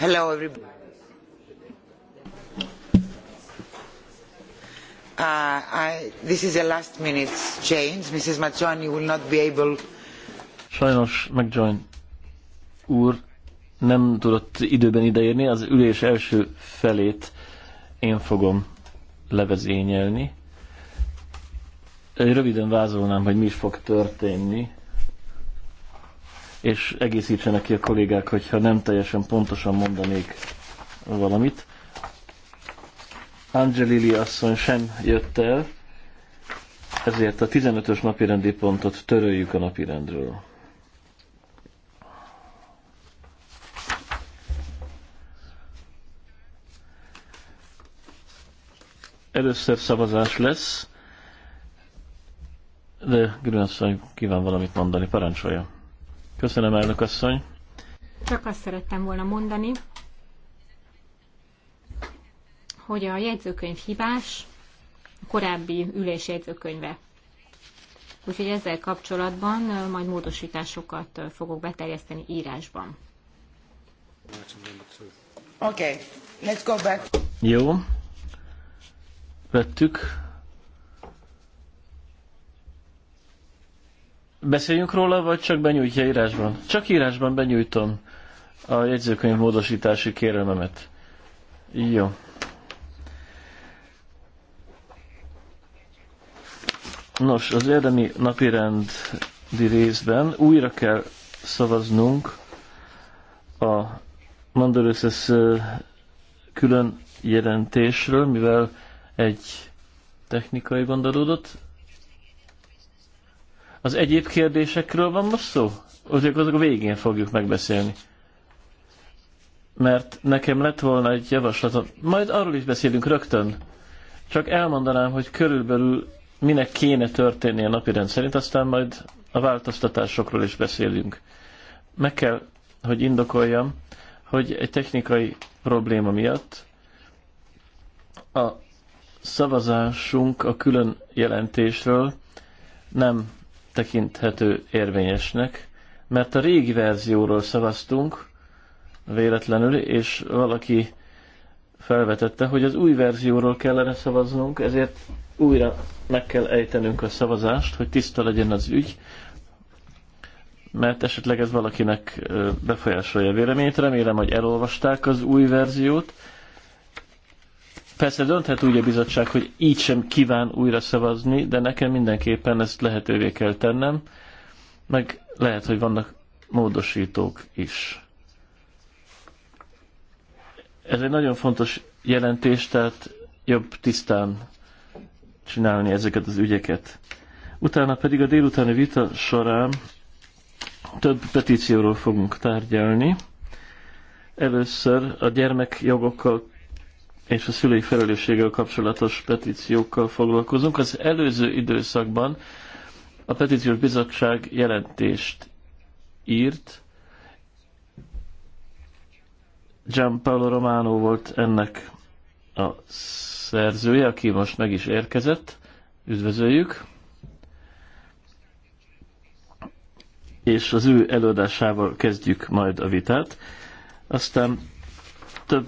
Uh, Sajnos McJoin úr nem tudott időben ideérni, az ülés első felét én fogom levezényelni. Röviden vázolnám, hogy mi is fog történni és egészítsenek ki a kollégák, hogyha nem teljesen pontosan mondanék valamit. Angelili asszony sem jött el, ezért a 15-ös napirendi pontot töröljük a napirendről. Először szavazás lesz, de Grünasszony kíván valamit mondani, parancsolja. Köszönöm, elnök asszony. Csak azt szerettem volna mondani, hogy a jegyzőkönyv hibás, a korábbi ülés jegyzőkönyve. Úgyhogy ezzel kapcsolatban majd módosításokat fogok beterjeszteni írásban. Oké, okay. let's go back. Jó, vettük Beszéljünk róla, vagy csak benyújtja írásban? Csak írásban benyújtom a jegyzőkönyv módosítási kérelmemet. Jó. Nos, az érdemi napirendi részben újra kell szavaznunk a Mandelőszesz külön jelentésről, mivel egy technikai gondolódott, az egyéb kérdésekről van most szó? Azok azok a végén fogjuk megbeszélni. Mert nekem lett volna egy javaslatom. Majd arról is beszélünk rögtön. Csak elmondanám, hogy körülbelül minek kéne történni a napirend szerint, aztán majd a változtatásokról is beszélünk. Meg kell, hogy indokoljam, hogy egy technikai probléma miatt a szavazásunk a külön jelentésről nem tekinthető érvényesnek, mert a régi verzióról szavaztunk véletlenül, és valaki felvetette, hogy az új verzióról kellene szavaznunk, ezért újra meg kell ejtenünk a szavazást, hogy tiszta legyen az ügy, mert esetleg ez valakinek befolyásolja véleményét. Remélem, hogy elolvasták az új verziót, Persze dönthet úgy a bizottság, hogy így sem kíván újra szavazni, de nekem mindenképpen ezt lehetővé kell tennem, meg lehet, hogy vannak módosítók is. Ez egy nagyon fontos jelentés, tehát jobb tisztán csinálni ezeket az ügyeket. Utána pedig a délutáni vita során több petícióról fogunk tárgyalni. Először a gyermekjogokkal és a szülői felelősséggel kapcsolatos petíciókkal foglalkozunk. Az előző időszakban a petíciós bizottság jelentést írt. Gianpaolo Romano volt ennek a szerzője, aki most meg is érkezett. Üdvözöljük! És az ő előadásával kezdjük majd a vitát. Aztán több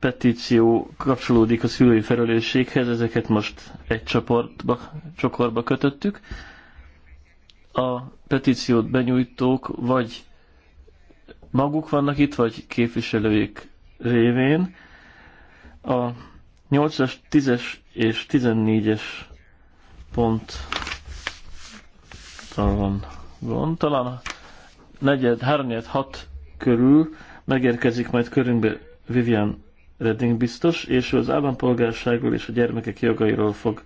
petíció kapcsolódik a szülői felelősséghez, ezeket most egy csoportba, csokorba kötöttük. A petíciót benyújtók vagy maguk vannak itt, vagy képviselőik révén. A 8-as, 10-es és 14-es pont talán van Talán a 4, 3, 6 körül megérkezik majd körünkbe Vivian Redding biztos, és ő az állampolgárságról és a gyermekek jogairól fog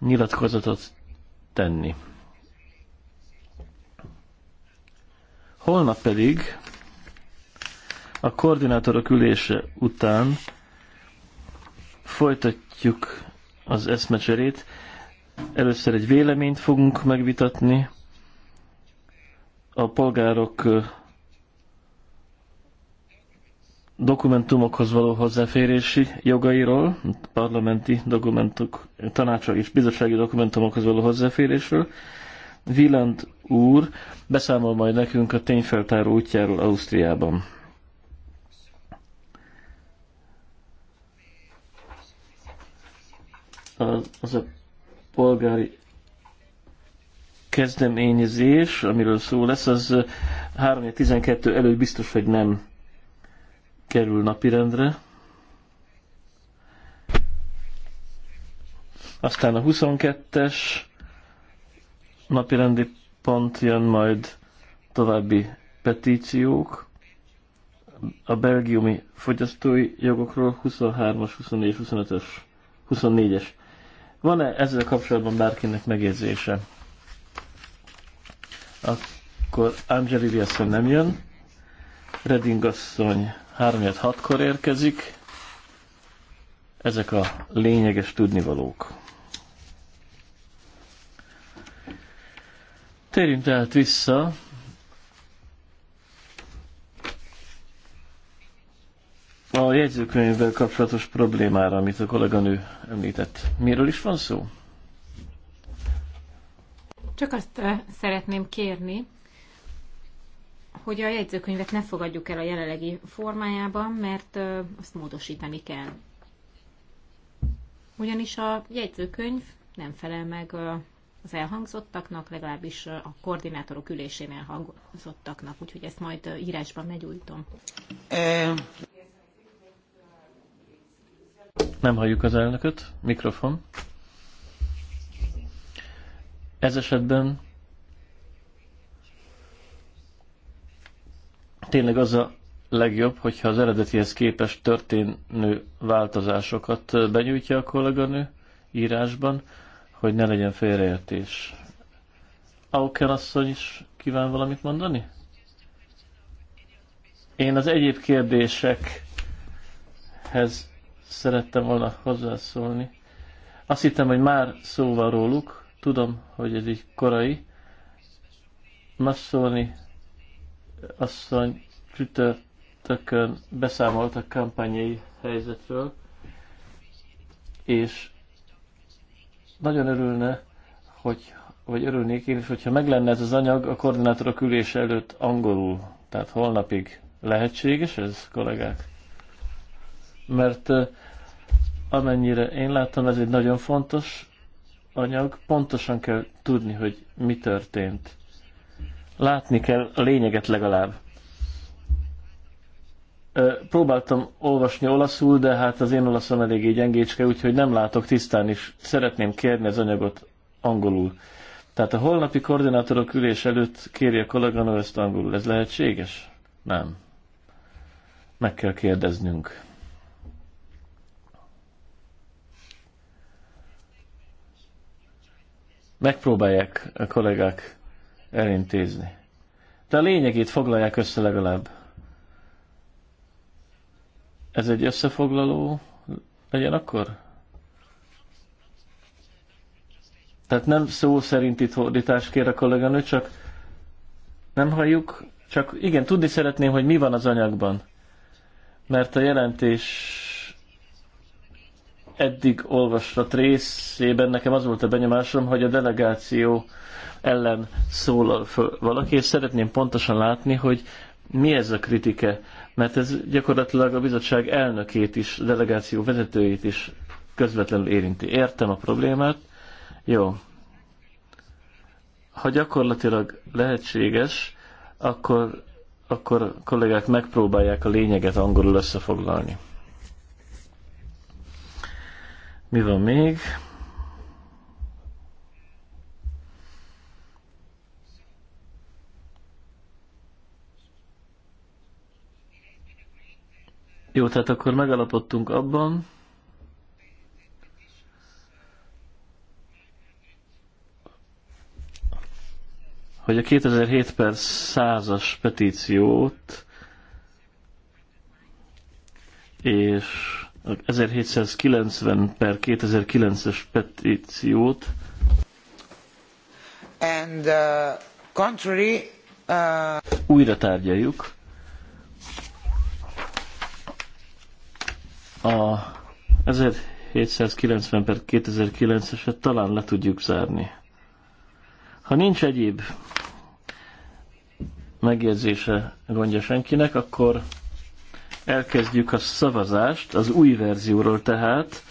nyilatkozatot tenni. Holnap pedig a koordinátorok ülése után folytatjuk az eszmecserét. Először egy véleményt fogunk megvitatni a polgárok dokumentumokhoz való hozzáférési jogairól, parlamenti dokumentok, tanácsa és bizottsági dokumentumokhoz való hozzáférésről. Wieland úr beszámol majd nekünk a tényfeltáró útjáról Ausztriában. Az, az a polgári kezdeményezés, amiről szó lesz, az 3.12 előtt biztos, hogy nem kerül napirendre. Aztán a 22-es napirendi pont jön majd további petíciók. A belgiumi fogyasztói jogokról 23-as, 24-es, 25-ös, 24-es. Van-e ezzel kapcsolatban bárkinek megérzése? Akkor Angeli Viasson nem jön. Reding asszony 3-6-kor érkezik. Ezek a lényeges tudnivalók. Térjünk tehát vissza a jegyzőkönyvvel kapcsolatos problémára, amit a kolléganő említett. Miről is van szó? Csak azt eh, szeretném kérni, hogy a jegyzőkönyvet ne fogadjuk el a jelenlegi formájában, mert azt módosítani kell. Ugyanis a jegyzőkönyv nem felel meg az elhangzottaknak, legalábbis a koordinátorok ülésén elhangzottaknak, úgyhogy ezt majd írásban megújítom. Nem halljuk az elnököt. Mikrofon. Ez esetben tényleg az a legjobb, hogyha az eredetihez képest történő változásokat benyújtja a kolléganő írásban, hogy ne legyen félreértés. Auken asszony is kíván valamit mondani? Én az egyéb kérdésekhez szerettem volna hozzászólni. Azt hittem, hogy már szóval róluk, tudom, hogy ez így korai. Masszolni asszony csütörtökön beszámolt a kampányai helyzetről, és nagyon örülne, hogy, vagy örülnék én is, hogyha meg lenne ez az anyag a koordinátorok ülés előtt angolul, tehát holnapig lehetséges ez, kollégák? Mert amennyire én láttam, ez egy nagyon fontos anyag, pontosan kell tudni, hogy mi történt. Látni kell a lényeget legalább. Próbáltam olvasni olaszul, de hát az én olaszom eléggé gyengécske, úgyhogy nem látok tisztán is. Szeretném kérni az anyagot angolul. Tehát a holnapi koordinátorok ülés előtt kéri a kolléganő ezt angolul. Ez lehetséges? Nem. Meg kell kérdeznünk. Megpróbálják a kollégák elintézni. De a lényegét foglalják össze legalább. Ez egy összefoglaló legyen akkor? Tehát nem szó szerint itt fordítást kér a kolléganő, csak nem halljuk, csak igen, tudni szeretném, hogy mi van az anyagban. Mert a jelentés eddig olvasott részében nekem az volt a benyomásom, hogy a delegáció ellen szólal föl valaki, és szeretném pontosan látni, hogy mi ez a kritike, mert ez gyakorlatilag a bizottság elnökét is, a delegáció vezetőjét is közvetlenül érinti. Értem a problémát, jó. Ha gyakorlatilag lehetséges, akkor, akkor kollégák megpróbálják a lényeget angolul összefoglalni. Mi van még? Jó, tehát akkor megalapodtunk abban, hogy a 2007 per 100-as petíciót és 1790 per 2009-es petíciót. And, uh, contrary, uh... Újra tárgyaljuk. A 1790 per 2009-eset talán le tudjuk zárni. Ha nincs egyéb megjegyzése gondja senkinek, akkor Elkezdjük a szavazást, az új verzióról tehát,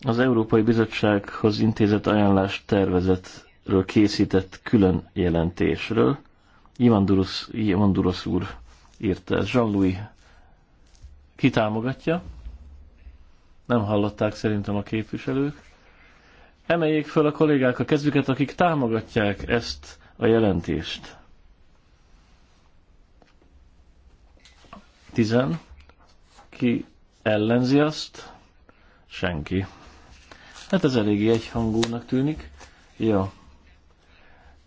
az Európai Bizottsághoz intézett ajánlás tervezetről készített külön jelentésről. Ivan Durosz úr írta ezt. Jean-Louis kitámogatja. Nem hallották szerintem a képviselők. Emeljék fel a kollégák a kezüket, akik támogatják ezt a jelentést. Tizen. Ki ellenzi azt? Senki. Hát ez eléggé egyhangúnak tűnik. Jó.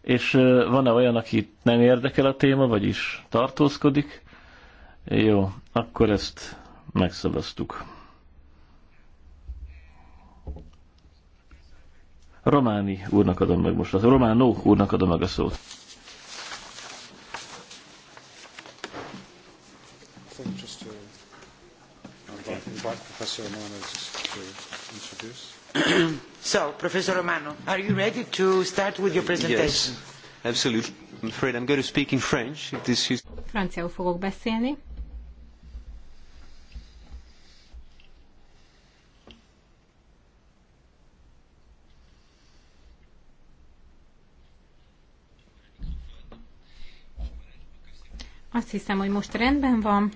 És van-e olyan, akit nem érdekel a téma, vagyis tartózkodik? Jó, akkor ezt megszavaztuk. Románi úrnak adom meg most, a Románó úrnak adom meg a szót. invite Professor Romano to introduce. so, Professor Romano, are you ready to start with your presentation? Yes, absolutely. I'm afraid I'm going to speak in French. If this is... Francia fogok beszélni. Azt hiszem, hogy most rendben van.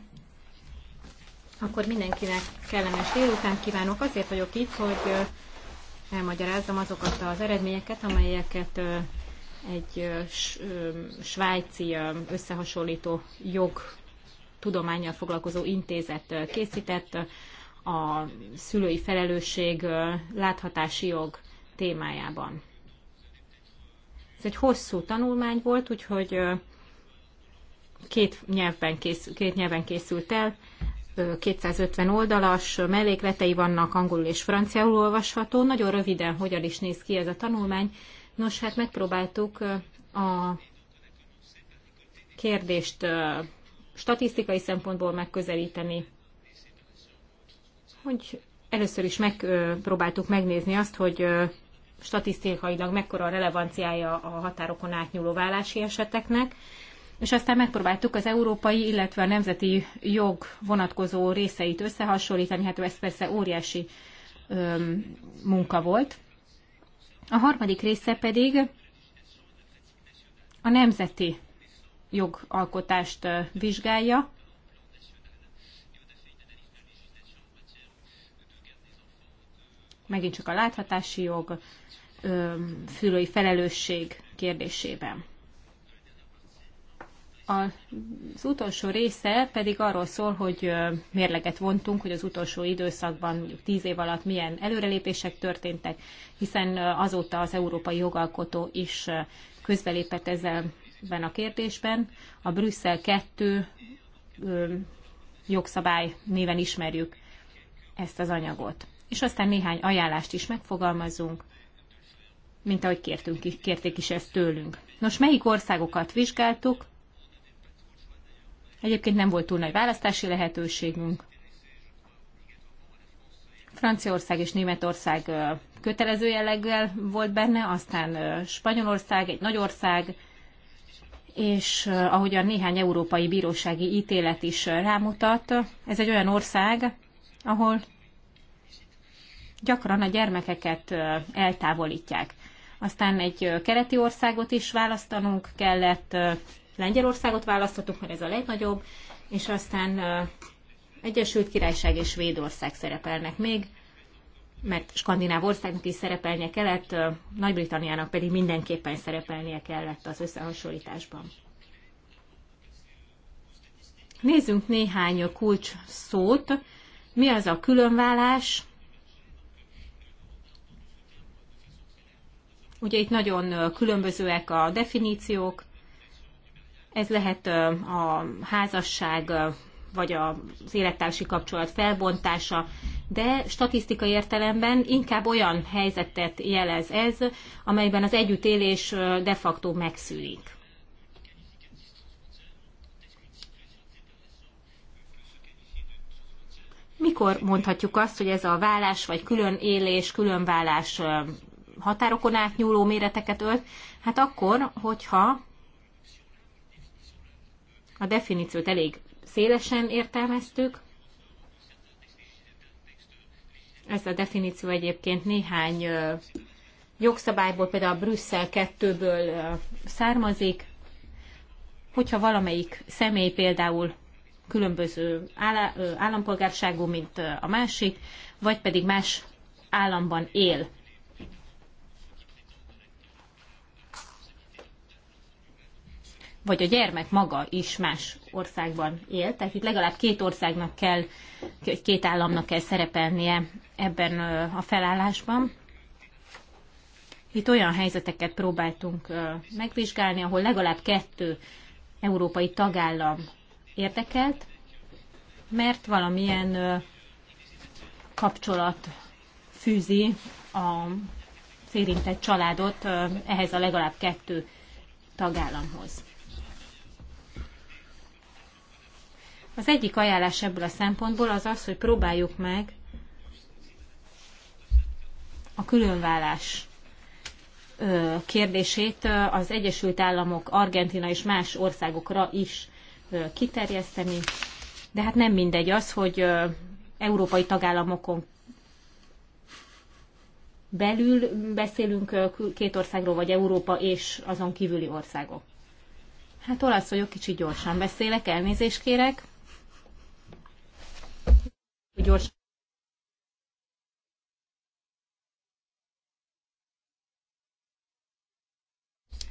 Akkor mindenkinek kellemes délután kívánok. Azért vagyok itt, hogy elmagyarázzam azokat az eredményeket, amelyeket egy svájci összehasonlító jog tudományjal foglalkozó intézet készített a szülői felelősség láthatási jog témájában. Ez egy hosszú tanulmány volt, úgyhogy két nyelven, készült, két nyelven készült el, 250 oldalas mellékletei vannak, angolul és franciául olvasható. Nagyon röviden hogyan is néz ki ez a tanulmány. Nos, hát megpróbáltuk a kérdést statisztikai szempontból megközelíteni, hogy először is megpróbáltuk megnézni azt, hogy statisztikailag mekkora a relevanciája a határokon átnyúló vállási eseteknek, és aztán megpróbáltuk az európai, illetve a nemzeti jog vonatkozó részeit összehasonlítani, hát ez persze óriási öm, munka volt. A harmadik része pedig a nemzeti jogalkotást vizsgálja, megint csak a láthatási jog, fülői felelősség kérdésében. Az utolsó része pedig arról szól, hogy mérleget vontunk, hogy az utolsó időszakban, mondjuk tíz év alatt milyen előrelépések történtek, hiszen azóta az európai jogalkotó is közbelépett ezzelben a kérdésben. A Brüsszel 2 jogszabály néven ismerjük ezt az anyagot. És aztán néhány ajánlást is megfogalmazunk, mint ahogy kértünk, kérték is ezt tőlünk. Nos, melyik országokat vizsgáltuk? Egyébként nem volt túl nagy választási lehetőségünk. Franciaország és Németország kötelező jelleggel volt benne, aztán Spanyolország, egy nagy ország, és ahogyan néhány európai bírósági ítélet is rámutat, ez egy olyan ország, ahol gyakran a gyermekeket eltávolítják. Aztán egy keleti országot is választanunk kellett, Lengyelországot választottuk, mert ez a legnagyobb, és aztán Egyesült Királyság és Védország szerepelnek még, mert Skandináv országnak is szerepelnie kellett, Nagy-Britanniának pedig mindenképpen szerepelnie kellett az összehasonlításban. Nézzünk néhány kulcs szót. Mi az a különvállás? Ugye itt nagyon különbözőek a definíciók, ez lehet a házasság vagy az élettársi kapcsolat felbontása, de statisztikai értelemben inkább olyan helyzetet jelez ez, amelyben az együttélés de facto megszűnik. Mikor mondhatjuk azt, hogy ez a vállás vagy külön élés, külön vállás határokon átnyúló méreteket ölt? Hát akkor, hogyha a definíciót elég szélesen értelmeztük. Ez a definíció egyébként néhány jogszabályból, például a Brüsszel 2-ből származik. Hogyha valamelyik személy például különböző állampolgárságú, mint a másik, vagy pedig más államban él vagy a gyermek maga is más országban él, tehát itt legalább két országnak kell, két államnak kell szerepelnie ebben a felállásban. Itt olyan helyzeteket próbáltunk megvizsgálni, ahol legalább kettő európai tagállam érdekelt, mert valamilyen kapcsolat fűzi a érintett családot ehhez a legalább kettő tagállamhoz. Az egyik ajánlás ebből a szempontból az az, hogy próbáljuk meg a különvállás kérdését az Egyesült Államok, Argentina és más országokra is kiterjeszteni. De hát nem mindegy az, hogy európai tagállamokon belül beszélünk két országról, vagy Európa és azon kívüli országok. Hát olasz vagyok, kicsit gyorsan beszélek, elnézést kérek gyors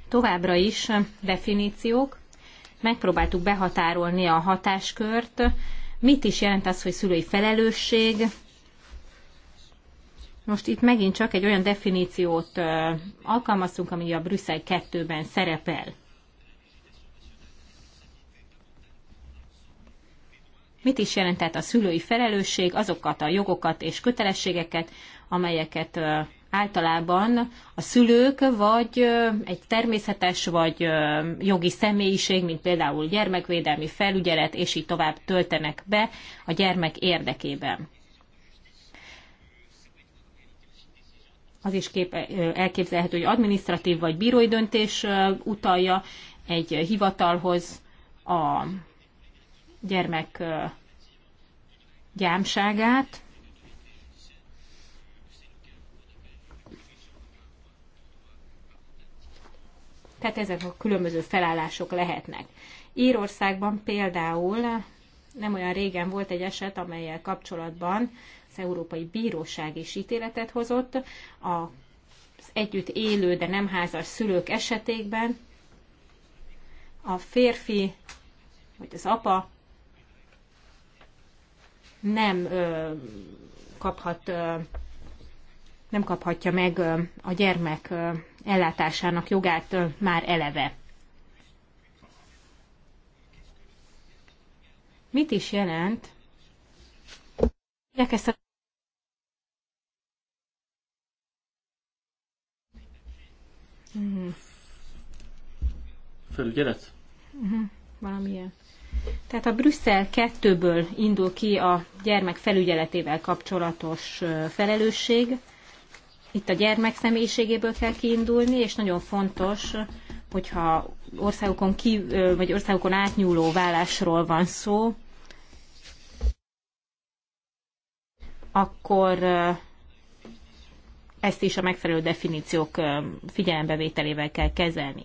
Továbbra is definíciók. Megpróbáltuk behatárolni a hatáskört. Mit is jelent az, hogy szülői felelősség? Most itt megint csak egy olyan definíciót alkalmaztunk, ami a Brüsszel 2-ben szerepel. Mit is jelent tehát a szülői felelősség, azokat a jogokat és kötelességeket, amelyeket általában a szülők, vagy egy természetes, vagy jogi személyiség, mint például gyermekvédelmi felügyelet, és így tovább töltenek be a gyermek érdekében. Az is kép, elképzelhető, hogy administratív vagy bírói döntés utalja egy hivatalhoz a gyermek gyámságát. Tehát ezek a különböző felállások lehetnek. Írországban például nem olyan régen volt egy eset, amelyel kapcsolatban az Európai Bíróság is ítéletet hozott az együtt élő, de nem házas szülők esetében. A férfi, vagy az apa nem kaphat nem kaphatja meg a gyermek ellátásának jogát már eleve. Mit is jelent? Mhm. Felügyelet? Uh-huh. Mhm. Valamilyen. Tehát a Brüsszel 2-ből indul ki a gyermek felügyeletével kapcsolatos felelősség. Itt a gyermek személyiségéből kell kiindulni, és nagyon fontos, hogyha országokon, ki, vagy országokon átnyúló vállásról van szó, akkor ezt is a megfelelő definíciók figyelembevételével kell kezelni.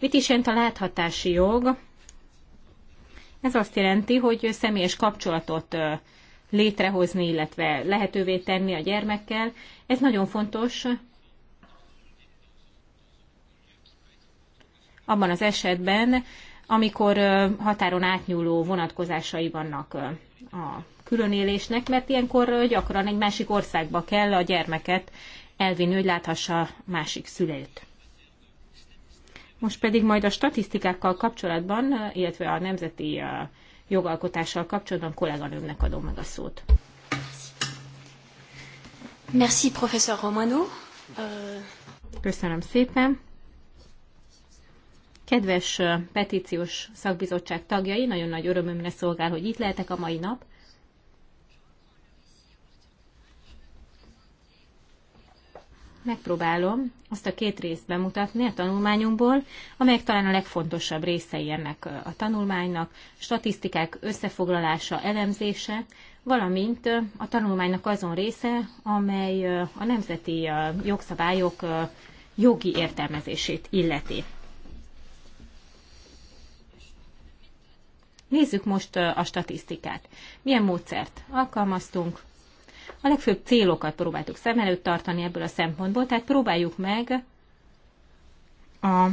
Mit is jelent a láthatási jog? Ez azt jelenti, hogy személyes kapcsolatot létrehozni, illetve lehetővé tenni a gyermekkel. Ez nagyon fontos, abban az esetben, amikor határon átnyúló vonatkozásai vannak a különélésnek, mert ilyenkor gyakran egy másik országba kell a gyermeket elvinni, hogy láthassa másik szülőt. Most pedig majd a statisztikákkal kapcsolatban, illetve a nemzeti jogalkotással kapcsolatban kolléganőmnek adom meg a szót. Merci, professeur Romano. Köszönöm szépen. Kedves petíciós szakbizottság tagjai, nagyon nagy örömömre szolgál, hogy itt lehetek a mai nap. megpróbálom azt a két részt bemutatni a tanulmányunkból, amelyek talán a legfontosabb részei ennek a tanulmánynak, statisztikák összefoglalása, elemzése, valamint a tanulmánynak azon része, amely a nemzeti jogszabályok jogi értelmezését illeti. Nézzük most a statisztikát. Milyen módszert alkalmaztunk? A legfőbb célokat próbáltuk szem előtt tartani ebből a szempontból, tehát próbáljuk meg a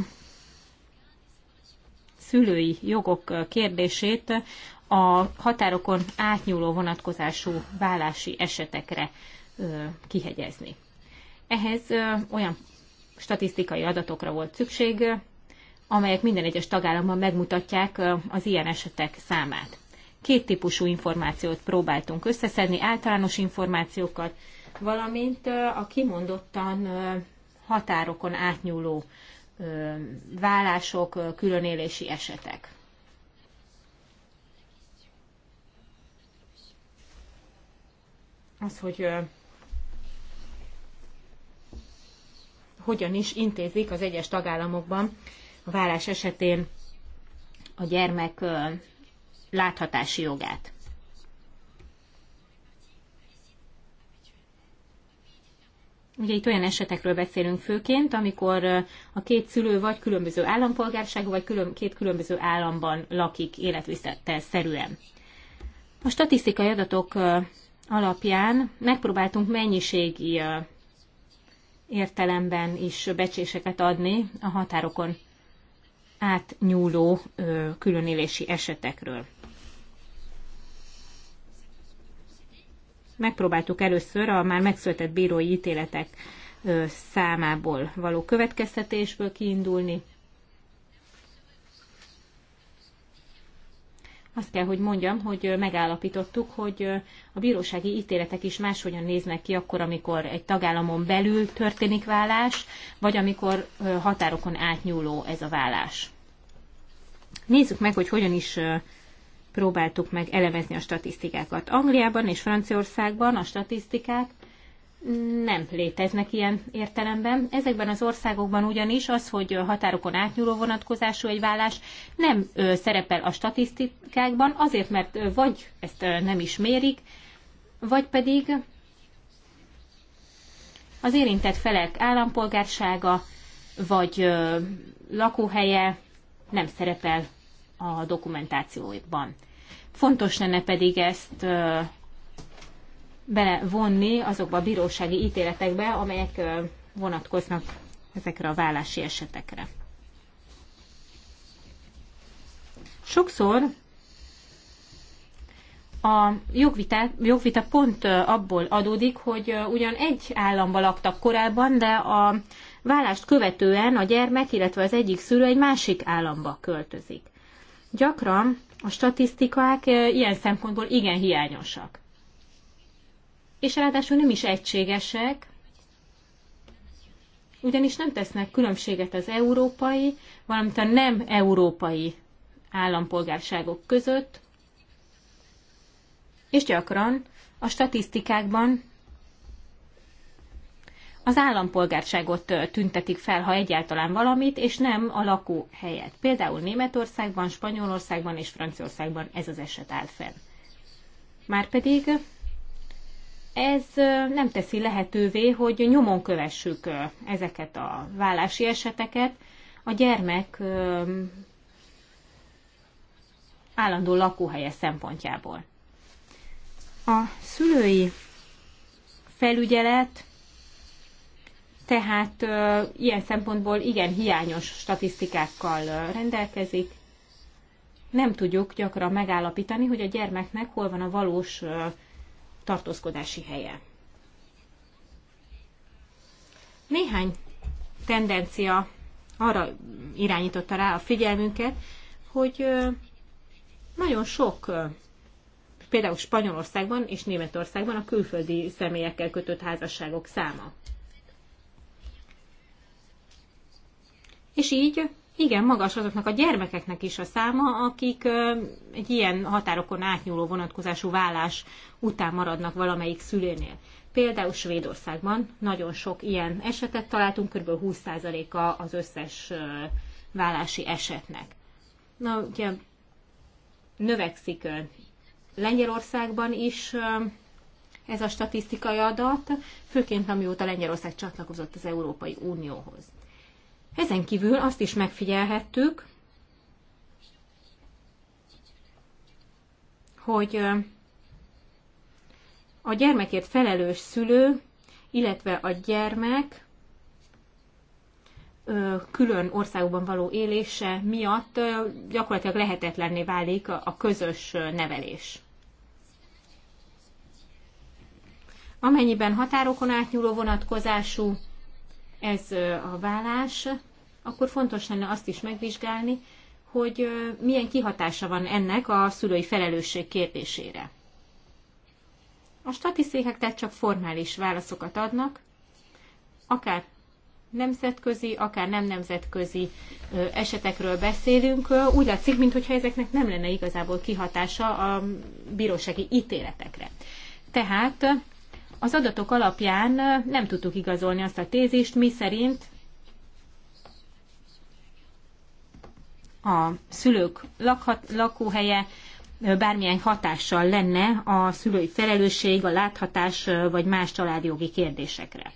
szülői jogok kérdését a határokon átnyúló vonatkozású vállási esetekre kihegyezni. Ehhez olyan statisztikai adatokra volt szükség, amelyek minden egyes tagállamban megmutatják az ilyen esetek számát két típusú információt próbáltunk összeszedni, általános információkat, valamint a kimondottan határokon átnyúló vállások, különélési esetek. Az, hogy hogyan is intézik az egyes tagállamokban a vállás esetén a gyermek láthatási jogát. Ugye itt olyan esetekről beszélünk főként, amikor a két szülő vagy különböző állampolgárságú, vagy külön, két különböző államban lakik életviszlettel szerűen. A statisztikai adatok alapján megpróbáltunk mennyiségi értelemben is becséseket adni a határokon átnyúló különélési esetekről. megpróbáltuk először a már megszületett bírói ítéletek számából való következtetésből kiindulni. Azt kell, hogy mondjam, hogy megállapítottuk, hogy a bírósági ítéletek is máshogyan néznek ki akkor, amikor egy tagállamon belül történik vállás, vagy amikor határokon átnyúló ez a vállás. Nézzük meg, hogy hogyan is próbáltuk meg elemezni a statisztikákat. Angliában és Franciaországban a statisztikák nem léteznek ilyen értelemben. Ezekben az országokban ugyanis az, hogy határokon átnyúló vonatkozású egy vállás nem szerepel a statisztikákban, azért, mert vagy ezt nem is mérik, vagy pedig az érintett felek állampolgársága vagy lakóhelye nem szerepel a dokumentációban. Fontos lenne pedig ezt belevonni azokba a bírósági ítéletekbe, amelyek vonatkoznak ezekre a vállási esetekre. Sokszor a jogvita, jogvita pont abból adódik, hogy ugyan egy államban laktak korábban, de a vállást követően a gyermek, illetve az egyik szülő egy másik államba költözik. Gyakran a statisztikák ilyen szempontból igen hiányosak. És ráadásul nem is egységesek, ugyanis nem tesznek különbséget az európai, valamint a nem európai állampolgárságok között, és gyakran a statisztikákban az állampolgárságot tüntetik fel, ha egyáltalán valamit, és nem a lakóhelyet. Például Németországban, Spanyolországban és Franciaországban ez az eset áll fenn. Márpedig ez nem teszi lehetővé, hogy nyomon kövessük ezeket a vállási eseteket. A gyermek állandó lakóhelye szempontjából. A szülői felügyelet tehát ilyen szempontból igen hiányos statisztikákkal rendelkezik. Nem tudjuk gyakran megállapítani, hogy a gyermeknek hol van a valós tartózkodási helye. Néhány tendencia arra irányította rá a figyelmünket, hogy nagyon sok, például Spanyolországban és Németországban a külföldi személyekkel kötött házasságok száma és így igen, magas azoknak a gyermekeknek is a száma, akik egy ilyen határokon átnyúló vonatkozású vállás után maradnak valamelyik szülőnél. Például Svédországban nagyon sok ilyen esetet találtunk, kb. 20%-a az összes vállási esetnek. Na, ugye növekszik Lengyelországban is ez a statisztikai adat, főként amióta Lengyelország csatlakozott az Európai Unióhoz. Ezen kívül azt is megfigyelhettük, hogy a gyermekért felelős szülő, illetve a gyermek külön országban való élése miatt gyakorlatilag lehetetlenné válik a közös nevelés. Amennyiben határokon átnyúló vonatkozású ez a vállás, akkor fontos lenne azt is megvizsgálni, hogy milyen kihatása van ennek a szülői felelősség kérdésére. A statisztikák tehát csak formális válaszokat adnak, akár nemzetközi, akár nem nemzetközi esetekről beszélünk. Úgy látszik, mintha ezeknek nem lenne igazából kihatása a bírósági ítéletekre. Tehát az adatok alapján nem tudtuk igazolni azt a tézist, mi szerint a szülők lakhat, lakóhelye bármilyen hatással lenne a szülői felelősség, a láthatás vagy más családjogi kérdésekre.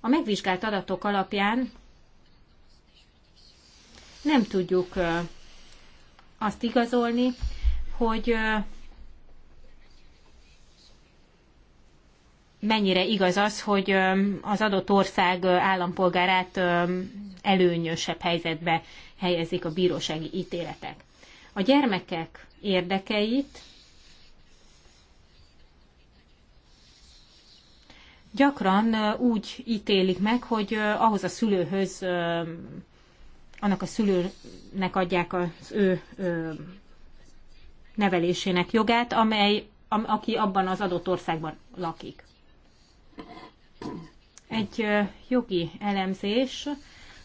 A megvizsgált adatok alapján nem tudjuk azt igazolni, hogy mennyire igaz az, hogy az adott ország állampolgárát előnyösebb helyzetbe helyezik a bírósági ítéletek. A gyermekek érdekeit gyakran úgy ítélik meg, hogy ahhoz a szülőhöz, annak a szülőnek adják az ő nevelésének jogát, amely, aki abban az adott országban lakik egy jogi elemzés,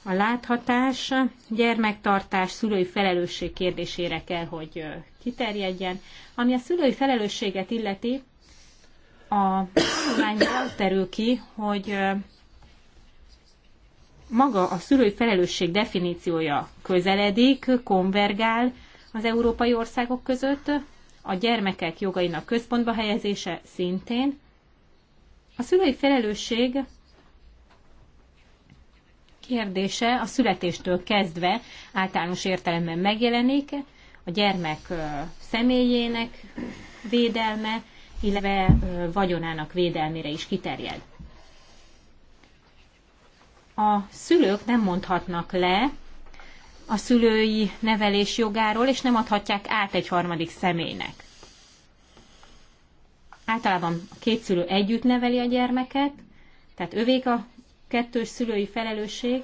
a láthatás, gyermektartás, szülői felelősség kérdésére kell, hogy kiterjedjen. Ami a szülői felelősséget illeti, a tanulmányban terül ki, hogy maga a szülői felelősség definíciója közeledik, konvergál az európai országok között, a gyermekek jogainak központba helyezése szintén. A szülői felelősség kérdése a születéstől kezdve általános értelemben megjelenik, a gyermek személyének védelme, illetve vagyonának védelmére is kiterjed. A szülők nem mondhatnak le a szülői nevelés jogáról, és nem adhatják át egy harmadik személynek. Általában a két szülő együtt neveli a gyermeket, tehát övék a kettős szülői felelősség,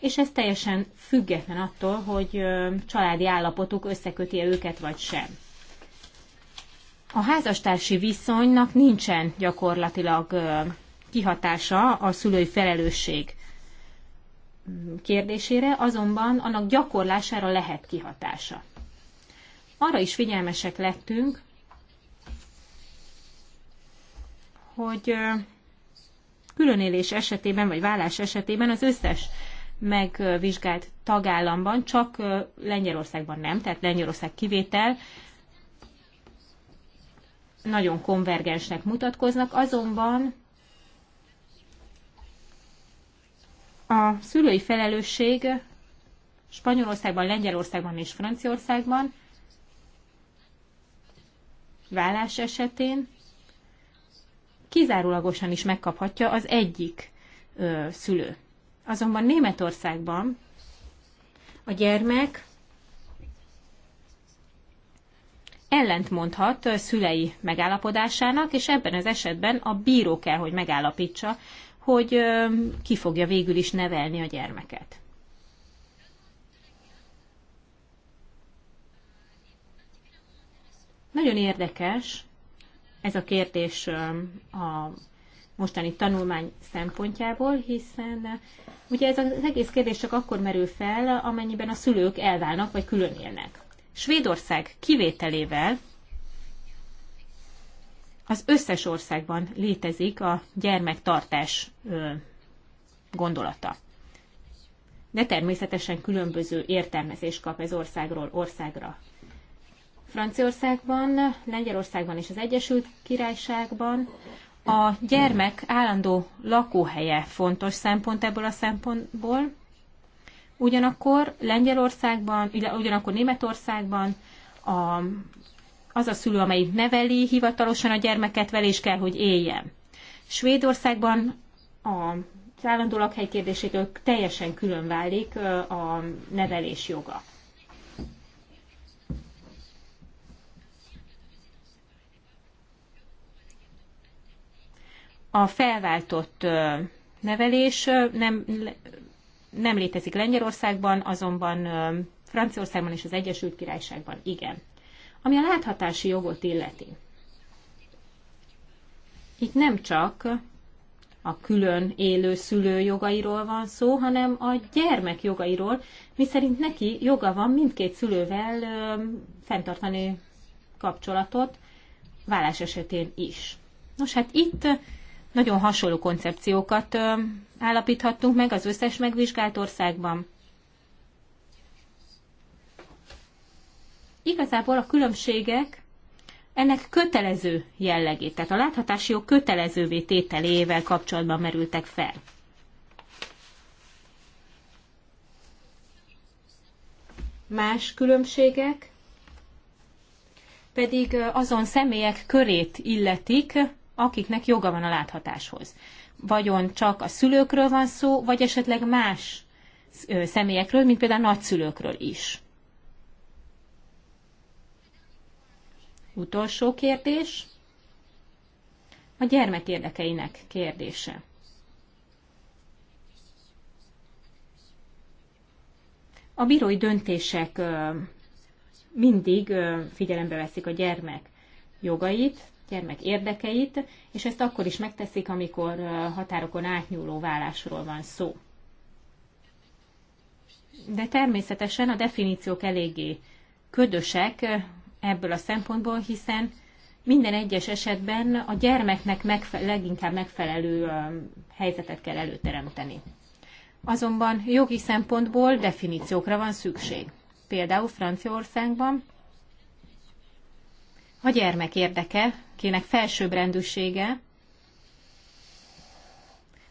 és ez teljesen független attól, hogy családi állapotuk összeköti -e őket vagy sem. A házastársi viszonynak nincsen gyakorlatilag kihatása a szülői felelősség kérdésére, azonban annak gyakorlására lehet kihatása. Arra is figyelmesek lettünk, hogy különélés esetében, vagy vállás esetében az összes megvizsgált tagállamban, csak Lengyelországban nem, tehát Lengyelország kivétel, nagyon konvergensnek mutatkoznak, azonban a szülői felelősség Spanyolországban, Lengyelországban és Franciaországban vállás esetén kizárólagosan is megkaphatja az egyik ö, szülő. Azonban Németországban a gyermek ellentmondhat szülei megállapodásának, és ebben az esetben a bíró kell, hogy megállapítsa, hogy ki fogja végül is nevelni a gyermeket. Nagyon érdekes ez a kérdés a mostani tanulmány szempontjából, hiszen ugye ez az egész kérdés csak akkor merül fel, amennyiben a szülők elválnak vagy külön élnek. Svédország kivételével az összes országban létezik a gyermektartás gondolata. De természetesen különböző értelmezés kap ez országról országra Franciaországban, Lengyelországban és az Egyesült Királyságban a gyermek állandó lakóhelye fontos szempont ebből a szempontból. Ugyanakkor Lengyelországban, ugyanakkor Németországban a, az a szülő, amely neveli hivatalosan a gyermeket, vele is kell, hogy éljen. Svédországban a az állandó lakhely kérdésétől teljesen külön válik a nevelés joga. a felváltott nevelés nem, nem létezik Lengyelországban, azonban Franciaországban és az Egyesült Királyságban igen. Ami a láthatási jogot illeti. Itt nem csak a külön élő szülő jogairól van szó, hanem a gyermek jogairól, miszerint neki joga van mindkét szülővel ö, fenntartani kapcsolatot vállás esetén is. Nos, hát itt nagyon hasonló koncepciókat állapíthattunk meg az összes megvizsgált országban. Igazából a különbségek ennek kötelező jellegét, tehát a láthatási jog kötelezővé tételével kapcsolatban merültek fel. Más különbségek pedig azon személyek körét illetik, akiknek joga van a láthatáshoz. Vagyon csak a szülőkről van szó, vagy esetleg más személyekről, mint például nagyszülőkről is. Utolsó kérdés. A gyermek érdekeinek kérdése. A bírói döntések mindig figyelembe veszik a gyermek jogait, gyermek érdekeit, és ezt akkor is megteszik, amikor határokon átnyúló vállásról van szó. De természetesen a definíciók eléggé ködösek ebből a szempontból, hiszen minden egyes esetben a gyermeknek megfe- leginkább megfelelő helyzetet kell előteremteni. Azonban jogi szempontból definíciókra van szükség. Például Franciaországban a gyermek érdeke érdekének felsőbbrendűsége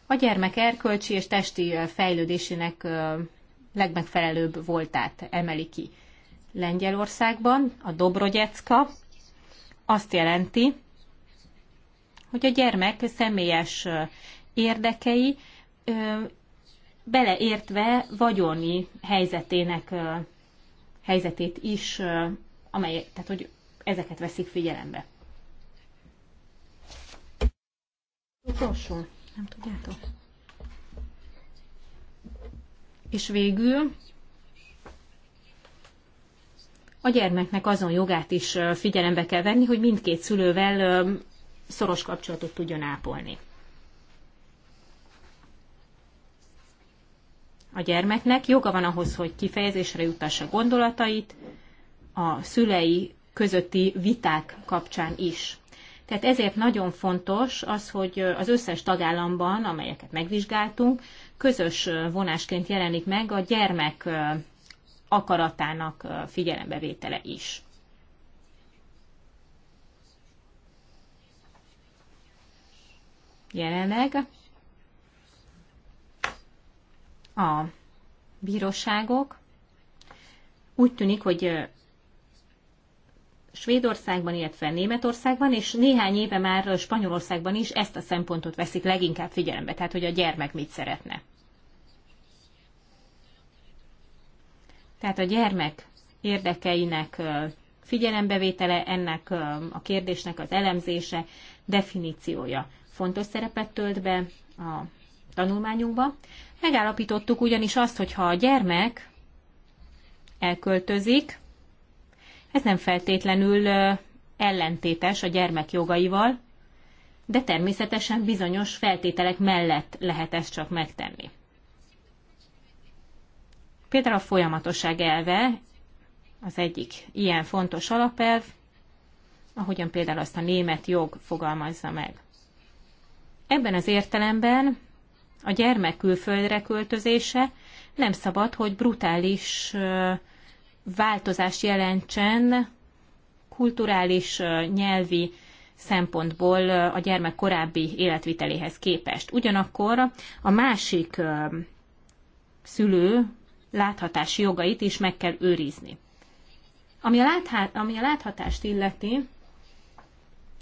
a gyermek erkölcsi és testi fejlődésének legmegfelelőbb voltát emeli ki. Lengyelországban a Dobrogyecka azt jelenti, hogy a gyermek személyes érdekei beleértve vagyoni helyzetének helyzetét is, amely, tehát hogy ezeket veszik figyelembe. Utolsó, nem tudjátok? És végül a gyermeknek azon jogát is figyelembe kell venni, hogy mindkét szülővel szoros kapcsolatot tudjon ápolni. A gyermeknek joga van ahhoz, hogy kifejezésre jutassa gondolatait, a szülei közötti viták kapcsán is. Tehát ezért nagyon fontos az, hogy az összes tagállamban, amelyeket megvizsgáltunk, közös vonásként jelenik meg a gyermek akaratának figyelembevétele is. Jelenleg a bíróságok úgy tűnik, hogy Svédországban, illetve Németországban, és néhány éve már Spanyolországban is ezt a szempontot veszik leginkább figyelembe, tehát hogy a gyermek mit szeretne. Tehát a gyermek érdekeinek figyelembevétele, ennek a kérdésnek az elemzése, definíciója fontos szerepet tölt be a tanulmányunkba. Megállapítottuk ugyanis azt, hogy ha a gyermek elköltözik, ez nem feltétlenül ellentétes a gyermek jogaival, de természetesen bizonyos feltételek mellett lehet ezt csak megtenni. Például a folyamatosság elve az egyik ilyen fontos alapelv, ahogyan például azt a német jog fogalmazza meg. Ebben az értelemben a gyermek külföldre költözése nem szabad, hogy brutális változás jelentsen kulturális, nyelvi szempontból a gyermek korábbi életviteléhez képest. Ugyanakkor a másik szülő láthatási jogait is meg kell őrizni. Ami a, láthá- ami a láthatást illeti,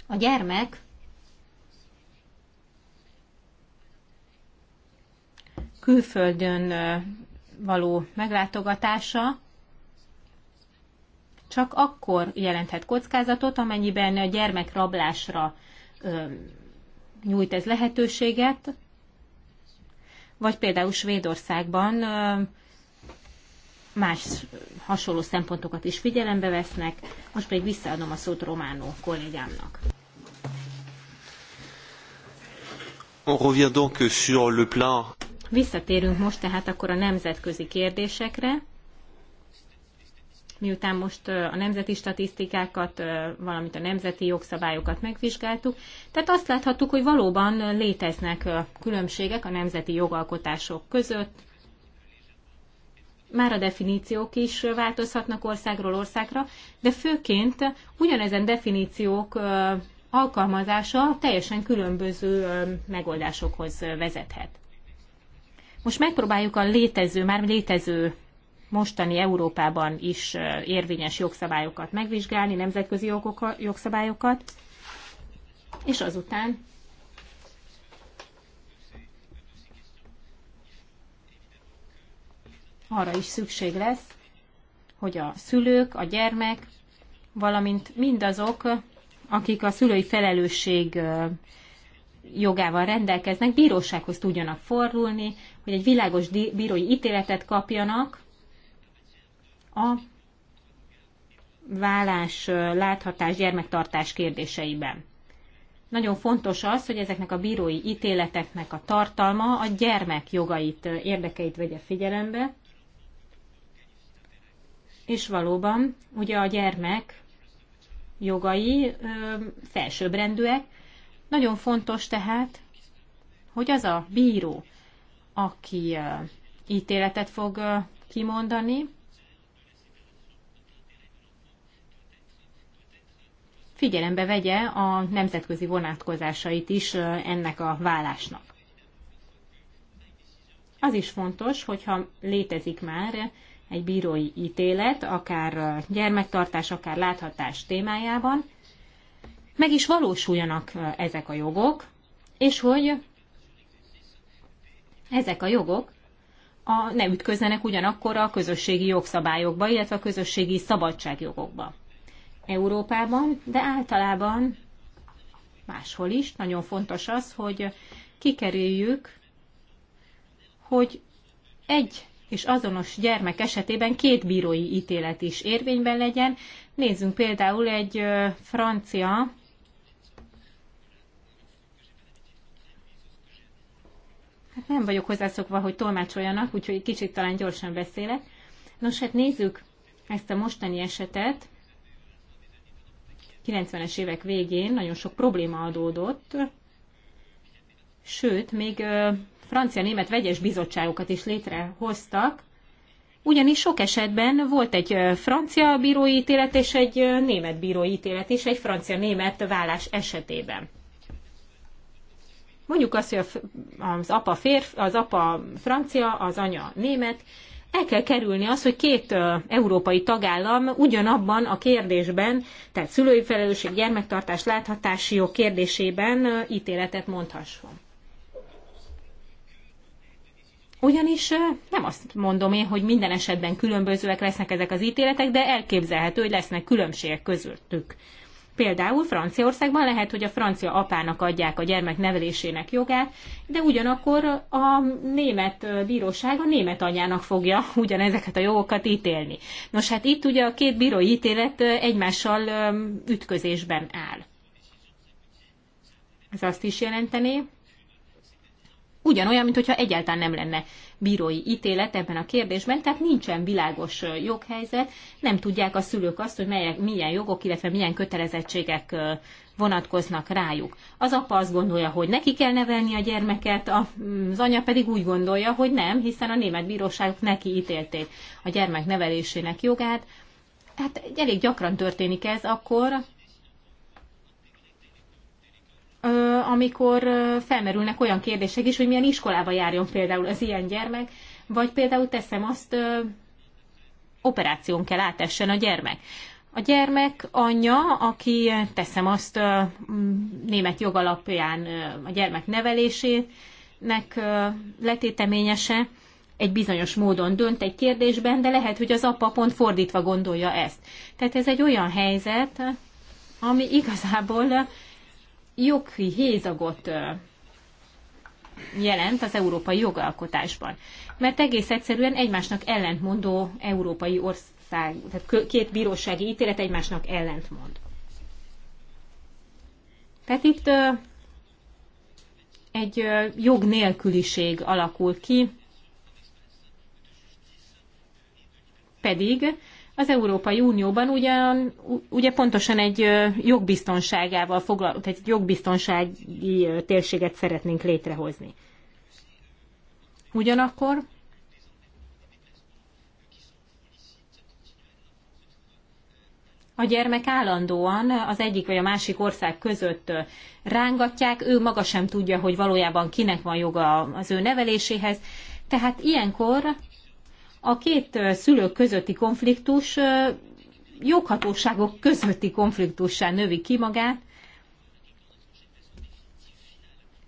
a gyermek külföldön való meglátogatása csak akkor jelenthet kockázatot, amennyiben a rablásra ö, nyújt ez lehetőséget, vagy például Svédországban ö, más hasonló szempontokat is figyelembe vesznek. Most pedig visszaadom a szót Románó kollégámnak. On revient donc sur le plan. Visszatérünk most tehát akkor a nemzetközi kérdésekre miután most a nemzeti statisztikákat, valamint a nemzeti jogszabályokat megvizsgáltuk. Tehát azt láthattuk, hogy valóban léteznek különbségek a nemzeti jogalkotások között, már a definíciók is változhatnak országról országra, de főként ugyanezen definíciók alkalmazása teljesen különböző megoldásokhoz vezethet. Most megpróbáljuk a létező, már létező mostani Európában is érvényes jogszabályokat megvizsgálni, nemzetközi jogszabályokat, és azután arra is szükség lesz, hogy a szülők, a gyermek, valamint mindazok, akik a szülői felelősség jogával rendelkeznek, bírósághoz tudjanak fordulni, hogy egy világos bírói ítéletet kapjanak, a vállás, láthatás, gyermektartás kérdéseiben. Nagyon fontos az, hogy ezeknek a bírói ítéleteknek a tartalma a gyermek jogait, érdekeit vegye figyelembe, és valóban ugye a gyermek jogai ö, felsőbbrendűek. Nagyon fontos tehát, hogy az a bíró, aki ö, ítéletet fog ö, kimondani, figyelembe vegye a nemzetközi vonatkozásait is ennek a vállásnak. Az is fontos, hogyha létezik már egy bírói ítélet, akár gyermektartás, akár láthatás témájában, meg is valósuljanak ezek a jogok, és hogy ezek a jogok a, ne ütközzenek ugyanakkor a közösségi jogszabályokba, illetve a közösségi szabadságjogokba. Európában, de általában máshol is. Nagyon fontos az, hogy kikerüljük, hogy egy és azonos gyermek esetében két bírói ítélet is érvényben legyen. Nézzünk például egy francia Hát nem vagyok hozzászokva, hogy tolmácsoljanak, úgyhogy kicsit talán gyorsan beszélek. Nos, hát nézzük ezt a mostani esetet. 90-es évek végén nagyon sok probléma adódott, sőt, még francia-német vegyes bizottságokat is létrehoztak, ugyanis sok esetben volt egy francia bírói ítélet és egy német bírói ítélet is egy francia-német vállás esetében. Mondjuk azt, hogy az apa, férf, az apa francia, az anya német, el kell kerülni az, hogy két európai tagállam ugyanabban a kérdésben, tehát szülői felelősség, gyermektartás, láthatási jog kérdésében ítéletet mondhasson. Ugyanis nem azt mondom én, hogy minden esetben különbözőek lesznek ezek az ítéletek, de elképzelhető, hogy lesznek különbségek közöttük. Például Franciaországban lehet, hogy a francia apának adják a gyermek nevelésének jogát, de ugyanakkor a német bíróság a német anyának fogja ugyanezeket a jogokat ítélni. Nos, hát itt ugye a két bírói ítélet egymással ütközésben áll. Ez azt is jelenteni, ugyanolyan, mintha egyáltalán nem lenne bírói ítélet ebben a kérdésben, tehát nincsen világos joghelyzet, nem tudják a szülők azt, hogy melyek, milyen jogok, illetve milyen kötelezettségek vonatkoznak rájuk. Az apa azt gondolja, hogy neki kell nevelni a gyermeket, mm, az anya pedig úgy gondolja, hogy nem, hiszen a német bíróságok neki ítélték a gyermek nevelésének jogát. Hát elég gyakran történik ez akkor, amikor felmerülnek olyan kérdések is, hogy milyen iskolába járjon például az ilyen gyermek, vagy például teszem azt, operáción kell átessen a gyermek. A gyermek anyja, aki teszem azt német jogalapján a gyermek nevelésének letéteményese, egy bizonyos módon dönt egy kérdésben, de lehet, hogy az apa pont fordítva gondolja ezt. Tehát ez egy olyan helyzet, ami igazából jogi hézagot jelent az európai jogalkotásban. Mert egész egyszerűen egymásnak ellentmondó európai ország, tehát két bírósági ítélet egymásnak ellentmond. Tehát itt egy jog nélküliség alakul ki, pedig az Európai Unióban ugyan, ugye pontosan egy jogbiztonságával foglal, tehát egy jogbiztonsági térséget szeretnénk létrehozni. Ugyanakkor a gyermek állandóan az egyik vagy a másik ország között rángatják, ő maga sem tudja, hogy valójában kinek van joga az ő neveléséhez. Tehát ilyenkor a két szülő közötti konfliktus joghatóságok közötti konfliktussá növi ki magát,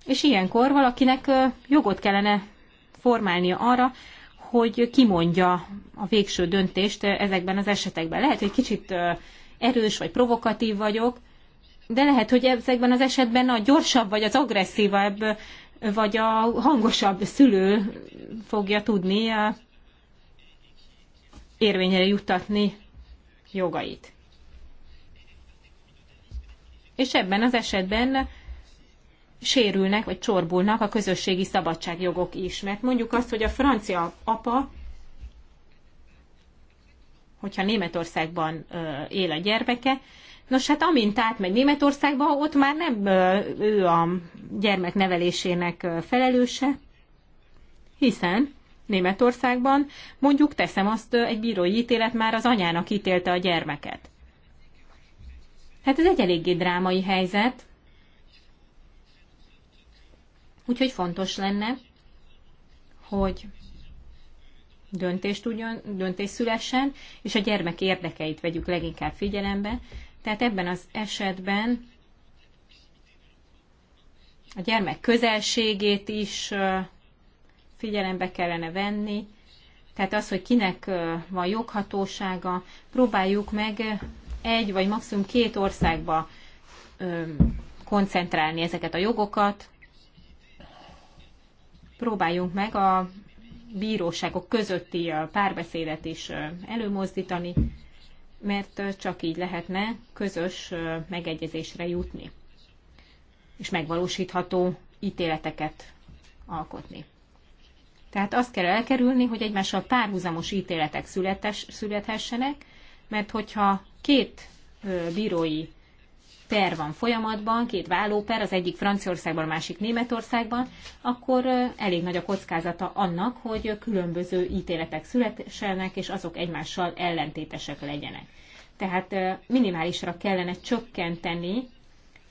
és ilyenkor valakinek jogot kellene formálnia arra, hogy kimondja a végső döntést ezekben az esetekben. Lehet, hogy kicsit erős vagy provokatív vagyok, de lehet, hogy ezekben az esetben a gyorsabb vagy az agresszívabb vagy a hangosabb szülő fogja tudni érvényre juttatni jogait. És ebben az esetben sérülnek, vagy csorbulnak a közösségi szabadságjogok is. Mert mondjuk azt, hogy a francia apa, hogyha Németországban él a gyermeke, Nos, hát amint átmegy Németországba, ott már nem ő a gyermek nevelésének felelőse, hiszen Németországban, mondjuk teszem azt, egy bírói ítélet már az anyának ítélte a gyermeket. Hát ez egy eléggé drámai helyzet, úgyhogy fontos lenne, hogy döntést, tudjon, döntés szülessen, és a gyermek érdekeit vegyük leginkább figyelembe. Tehát ebben az esetben a gyermek közelségét is figyelembe kellene venni, tehát az, hogy kinek van joghatósága, próbáljuk meg egy vagy maximum két országba koncentrálni ezeket a jogokat, próbáljunk meg a bíróságok közötti párbeszédet is előmozdítani, mert csak így lehetne közös megegyezésre jutni, és megvalósítható ítéleteket alkotni. Tehát azt kell elkerülni, hogy egymással párhuzamos ítéletek születes, születhessenek, mert hogyha két bírói per van folyamatban, két vállóper, az egyik Franciaországban, a másik Németországban, akkor elég nagy a kockázata annak, hogy különböző ítéletek születesenek, és azok egymással ellentétesek legyenek. Tehát minimálisra kellene csökkenteni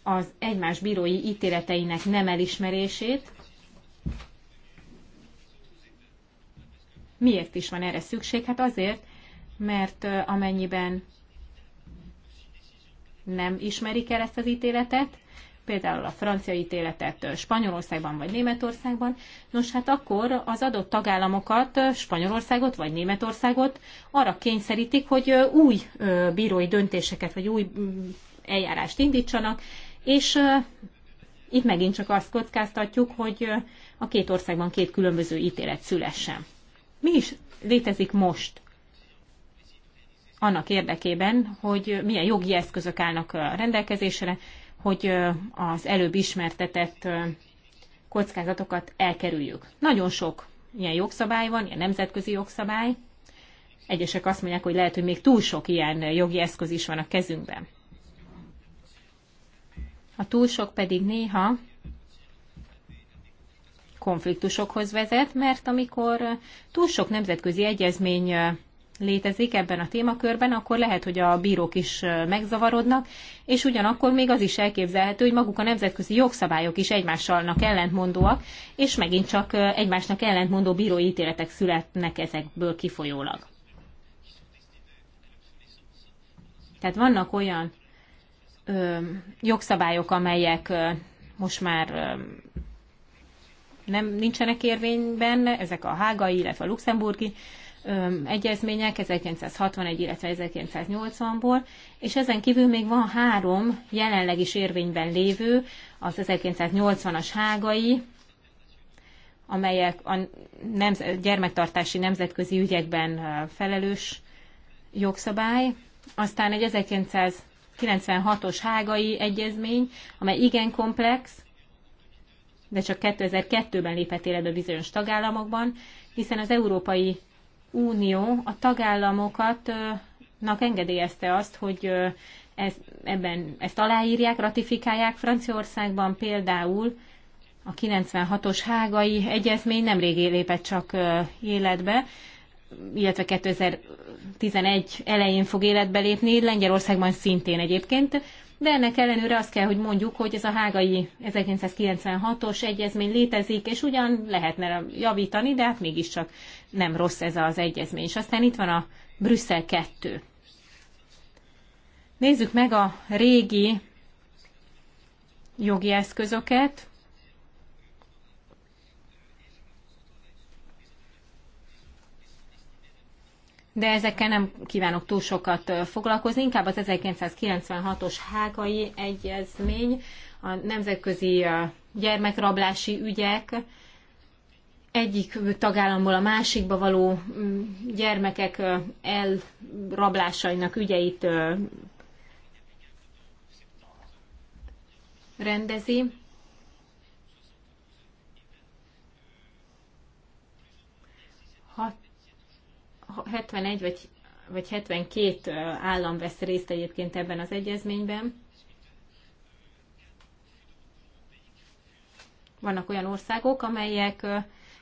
az egymás bírói ítéleteinek nem elismerését, Miért is van erre szükség? Hát azért, mert amennyiben nem ismerik el ezt az ítéletet, például a francia ítéletet Spanyolországban vagy Németországban, nos hát akkor az adott tagállamokat, Spanyolországot vagy Németországot arra kényszerítik, hogy új bírói döntéseket vagy új eljárást indítsanak, és itt megint csak azt kockáztatjuk, hogy a két országban két különböző ítélet szülessen. Mi is létezik most annak érdekében, hogy milyen jogi eszközök állnak a rendelkezésre, hogy az előbb ismertetett kockázatokat elkerüljük. Nagyon sok ilyen jogszabály van, ilyen nemzetközi jogszabály. Egyesek azt mondják, hogy lehet, hogy még túl sok ilyen jogi eszköz is van a kezünkben. A túl sok pedig néha konfliktusokhoz vezet, mert amikor túl sok nemzetközi egyezmény létezik ebben a témakörben, akkor lehet, hogy a bírók is megzavarodnak, és ugyanakkor még az is elképzelhető, hogy maguk a nemzetközi jogszabályok is egymásalnak ellentmondóak, és megint csak egymásnak ellentmondó bírói ítéletek születnek ezekből kifolyólag. Tehát vannak olyan ö, jogszabályok, amelyek ö, most már ö, nem nincsenek érvényben, ezek a hágai, illetve a luxemburgi öm, egyezmények 1961, illetve 1980-ból, és ezen kívül még van három jelenleg is érvényben lévő, az 1980-as hágai, amelyek a nemz- gyermektartási nemzetközi ügyekben felelős jogszabály, aztán egy 1996-os hágai egyezmény, amely igen komplex, de csak 2002-ben lépett életbe bizonyos tagállamokban, hiszen az Európai Unió a tagállamokatnak engedélyezte azt, hogy ez, ebben, ezt aláírják, ratifikálják. Franciaországban például a 96-os hágai egyezmény nemrég lépett csak életbe, illetve 2011 elején fog életbe lépni, Lengyelországban szintén egyébként de ennek ellenőre azt kell, hogy mondjuk, hogy ez a hágai 1996-os egyezmény létezik, és ugyan lehetne javítani, de hát mégiscsak nem rossz ez az egyezmény. És aztán itt van a Brüsszel 2. Nézzük meg a régi jogi eszközöket. de ezekkel nem kívánok túl sokat foglalkozni, inkább az 1996-os hágai egyezmény, a nemzetközi gyermekrablási ügyek, egyik tagállamból a másikba való gyermekek elrablásainak ügyeit rendezi. 71 vagy, vagy 72 állam vesz részt egyébként ebben az egyezményben. Vannak olyan országok, amelyek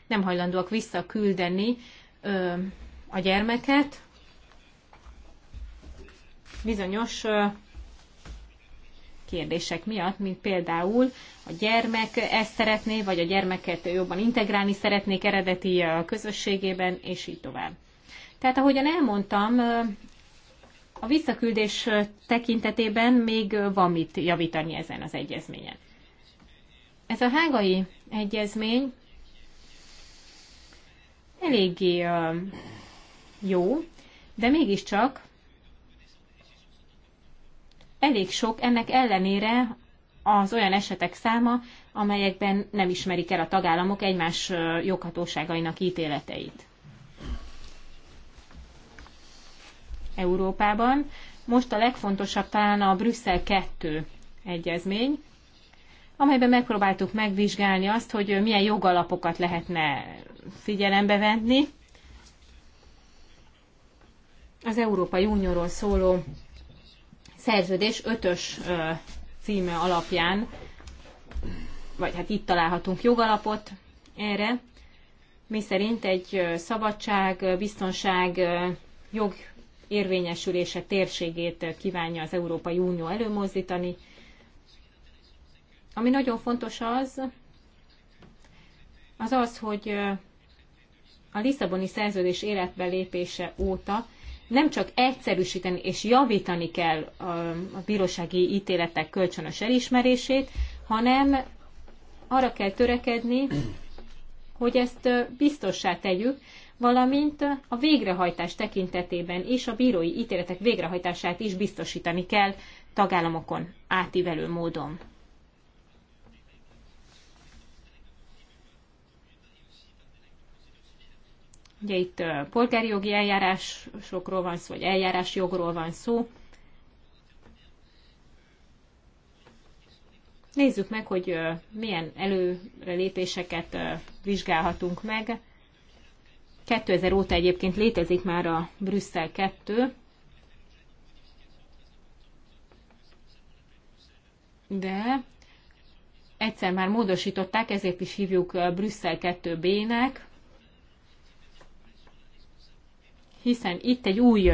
nem hajlandóak visszaküldeni a gyermeket bizonyos kérdések miatt, mint például a gyermek ezt szeretné, vagy a gyermeket jobban integrálni szeretnék eredeti közösségében, és így tovább. Tehát ahogyan elmondtam, a visszaküldés tekintetében még van mit javítani ezen az egyezményen. Ez a hágai egyezmény eléggé jó, de mégiscsak elég sok ennek ellenére az olyan esetek száma, amelyekben nem ismerik el a tagállamok egymás joghatóságainak ítéleteit. Európában. Most a legfontosabb talán a Brüsszel 2 egyezmény, amelyben megpróbáltuk megvizsgálni azt, hogy milyen jogalapokat lehetne figyelembe venni. Az Európai Unióról szóló szerződés ötös ös címe alapján, vagy hát itt találhatunk jogalapot erre, mi szerint egy szabadság, biztonság, jog érvényesülése térségét kívánja az Európai Unió előmozdítani. Ami nagyon fontos az, az az, hogy a Lisszaboni szerződés életbe lépése óta nem csak egyszerűsíteni és javítani kell a bírósági ítéletek kölcsönös elismerését, hanem arra kell törekedni, hogy ezt biztossá tegyük, valamint a végrehajtás tekintetében is a bírói ítéletek végrehajtását is biztosítani kell tagállamokon átívelő módon. Ugye itt polgári jogi eljárásokról van szó, vagy eljárásjogról van szó. Nézzük meg, hogy milyen előrelépéseket vizsgálhatunk meg 2000 óta egyébként létezik már a Brüsszel 2, de egyszer már módosították, ezért is hívjuk Brüsszel 2B-nek, hiszen itt egy új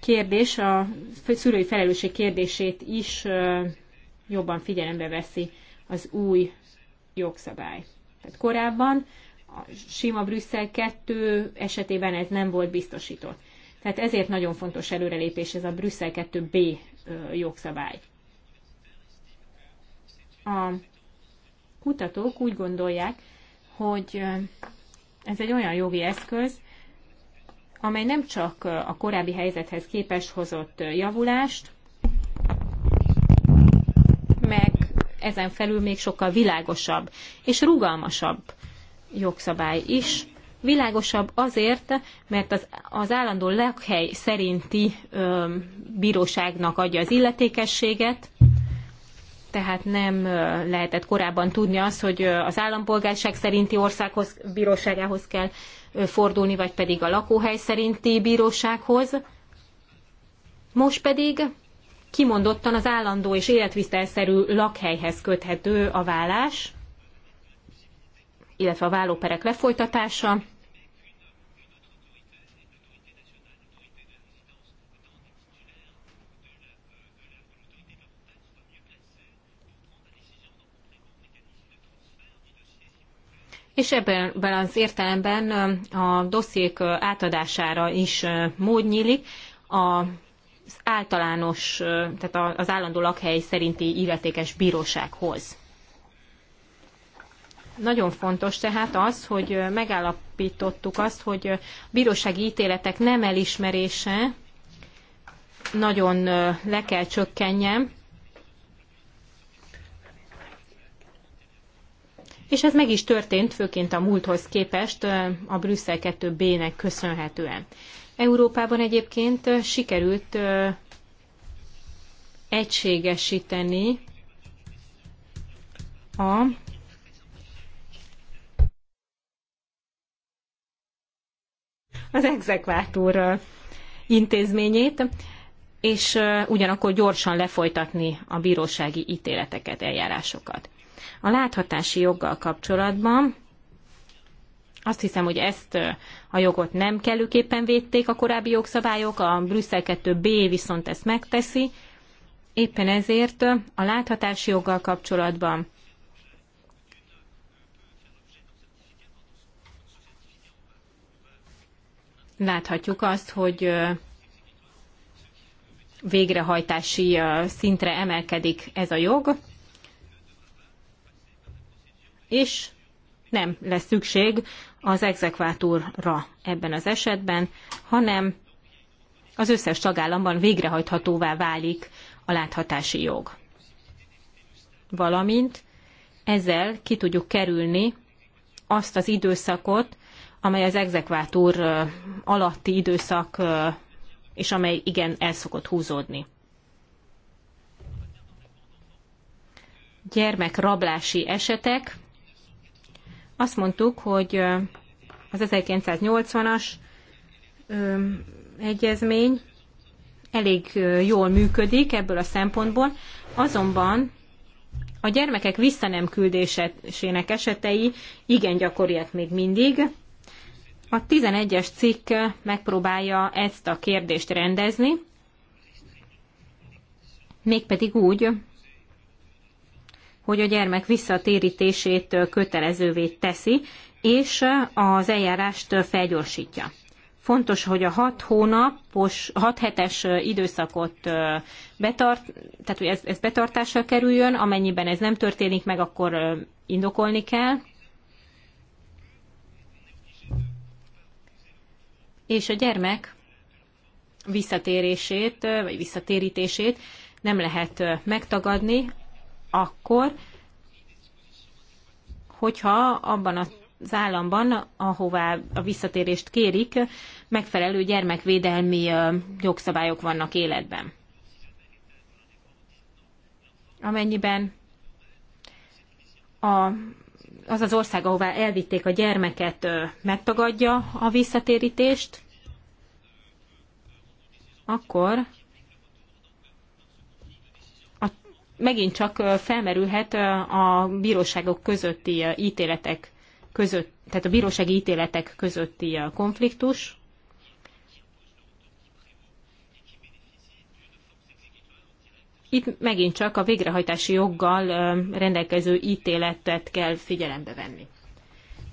kérdés, a szülői felelősség kérdését is jobban figyelembe veszi az új jogszabály. Tehát korábban a sima Brüsszel 2 esetében ez nem volt biztosított. Tehát ezért nagyon fontos előrelépés ez a Brüsszel 2B jogszabály. A kutatók úgy gondolják, hogy ez egy olyan jogi eszköz, amely nem csak a korábbi helyzethez képes hozott javulást, meg ezen felül még sokkal világosabb és rugalmasabb jogszabály is. Világosabb azért, mert az, az állandó lakhely szerinti ö, bíróságnak adja az illetékességet, tehát nem lehetett korábban tudni azt, hogy az állampolgárság szerinti országhoz, bíróságához kell fordulni, vagy pedig a lakóhely szerinti bírósághoz. Most pedig kimondottan az állandó és életvitelszerű lakhelyhez köthető a vállás, illetve a vállóperek lefolytatása. És ebben az értelemben a dossziék átadására is mód nyílik. Az általános, tehát az állandó lakhely szerinti illetékes bírósághoz. Nagyon fontos tehát az, hogy megállapítottuk azt, hogy bírósági ítéletek nem elismerése nagyon le kell csökkenjen, És ez meg is történt, főként a múlthoz képest, a Brüsszel 2B-nek köszönhetően. Európában egyébként sikerült egységesíteni a az exekvátor intézményét, és ugyanakkor gyorsan lefolytatni a bírósági ítéleteket, eljárásokat. A láthatási joggal kapcsolatban azt hiszem, hogy ezt a jogot nem kellőképpen védték a korábbi jogszabályok, a Brüsszel 2B viszont ezt megteszi. Éppen ezért a láthatási joggal kapcsolatban láthatjuk azt, hogy végrehajtási szintre emelkedik ez a jog, és nem lesz szükség az exekvátorra ebben az esetben, hanem az összes tagállamban végrehajthatóvá válik a láthatási jog. Valamint ezzel ki tudjuk kerülni azt az időszakot, amely az exekvátor alatti időszak, és amely igen el szokott húzódni. Gyermekrablási esetek. Azt mondtuk, hogy az 1980-as egyezmény elég jól működik ebből a szempontból, azonban a gyermekek visszanemküldésének küldésének esetei igen gyakoriak még mindig, a 11-es cikk megpróbálja ezt a kérdést rendezni, mégpedig úgy, hogy a gyermek visszatérítését kötelezővé teszi, és az eljárást felgyorsítja. Fontos, hogy a 6 hónapos, 6 hetes időszakot betart, tehát hogy ez, ez betartásra kerüljön, amennyiben ez nem történik meg, akkor indokolni kell, és a gyermek visszatérését, vagy visszatérítését nem lehet megtagadni akkor, hogyha abban az államban, ahová a visszatérést kérik, megfelelő gyermekvédelmi jogszabályok vannak életben. Amennyiben a az az ország, ahová elvitték a gyermeket, megtagadja a visszatérítést, akkor a, megint csak felmerülhet a bíróságok közötti ítéletek között, tehát a bírósági ítéletek közötti konfliktus, Itt megint csak a végrehajtási joggal rendelkező ítéletet kell figyelembe venni.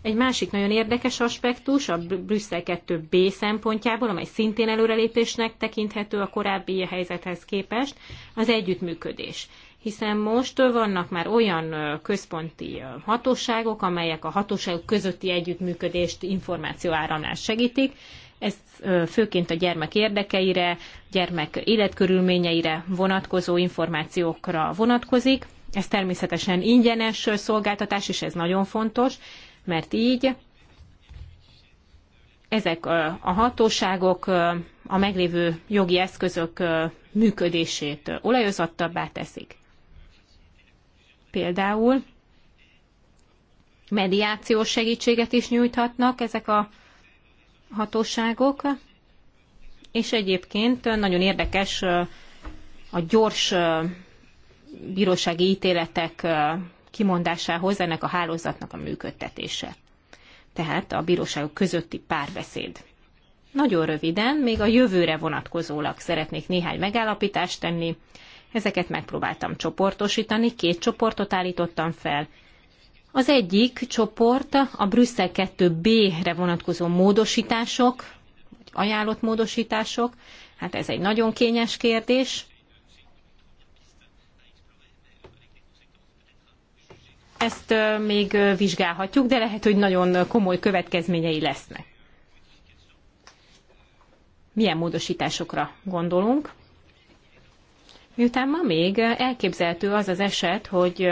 Egy másik nagyon érdekes aspektus a Brüsszel 2B szempontjából, amely szintén előrelépésnek tekinthető a korábbi helyzethez képest, az együttműködés. Hiszen most vannak már olyan központi hatóságok, amelyek a hatóságok közötti együttműködést, információáramlást segítik, ez főként a gyermek érdekeire, gyermek életkörülményeire vonatkozó információkra vonatkozik. Ez természetesen ingyenes szolgáltatás, és ez nagyon fontos, mert így ezek a hatóságok a meglévő jogi eszközök működését olajozottabbá teszik. Például mediációs segítséget is nyújthatnak ezek a hatóságok, és egyébként nagyon érdekes a gyors bírósági ítéletek kimondásához ennek a hálózatnak a működtetése. Tehát a bíróságok közötti párbeszéd. Nagyon röviden, még a jövőre vonatkozólag szeretnék néhány megállapítást tenni. Ezeket megpróbáltam csoportosítani, két csoportot állítottam fel, az egyik csoport a Brüsszel 2B-re vonatkozó módosítások, vagy ajánlott módosítások. Hát ez egy nagyon kényes kérdés. Ezt még vizsgálhatjuk, de lehet, hogy nagyon komoly következményei lesznek. Milyen módosításokra gondolunk? Miután ma még elképzelhető az az eset, hogy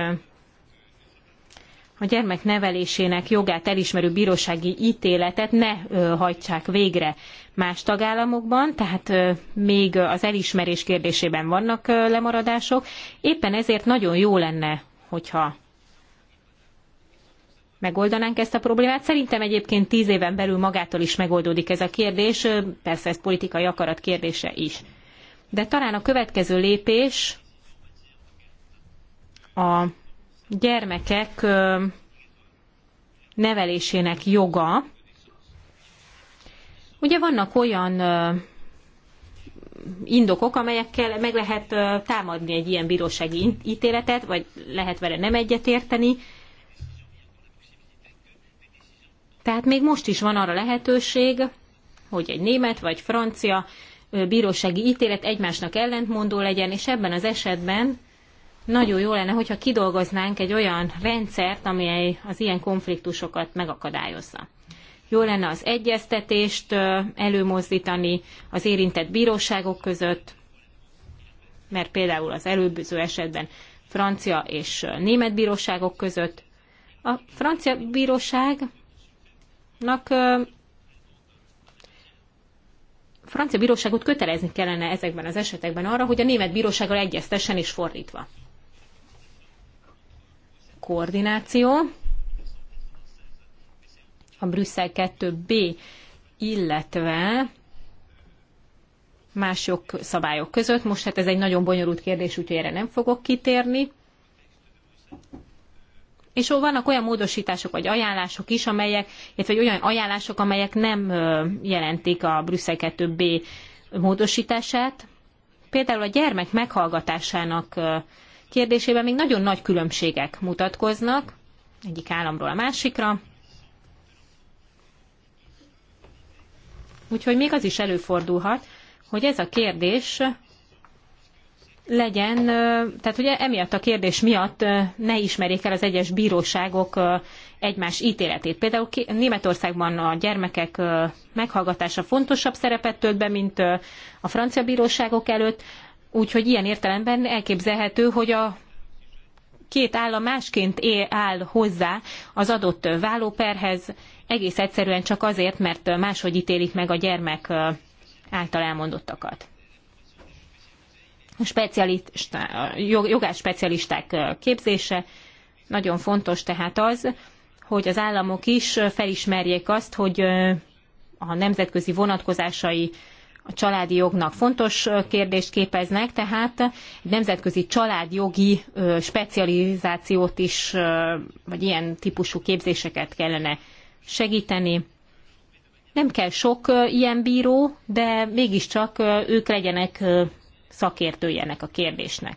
a gyermek nevelésének jogát elismerő bírósági ítéletet ne hajtsák végre más tagállamokban, tehát még az elismerés kérdésében vannak lemaradások. Éppen ezért nagyon jó lenne, hogyha megoldanánk ezt a problémát. Szerintem egyébként tíz éven belül magától is megoldódik ez a kérdés, persze ez politikai akarat kérdése is. De talán a következő lépés a gyermekek nevelésének joga. Ugye vannak olyan indokok, amelyekkel meg lehet támadni egy ilyen bírósági ítéletet, vagy lehet vele nem egyetérteni. Tehát még most is van arra lehetőség, hogy egy német vagy francia bírósági ítélet egymásnak ellentmondó legyen, és ebben az esetben nagyon jó lenne, hogyha kidolgoznánk egy olyan rendszert, amely az ilyen konfliktusokat megakadályozza. Jó lenne az egyeztetést előmozdítani az érintett bíróságok között, mert például az előbbző esetben francia és német bíróságok között. A francia bíróságnak francia bíróságot kötelezni kellene ezekben az esetekben arra, hogy a német bírósággal egyeztessen és fordítva koordináció. A Brüsszel 2B, illetve más jogszabályok között. Most hát ez egy nagyon bonyolult kérdés, úgyhogy erre nem fogok kitérni. És ó, vannak olyan módosítások vagy ajánlások is, amelyek, illetve olyan ajánlások, amelyek nem jelentik a Brüsszel 2B módosítását. Például a gyermek meghallgatásának kérdésében még nagyon nagy különbségek mutatkoznak egyik államról a másikra. Úgyhogy még az is előfordulhat, hogy ez a kérdés legyen, tehát ugye emiatt a kérdés miatt ne ismerjék el az egyes bíróságok egymás ítéletét. Például Németországban a gyermekek meghallgatása fontosabb szerepet tölt be, mint a francia bíróságok előtt, Úgyhogy ilyen értelemben elképzelhető, hogy a két állam másként áll hozzá az adott vállóperhez, egész egyszerűen csak azért, mert máshogy ítélik meg a gyermek által elmondottakat. A jogás specialisták képzése nagyon fontos tehát az, hogy az államok is felismerjék azt, hogy a nemzetközi vonatkozásai a családi jognak fontos kérdést képeznek, tehát egy nemzetközi családjogi specializációt is, vagy ilyen típusú képzéseket kellene segíteni. Nem kell sok ilyen bíró, de mégiscsak ők legyenek szakértői ennek a kérdésnek.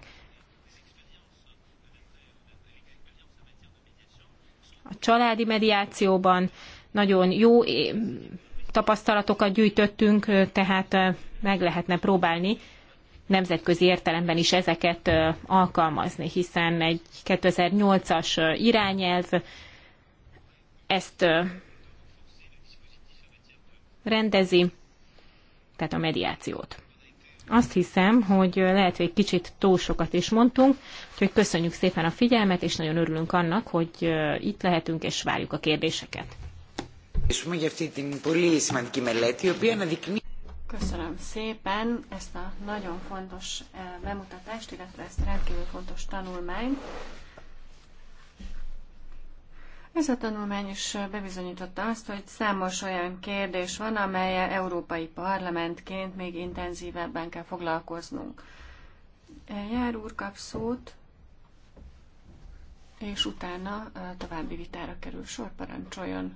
A családi mediációban nagyon jó tapasztalatokat gyűjtöttünk, tehát meg lehetne próbálni nemzetközi értelemben is ezeket alkalmazni, hiszen egy 2008-as irányelv ezt rendezi, tehát a mediációt. Azt hiszem, hogy lehet, hogy egy kicsit túl sokat is mondtunk, úgyhogy köszönjük szépen a figyelmet, és nagyon örülünk annak, hogy itt lehetünk, és várjuk a kérdéseket. Köszönöm szépen ezt a nagyon fontos eh, bemutatást, illetve ezt a rendkívül fontos tanulmányt. Ez a tanulmány is bebizonyította azt, hogy számos olyan kérdés van, amelye európai parlamentként még intenzívebben kell foglalkoznunk. Eh, Jár úr kap szót, és utána eh, további vitára kerül sor, parancsoljon.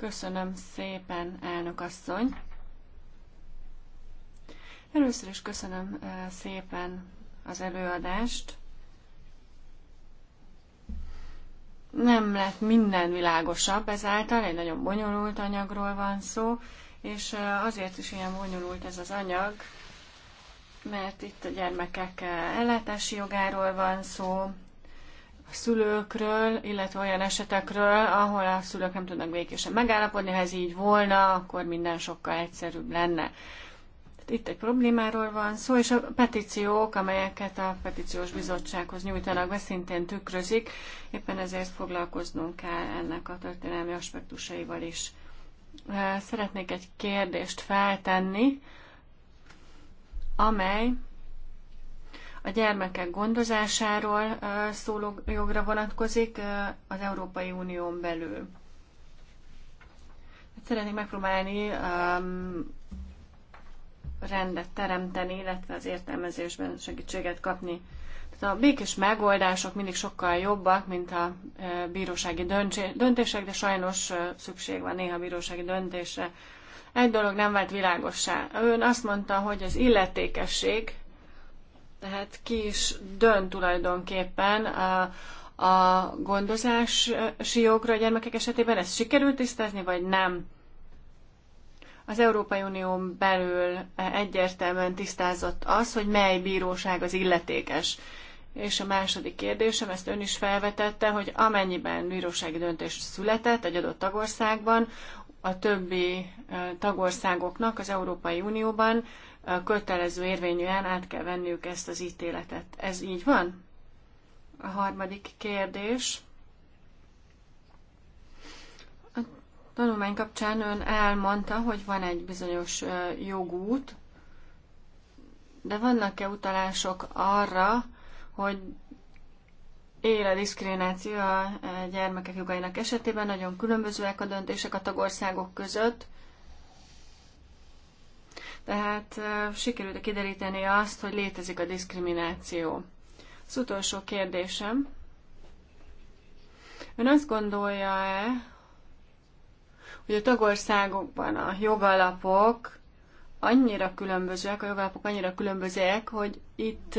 Köszönöm szépen, elnök asszony. Először is köszönöm eh, szépen az előadást. Nem lett minden világosabb ezáltal, egy nagyon bonyolult anyagról van szó, és eh, azért is ilyen bonyolult ez az anyag, mert itt a gyermekek eh, ellátási jogáról van szó, szülőkről, illetve olyan esetekről, ahol a szülők nem tudnak békésen megállapodni, ha ez így volna, akkor minden sokkal egyszerűbb lenne. Itt egy problémáról van szó, és a petíciók, amelyeket a petíciós bizottsághoz nyújtanak be, szintén tükrözik, éppen ezért foglalkoznunk kell ennek a történelmi aspektusaival is. Szeretnék egy kérdést feltenni, amely a gyermekek gondozásáról szóló jogra vonatkozik az Európai Unión belül. Hát szeretnék megpróbálni um, rendet teremteni, illetve az értelmezésben segítséget kapni. Tehát a békés megoldások mindig sokkal jobbak, mint a bírósági döntések, de sajnos szükség van néha bírósági döntésre. Egy dolog nem vált világossá. Ön azt mondta, hogy az illetékesség tehát ki is dönt tulajdonképpen a, a gondozási jogra a gyermekek esetében? Ezt sikerült tisztázni, vagy nem? Az Európai Unión belül egyértelműen tisztázott az, hogy mely bíróság az illetékes. És a második kérdésem, ezt ön is felvetette, hogy amennyiben bírósági döntés született egy adott tagországban, a többi tagországoknak az Európai Unióban kötelező érvényűen át kell venniük ezt az ítéletet. Ez így van? A harmadik kérdés. A tanulmány kapcsán ön elmondta, hogy van egy bizonyos jogút, de vannak-e utalások arra, hogy él a diszkrimináció a gyermekek jogainak esetében, nagyon különbözőek a döntések a tagországok között, tehát sikerült -e kideríteni azt, hogy létezik a diszkrimináció. Az utolsó kérdésem. Ön azt gondolja-e, hogy a tagországokban a jogalapok annyira különbözőek, a jogalapok annyira különbözőek, hogy itt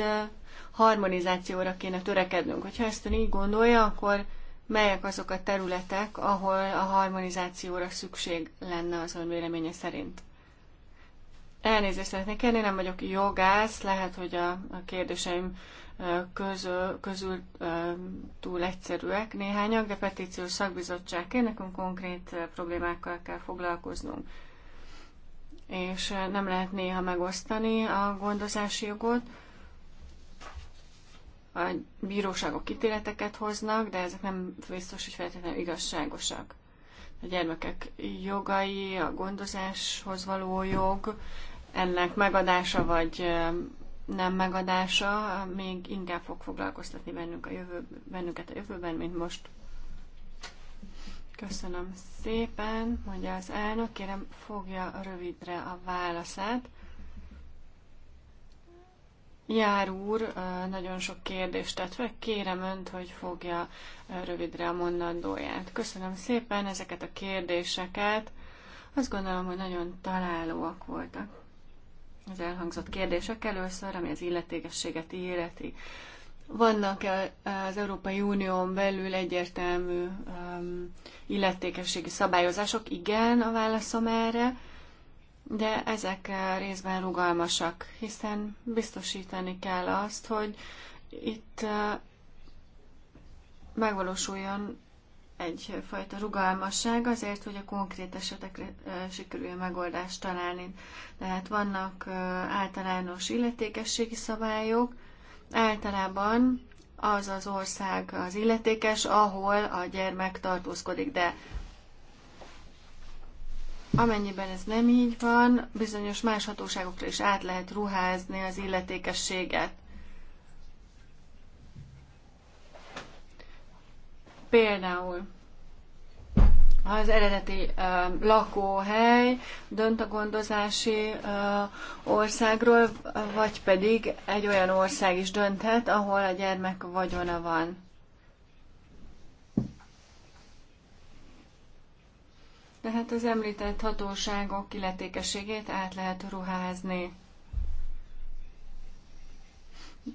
harmonizációra kéne törekednünk. Hogyha ezt ön így gondolja, akkor melyek azok a területek, ahol a harmonizációra szükség lenne az ön véleménye szerint? Elnézést szeretnék kérni, nem vagyok jogász, lehet, hogy a, a kérdéseim közül, közül túl egyszerűek néhányak, de petíciós szakbizottságként nekünk konkrét problémákkal kell foglalkoznunk. És nem lehet néha megosztani a gondozási jogot. A bíróságok ítéleteket hoznak, de ezek nem biztos, hogy feltétlenül igazságosak a gyermekek jogai, a gondozáshoz való jog, ennek megadása vagy nem megadása még inkább fog foglalkoztatni bennünk a jövő, bennünket a jövőben, mint most. Köszönöm szépen, mondja az elnök, kérem fogja rövidre a válaszát. Jár úr nagyon sok kérdést tett fel, kérem önt, hogy fogja rövidre a mondandóját. Köszönöm szépen ezeket a kérdéseket. Azt gondolom, hogy nagyon találóak voltak az elhangzott kérdések először, ami az illetékességet illeti. Vannak -e az Európai Unión belül egyértelmű um, illetékességi szabályozások? Igen, a válaszom erre, de ezek részben rugalmasak, hiszen biztosítani kell azt, hogy itt uh, megvalósuljon egyfajta rugalmasság azért, hogy a konkrét esetekre sikerül megoldást találni. Tehát vannak általános illetékességi szabályok, általában az az ország az illetékes, ahol a gyermek tartózkodik, de amennyiben ez nem így van, bizonyos más hatóságokra is át lehet ruházni az illetékességet. Például az eredeti ö, lakóhely dönt a gondozási ö, országról, vagy pedig egy olyan ország is dönthet, ahol a gyermek vagyona van. Tehát az említett hatóságok illetékességét át lehet ruházni.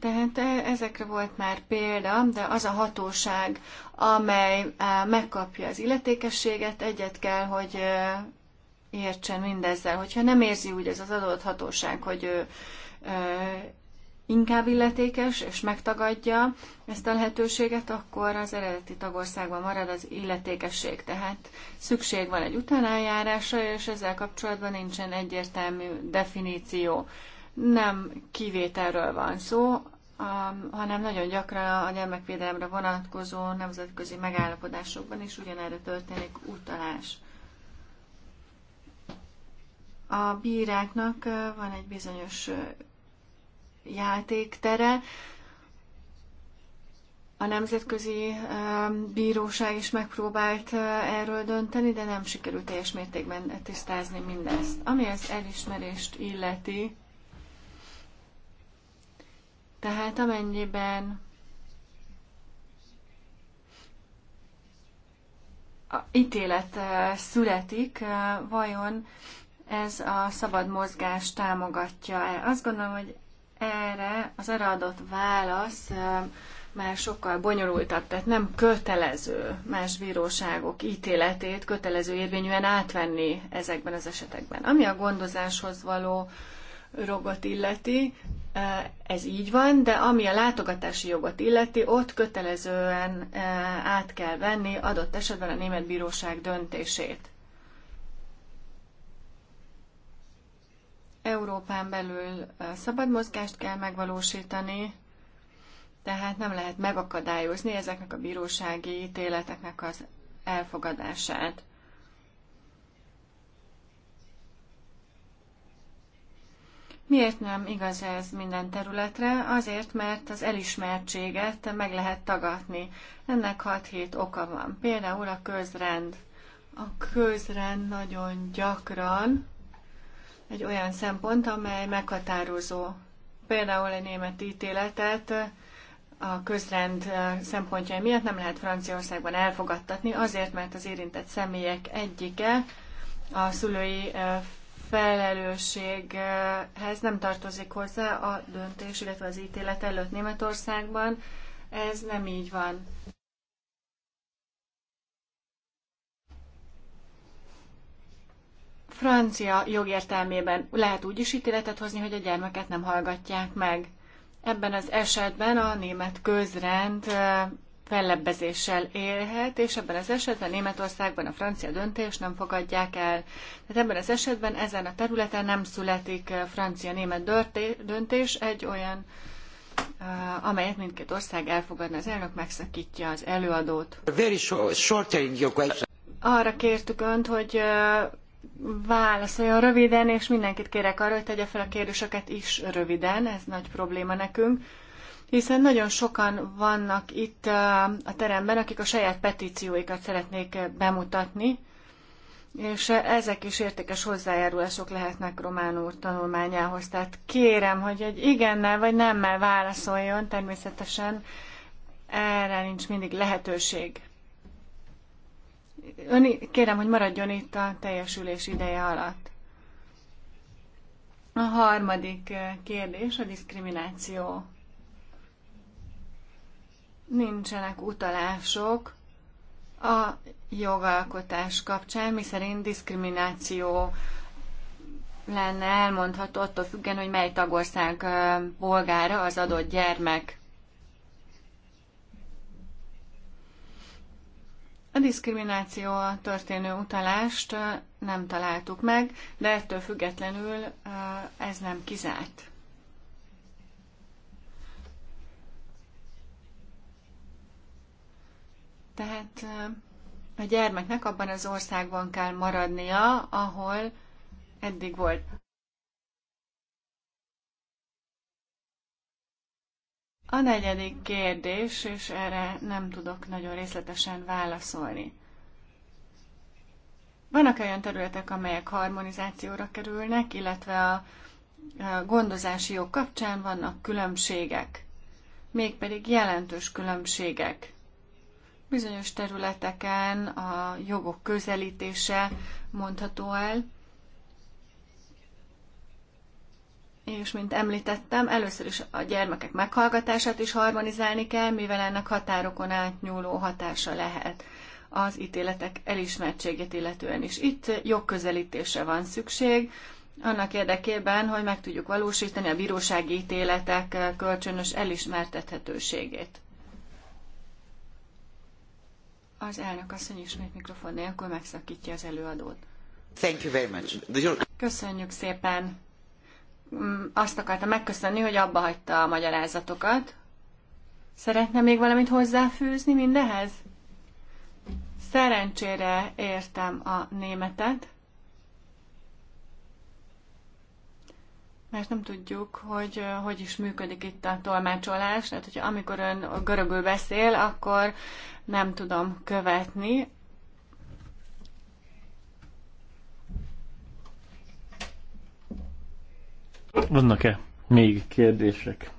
Tehát e- ezekre volt már példa, de az a hatóság, amely e, megkapja az illetékességet, egyet kell, hogy e, értsen mindezzel. Hogyha nem érzi úgy ez az adott hatóság, hogy ő inkább illetékes, és megtagadja ezt a lehetőséget, akkor az eredeti tagországban marad az illetékesség. Tehát szükség van egy utánájárásra, és ezzel kapcsolatban nincsen egyértelmű definíció nem kivételről van szó, um, hanem nagyon gyakran a gyermekvédelemre vonatkozó nemzetközi megállapodásokban is ugyanerre történik utalás. A bíráknak uh, van egy bizonyos uh, játéktere, a Nemzetközi um, Bíróság is megpróbált uh, erről dönteni, de nem sikerült teljes mértékben tisztázni mindezt. Ami az elismerést illeti, tehát amennyiben a ítélet születik, vajon ez a szabad mozgás támogatja-e? Azt gondolom, hogy erre az erre adott válasz már sokkal bonyolultabb, tehát nem kötelező más bíróságok ítéletét kötelező érvényűen átvenni ezekben az esetekben. Ami a gondozáshoz való jogot illeti, e, ez így van, de ami a látogatási jogot illeti, ott kötelezően e, át kell venni adott esetben a német bíróság döntését. Európán belül e, szabad mozgást kell megvalósítani, tehát nem lehet megakadályozni ezeknek a bírósági ítéleteknek az elfogadását. Miért nem igaz ez minden területre? Azért, mert az elismertséget meg lehet tagadni. Ennek 6-7 oka van. Például a közrend. A közrend nagyon gyakran egy olyan szempont, amely meghatározó. Például egy német ítéletet a közrend szempontjai miatt nem lehet Franciaországban elfogadtatni, azért, mert az érintett személyek egyike a szülői eh, felelősséghez nem tartozik hozzá a döntés, illetve az ítélet előtt Németországban. Ez nem így van. Francia jogértelmében lehet úgy is ítéletet hozni, hogy a gyermeket nem hallgatják meg. Ebben az esetben a német közrend fellebbezéssel élhet, és ebben az esetben Németországban a francia döntés nem fogadják el. Tehát ebben az esetben ezen a területen nem születik eh, francia-német döntés, egy olyan, eh, amelyet mindkét ország elfogadna. Az elnök megszakítja az előadót. Very short, Arra kértük önt, hogy eh, válaszoljon röviden, és mindenkit kérek arra, hogy tegye fel a kérdéseket is röviden, ez nagy probléma nekünk hiszen nagyon sokan vannak itt a teremben, akik a saját petícióikat szeretnék bemutatni, és ezek is értékes hozzájárulások lehetnek Román úr tanulmányához. Tehát kérem, hogy egy igennel vagy nemmel válaszoljon, természetesen erre nincs mindig lehetőség. Ön, kérem, hogy maradjon itt a teljesülés ideje alatt. A harmadik kérdés a diszkrimináció nincsenek utalások a jogalkotás kapcsán, miszerint diszkrimináció lenne elmondható attól függően, hogy mely tagország polgára az adott gyermek. A diszkrimináció történő utalást nem találtuk meg, de ettől függetlenül ez nem kizárt. Tehát a gyermeknek abban az országban kell maradnia, ahol eddig volt. A negyedik kérdés, és erre nem tudok nagyon részletesen válaszolni. Vannak olyan területek, amelyek harmonizációra kerülnek, illetve a gondozási jog kapcsán vannak különbségek, mégpedig jelentős különbségek. Bizonyos területeken a jogok közelítése mondható el, és mint említettem, először is a gyermekek meghallgatását is harmonizálni kell, mivel ennek határokon átnyúló hatása lehet az ítéletek elismertségét illetően is. Itt jogközelítésre van szükség, annak érdekében, hogy meg tudjuk valósítani a bírósági ítéletek kölcsönös elismertethetőségét. Az elnök asszony ismét mikrofon nélkül megszakítja az előadót. Thank you very much. Köszönjük szépen. Mm, azt akartam megköszönni, hogy abba hagyta a magyarázatokat. Szeretne még valamit hozzáfűzni mindehez? Szerencsére értem a németet. mert nem tudjuk, hogy hogy is működik itt a tolmácsolás. Tehát, hogy amikor ön görögül beszél, akkor nem tudom követni. Vannak-e még kérdések?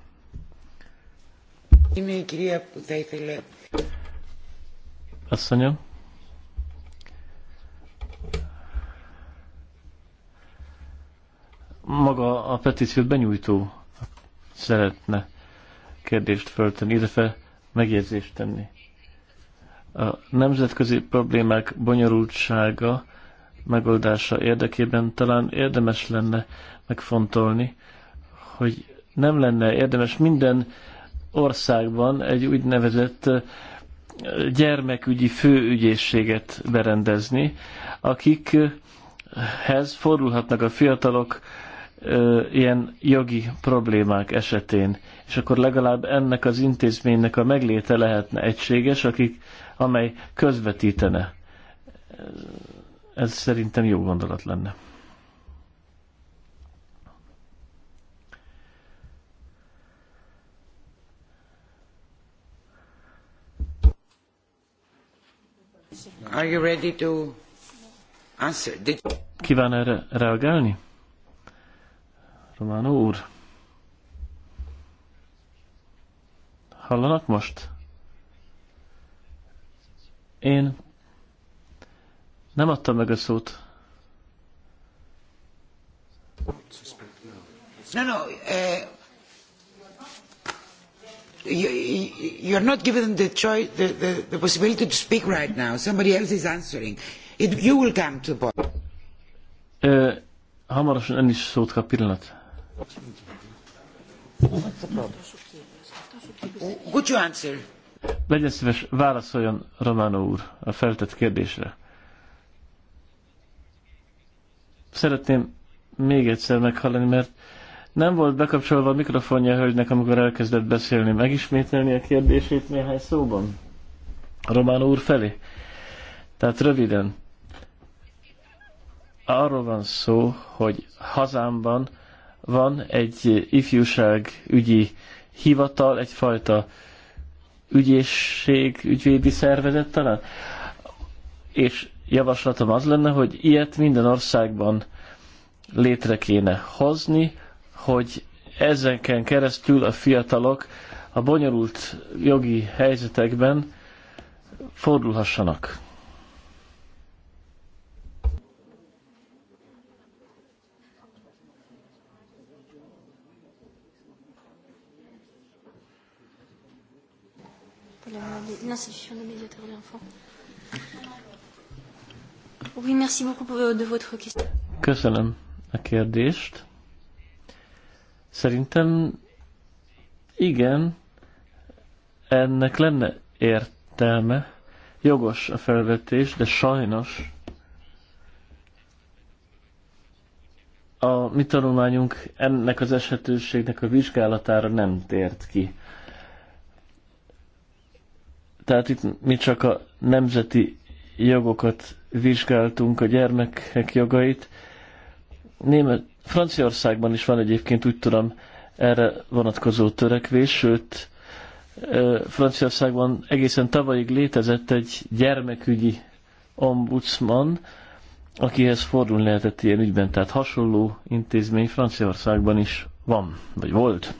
Asszonyom? maga a petíciót benyújtó szeretne kérdést föltenni, illetve megjegyzést tenni. A nemzetközi problémák bonyolultsága megoldása érdekében talán érdemes lenne megfontolni, hogy nem lenne érdemes minden országban egy úgynevezett gyermekügyi főügyészséget berendezni, akikhez fordulhatnak a fiatalok, ö, ilyen jogi problémák esetén, és akkor legalább ennek az intézménynek a megléte lehetne egységes, akik, amely közvetítene. Ez szerintem jó gondolat lenne. Are you ready to answer? Did... Kíván erre reagálni? Románó úr. Hallanak most? Én nem adtam meg a szót. No, no, uh, you, you're not given the choice, the, the, the possibility to speak right now. Somebody else is answering. It, you will come to the point. Uh, hamarosan enni szót kap pillanat. Legyen szíves, válaszoljon Romano úr a feltett kérdésre. Szeretném még egyszer meghallani, mert nem volt bekapcsolva a mikrofonja a hölgynek, amikor elkezdett beszélni. Megismételni a kérdését néhány szóban? A Román úr felé. Tehát röviden. Arról van szó, hogy hazámban van egy ifjúság ügyi hivatal, egyfajta ügyészség, ügyvédi szervezet talán, és javaslatom az lenne, hogy ilyet minden országban létre kéne hozni, hogy ezeken keresztül a fiatalok a bonyolult jogi helyzetekben fordulhassanak l'institution de l'enfant. Oui, merci beaucoup euh, de votre question. Köszönöm a kérdést. Szerintem igen, ennek lenne értelme, jogos a felvetés, de sajnos a mi tanulmányunk ennek az esetőségnek a vizsgálatára nem tért ki. Tehát itt mi csak a nemzeti jogokat vizsgáltunk, a gyermekek jogait. Német, Franciaországban is van egyébként, úgy tudom, erre vonatkozó törekvés, sőt, Franciaországban egészen tavalyig létezett egy gyermekügyi ombudsman, akihez fordulni lehetett ilyen ügyben, tehát hasonló intézmény Franciaországban is van, vagy volt.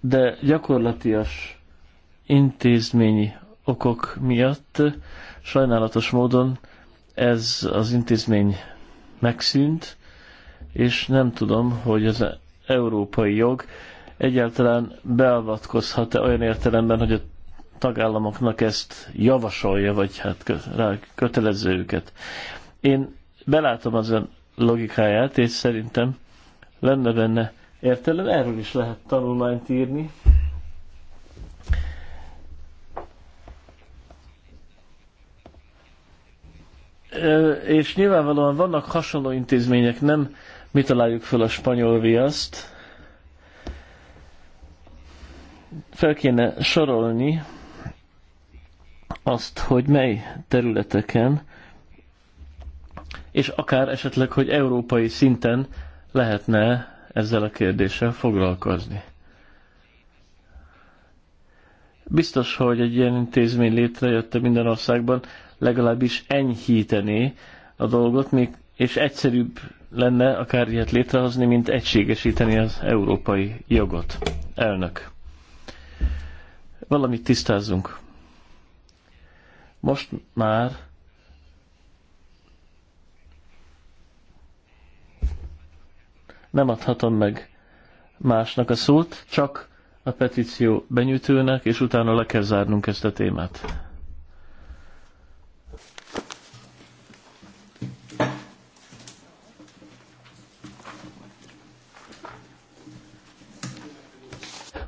de gyakorlatias intézményi okok miatt sajnálatos módon ez az intézmény megszűnt, és nem tudom, hogy az európai jog egyáltalán beavatkozhat-e olyan értelemben, hogy a tagállamoknak ezt javasolja, vagy hát rá kötelező őket. Én belátom az ön logikáját, és szerintem lenne benne értelemben erről is lehet tanulmányt írni. És nyilvánvalóan vannak hasonló intézmények, nem mi találjuk fel a spanyol viaszt. Fel kéne sorolni azt, hogy mely területeken, és akár esetleg, hogy európai szinten lehetne ezzel a kérdéssel foglalkozni. Biztos, hogy egy ilyen intézmény létrejött minden országban, legalábbis enyhítené a dolgot, még, és egyszerűbb lenne akár ilyet létrehozni, mint egységesíteni az európai jogot. Elnök. Valamit tisztázzunk. Most már nem adhatom meg másnak a szót, csak a petíció benyújtőnek, és utána le kell zárnunk ezt a témát.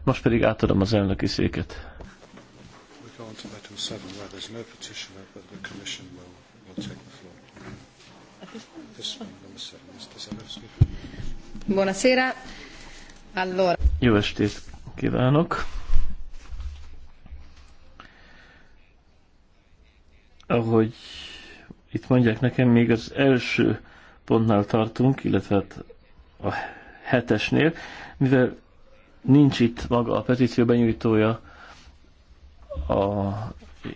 Most pedig átadom az elnöki széket. Buonasera. Allora. Jó estét kívánok. Ahogy itt mondják nekem, még az első pontnál tartunk, illetve hát a hetesnél, mivel nincs itt maga a petíció benyújtója a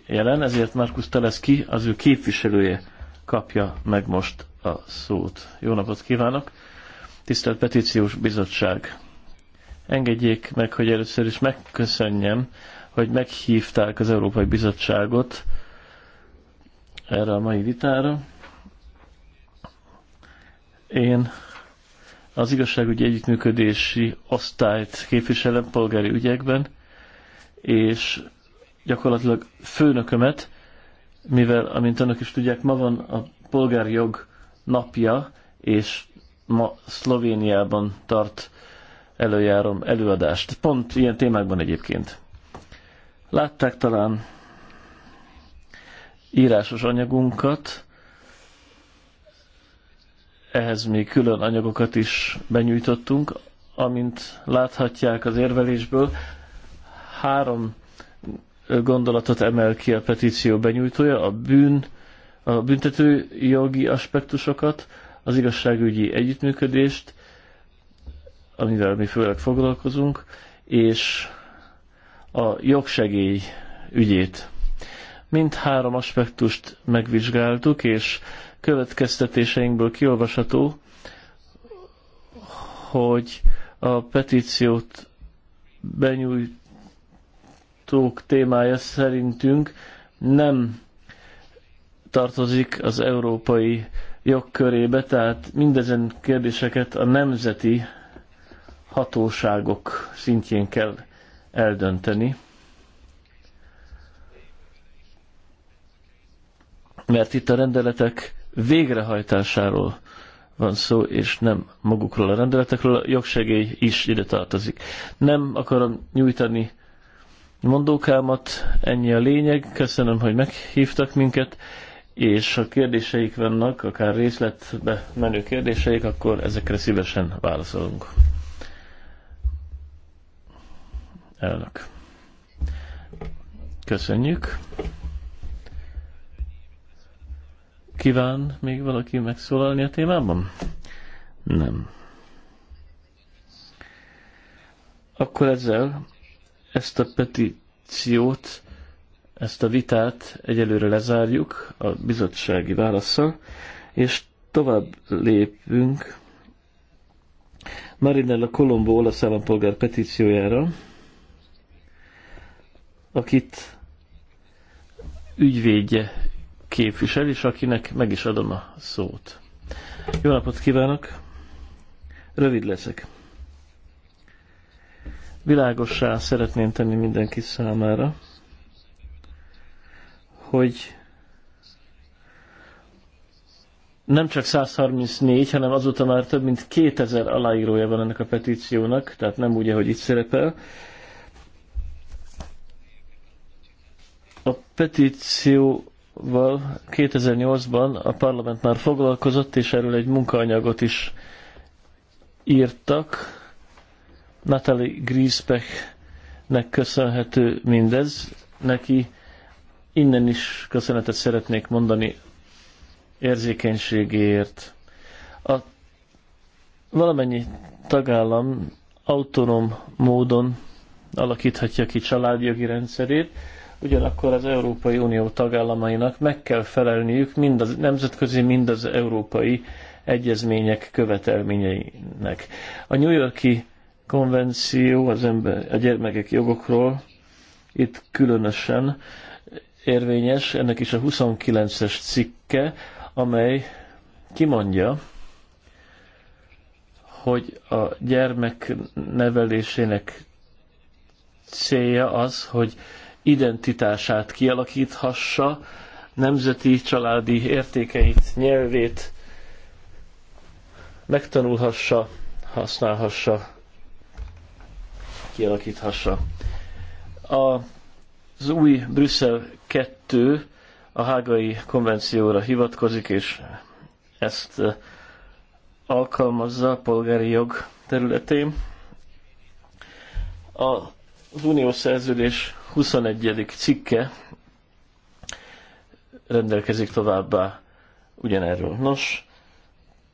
jelen, ezért Markus Teleszki, az ő képviselője kapja meg most a szót. Jó napot kívánok! Tisztelt Petíciós Bizottság! Engedjék meg, hogy először is megköszönjem, hogy meghívták az Európai Bizottságot erre a mai vitára. Én az igazságügyi együttműködési osztályt képviselem polgári ügyekben, és gyakorlatilag főnökömet, mivel, amint önök is tudják, ma van a polgárjog napja, és ma Szlovéniában tart előjárom előadást. Pont ilyen témákban egyébként. Látták talán írásos anyagunkat, ehhez még külön anyagokat is benyújtottunk, amint láthatják az érvelésből, három gondolatot emel ki a petíció benyújtója, a bűn, a büntető jogi aspektusokat, az igazságügyi együttműködést, amivel mi főleg foglalkozunk, és a jogsegély ügyét. Mind három aspektust megvizsgáltuk, és következtetéseinkből kiolvasható, hogy a petíciót benyújtók témája szerintünk nem tartozik az európai jogkörébe, tehát mindezen kérdéseket a nemzeti hatóságok szintjén kell eldönteni. Mert itt a rendeletek végrehajtásáról van szó, és nem magukról a rendeletekről, a jogsegély is ide tartozik. Nem akarom nyújtani mondókámat, ennyi a lényeg. Köszönöm, hogy meghívtak minket és ha kérdéseik vannak, akár részletbe menő kérdéseik, akkor ezekre szívesen válaszolunk. Elnök. Köszönjük. Kíván még valaki megszólalni a témában? Nem. Akkor ezzel ezt a petíciót ezt a vitát egyelőre lezárjuk a bizottsági válaszsal, és tovább lépünk Marinella Colombo olasz állampolgár petíciójára, akit ügyvédje képvisel, és akinek meg is adom a szót. Jó napot kívánok! Rövid leszek. Világossá szeretném tenni mindenki számára, hogy nem csak 134, hanem azóta már több mint 2000 aláírója van ennek a petíciónak, tehát nem úgy, ahogy itt szerepel. A petícióval 2008-ban a parlament már foglalkozott, és erről egy munkaanyagot is írtak. Natalie Griesbecknek köszönhető mindez. Neki Innen is köszönetet szeretnék mondani érzékenységéért. A valamennyi tagállam autonóm módon alakíthatja ki családjogi rendszerét, ugyanakkor az Európai Unió tagállamainak meg kell felelniük mind az nemzetközi, mind az európai egyezmények követelményeinek. A New Yorki konvenció az ember, a gyermekek jogokról itt különösen érvényes ennek is a 29-es cikke, amely kimondja, hogy a gyermek nevelésének célja az, hogy identitását kialakíthassa, nemzeti családi értékeit, nyelvét megtanulhassa, használhassa, kialakíthassa. A, az új Brüsszel 2 a hágai konvencióra hivatkozik, és ezt eh, alkalmazza a polgári jog területén. Az uniós szerződés 21. cikke rendelkezik továbbá ugyanerről. Nos,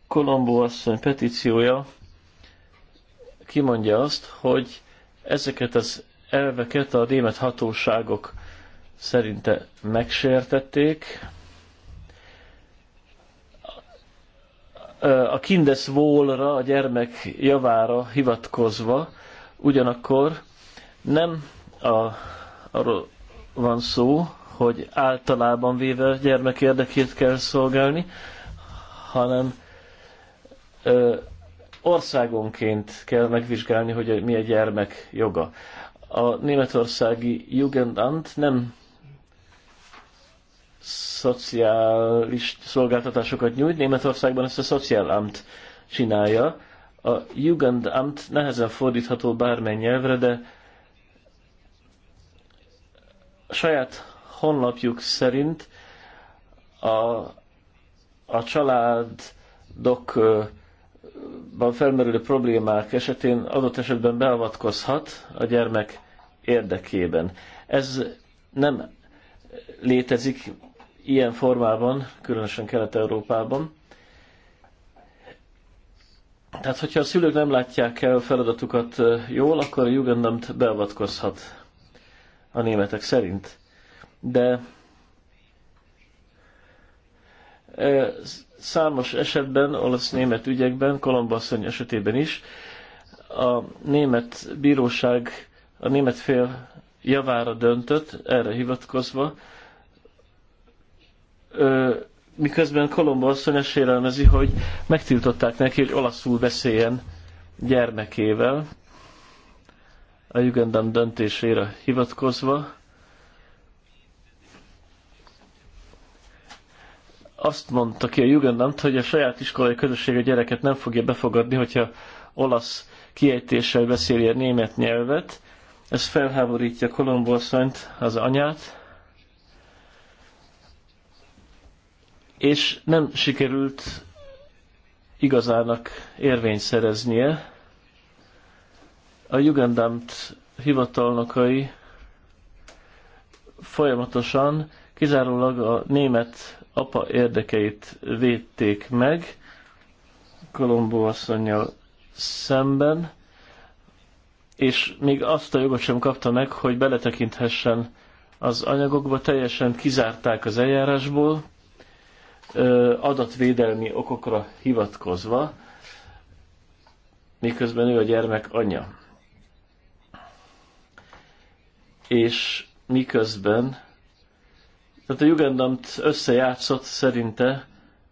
Kolombó asszony petíciója kimondja azt, hogy ezeket az elveket a német hatóságok szerinte megsértették. A kindes volra, a gyermek javára hivatkozva, ugyanakkor nem a, arról van szó, hogy általában véve a gyermek érdekét kell szolgálni, hanem ö, országonként kell megvizsgálni, hogy mi a gyermek joga. A németországi Jugendamt nem szociális szolgáltatásokat nyújt. Németországban ezt a Szociálamt csinálja. A Jugendamt nehezen fordítható bármely nyelvre, de a saját honlapjuk szerint a, a családokban felmerülő problémák esetén adott esetben beavatkozhat a gyermek érdekében. Ez nem létezik ilyen formában, különösen Kelet-Európában. Tehát, hogyha a szülők nem látják el feladatukat jól, akkor a Jugendamt beavatkozhat a németek szerint. De számos esetben, olasz-német ügyekben, Kolombasszony esetében is, a német bíróság a német fél javára döntött, erre hivatkozva, miközben Kolomba asszony azt hogy megtiltották neki, hogy olaszul beszéljen gyermekével, a Jugendam döntésére hivatkozva. Azt mondta ki a Jugendamt, hogy a saját iskolai közösség a gyereket nem fogja befogadni, hogyha olasz kiejtéssel beszéli a német nyelvet. Ez felháborítja Kolombo asszonyt, az anyát, és nem sikerült igazának érvényt szereznie. A Jugendamt hivatalnokai folyamatosan kizárólag a német apa érdekeit védték meg Kolombó asszonynal szemben, és még azt a jogot sem kapta meg, hogy beletekinthessen az anyagokba, teljesen kizárták az eljárásból, adatvédelmi okokra hivatkozva, miközben ő a gyermek anyja. És miközben, tehát a Jugendamt összejátszott szerinte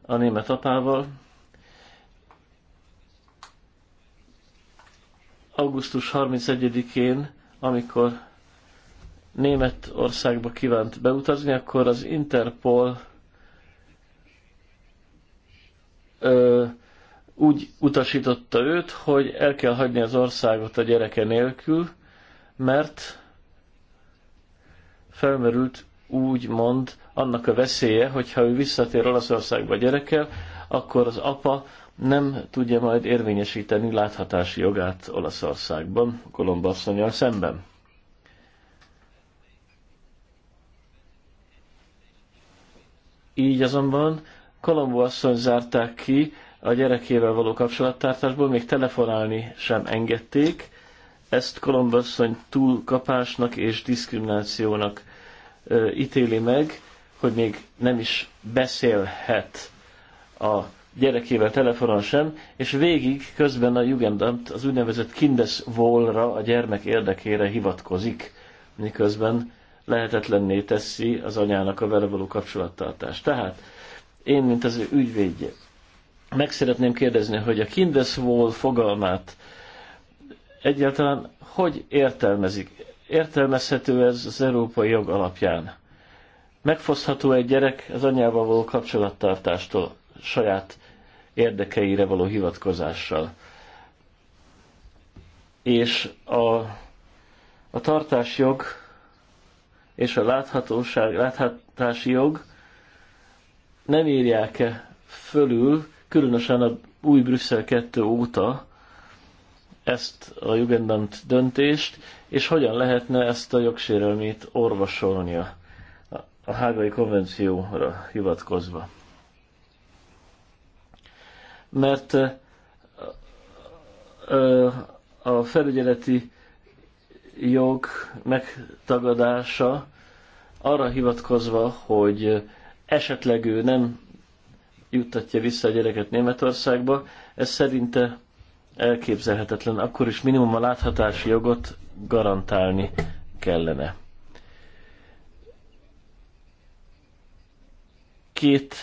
a német apával, augusztus 31-én, amikor Németországba kívánt beutazni, akkor az Interpol ö, úgy utasította őt, hogy el kell hagyni az országot a gyereke nélkül, mert felmerült úgy mond, annak a veszélye, hogy ha ő visszatér Olaszországba a gyerekkel, akkor az apa nem tudja majd érvényesíteni láthatási jogát Olaszországban, Kolomba asszonyjal szemben. Így azonban Kalambó asszony zárták ki a gyerekével való kapcsolattartásból, még telefonálni sem engedték. Ezt Kalambó asszony túlkapásnak és diszkriminációnak ö, ítéli meg, hogy még nem is beszélhet a gyerekével telefonon sem, és végig közben a Jugendamt az úgynevezett Kindeswohlra, a gyermek érdekére hivatkozik, miközben lehetetlenné teszi az anyának a vele való kapcsolattartást. Tehát én, mint az ő ügyvédje. Meg szeretném kérdezni, hogy a Kindeswall fogalmát egyáltalán hogy értelmezik? Értelmezhető ez az európai jog alapján? Megfosztható egy gyerek az anyával való kapcsolattartástól, saját érdekeire való hivatkozással. És a, a tartásjog és a láthatóság, láthatási jog nem írják-e fölül, különösen a új Brüsszel 2 óta ezt a Jugendamt döntést, és hogyan lehetne ezt a jogsérelmét orvosolnia a hágai konvencióra hivatkozva. Mert a felügyeleti jog megtagadása arra hivatkozva, hogy esetleg ő nem juttatja vissza a gyereket Németországba, ez szerinte elképzelhetetlen, akkor is minimum a láthatási jogot garantálni kellene. Két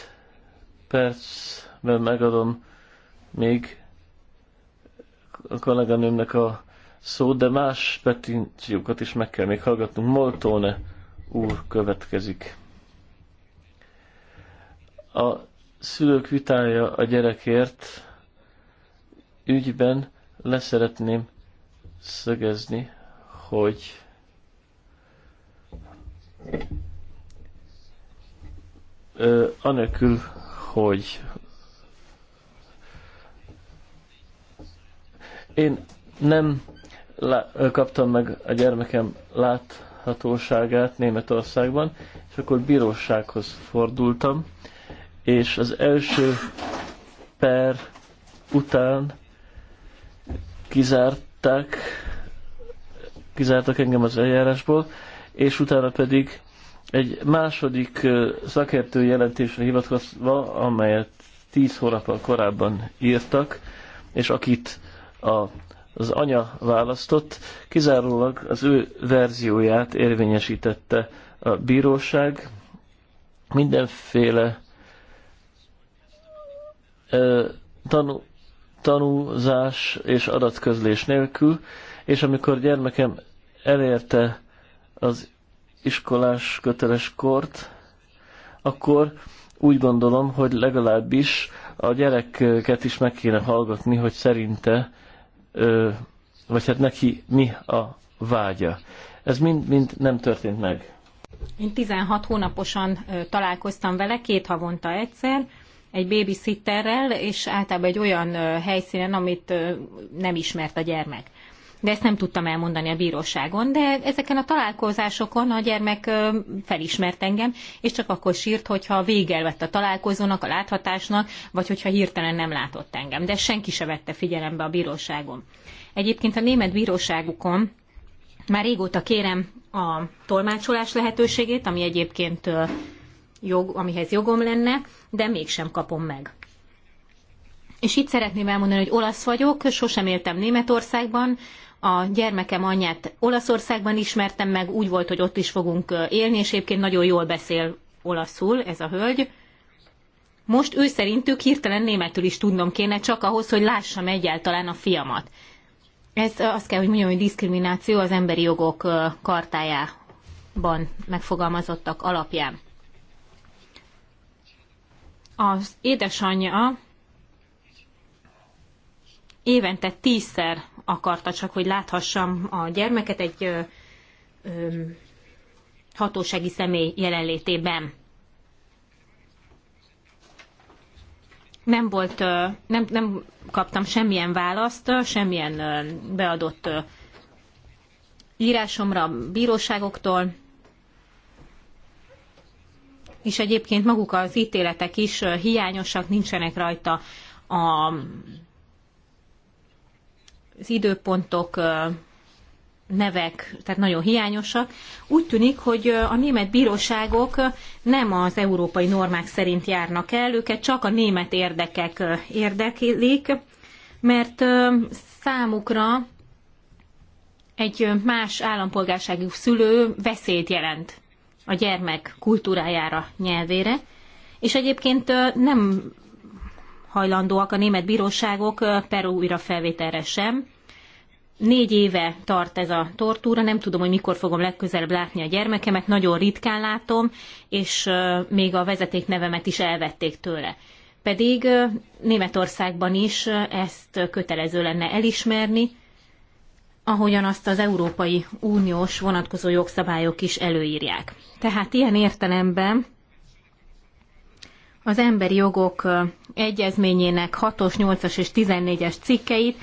percben megadom még a kolléganőmnek a szót, de más petíciókat is meg kell még hallgatnunk. Moltóne úr következik. A szülők vitája a gyerekért ügyben leszeretném szögezni, hogy ö, anélkül, hogy én nem kaptam meg a gyermekem láthatóságát Németországban, és akkor bírósághoz fordultam, és az első per után kizárták, kizártak engem az eljárásból, és utána pedig egy második szakértő jelentésre hivatkozva, amelyet tíz hónappal korábban írtak, és akit a, az anya választott, kizárólag az ő verzióját érvényesítette a bíróság. Mindenféle tanú, tanúzás és adatközlés nélkül, és amikor gyermekem elérte az iskolás köteles kort, akkor úgy gondolom, hogy legalábbis a gyerekeket is meg kéne hallgatni, hogy szerinte, vagy hát neki mi a vágya. Ez mind-mind nem történt meg. Én 16 hónaposan találkoztam vele, két havonta egyszer, egy babysitterrel, és általában egy olyan helyszínen, amit nem ismert a gyermek. De ezt nem tudtam elmondani a bíróságon, de ezeken a találkozásokon a gyermek felismert engem, és csak akkor sírt, hogyha vége lett a találkozónak, a láthatásnak, vagy hogyha hirtelen nem látott engem. De senki se vette figyelembe a bíróságon. Egyébként a német bíróságukon már régóta kérem a tolmácsolás lehetőségét, ami egyébként jog, amihez jogom lenne, de mégsem kapom meg. És itt szeretném elmondani, hogy olasz vagyok, sosem éltem Németországban, a gyermekem anyját Olaszországban ismertem meg, úgy volt, hogy ott is fogunk élni, és egyébként nagyon jól beszél olaszul ez a hölgy. Most ő szerintük hirtelen németül is tudnom kéne, csak ahhoz, hogy lássam egyáltalán a fiamat. Ez azt kell, hogy mondjam, hogy diszkrimináció az emberi jogok kartájában megfogalmazottak alapján az édesanyja évente tízszer akarta csak, hogy láthassam a gyermeket egy ö, ö, hatósági személy jelenlétében. Nem volt, ö, nem, nem kaptam semmilyen választ, semmilyen ö, beadott ö, írásomra bíróságoktól, és egyébként maguk az ítéletek is hiányosak, nincsenek rajta a, az időpontok, nevek, tehát nagyon hiányosak. Úgy tűnik, hogy a német bíróságok nem az európai normák szerint járnak el, őket csak a német érdekek érdeklik, mert számukra egy más állampolgárságú szülő veszélyt jelent a gyermek kultúrájára, nyelvére, és egyébként nem hajlandóak a német bíróságok Peru újra felvételre sem. Négy éve tart ez a tortúra, nem tudom, hogy mikor fogom legközelebb látni a gyermekemet, nagyon ritkán látom, és még a vezetéknevemet is elvették tőle. Pedig Németországban is ezt kötelező lenne elismerni, ahogyan azt az Európai Uniós vonatkozó jogszabályok is előírják. Tehát ilyen értelemben az emberi jogok egyezményének 6-os, 8-as és 14-es cikkeit,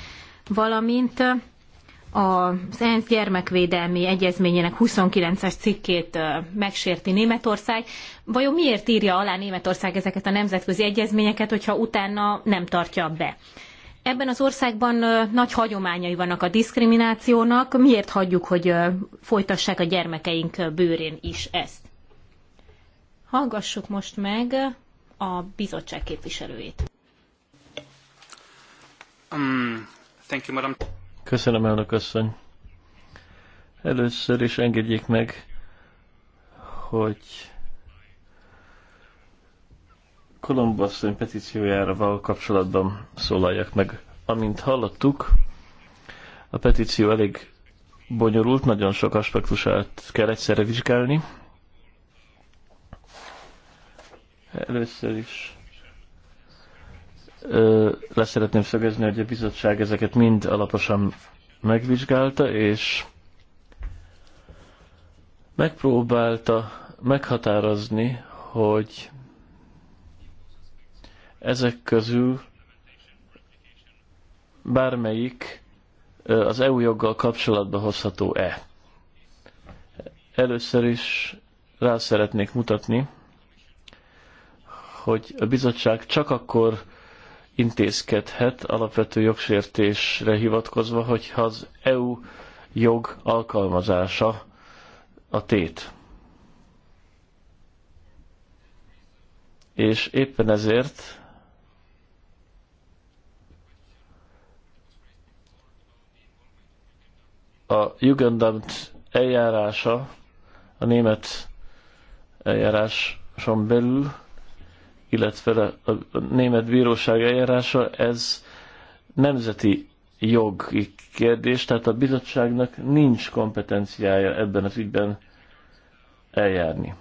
valamint az ENSZ gyermekvédelmi egyezményének 29-es cikkét megsérti Németország. Vajon miért írja alá Németország ezeket a nemzetközi egyezményeket, hogyha utána nem tartja be? Ebben az országban nagy hagyományai vannak a diszkriminációnak. Miért hagyjuk, hogy folytassák a gyermekeink bőrén is ezt? Hallgassuk most meg a bizottság képviselőjét. Um, thank you, madam. Köszönöm, elnök asszony. Először is engedjék meg, hogy Kolombasszony petíciójára való kapcsolatban szólaljak meg. Amint hallottuk, a petíció elég bonyolult, nagyon sok aspektusát kell egyszerre vizsgálni. Először is ö, leszeretném szögezni, hogy a bizottság ezeket mind alaposan megvizsgálta, és megpróbálta meghatározni, hogy ezek közül bármelyik az EU joggal kapcsolatba hozható-e. Először is rá szeretnék mutatni, hogy a bizottság csak akkor intézkedhet alapvető jogsértésre hivatkozva, hogyha az EU jog alkalmazása a tét. És éppen ezért a Jugendamt eljárása, a német eljáráson belül, illetve a német bíróság eljárása, ez nemzeti jogi kérdés, tehát a bizottságnak nincs kompetenciája ebben az ügyben eljárni.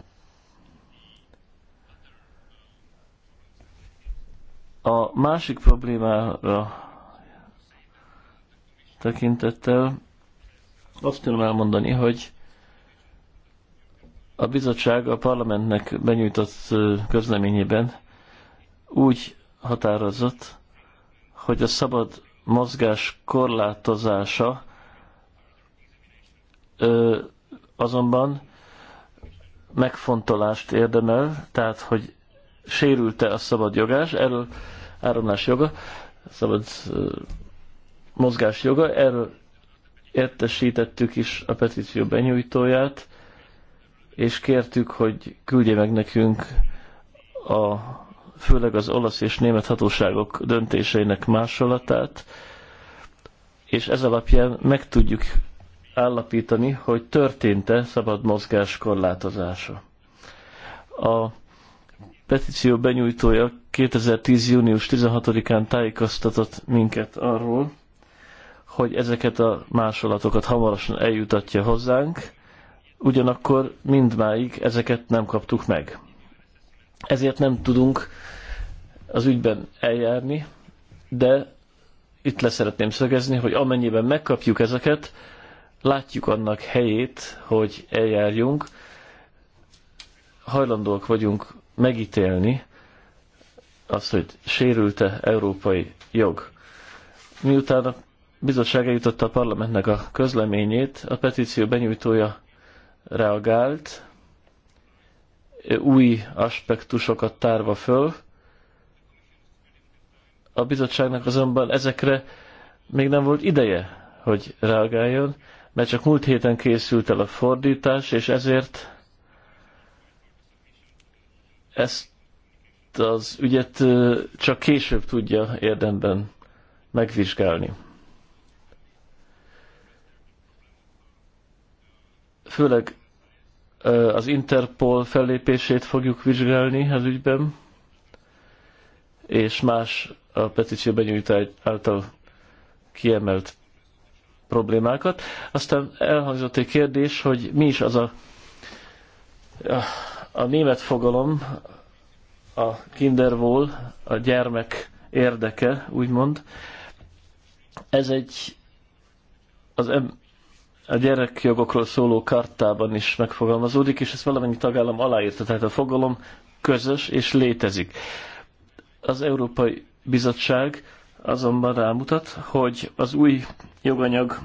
A másik problémára tekintettel azt tudom elmondani, hogy a bizottság a parlamentnek benyújtott közleményében úgy határozott, hogy a szabad mozgás korlátozása azonban megfontolást érdemel, tehát hogy sérülte a szabad jogás, erről áramlás joga, szabad mozgás joga, erről értesítettük is a petíció benyújtóját, és kértük, hogy küldje meg nekünk a, főleg az olasz és német hatóságok döntéseinek másolatát, és ez alapján meg tudjuk állapítani, hogy történt-e szabad mozgás korlátozása. A petíció benyújtója 2010. június 16-án tájékoztatott minket arról, hogy ezeket a másolatokat hamarosan eljutatja hozzánk, ugyanakkor mindmáig ezeket nem kaptuk meg. Ezért nem tudunk az ügyben eljárni, de itt leszeretném szögezni, hogy amennyiben megkapjuk ezeket, látjuk annak helyét, hogy eljárjunk, hajlandóak vagyunk megítélni azt, hogy sérülte európai jog. Miután a bizottság eljutotta a parlamentnek a közleményét, a petíció benyújtója reagált, új aspektusokat tárva föl. A bizottságnak azonban ezekre még nem volt ideje, hogy reagáljon, mert csak múlt héten készült el a fordítás, és ezért ezt az ügyet csak később tudja érdemben megvizsgálni. főleg az Interpol fellépését fogjuk vizsgálni az ügyben, és más a petíció benyújtás által kiemelt problémákat. Aztán elhangzott egy kérdés, hogy mi is az a, a, a német fogalom, a kinderwohl, a gyermek érdeke, úgymond. Ez egy az em, a gyerekjogokról szóló kartában is megfogalmazódik, és ezt valamennyi tagállam aláírta, tehát a fogalom közös és létezik. Az Európai Bizottság azonban rámutat, hogy az új joganyag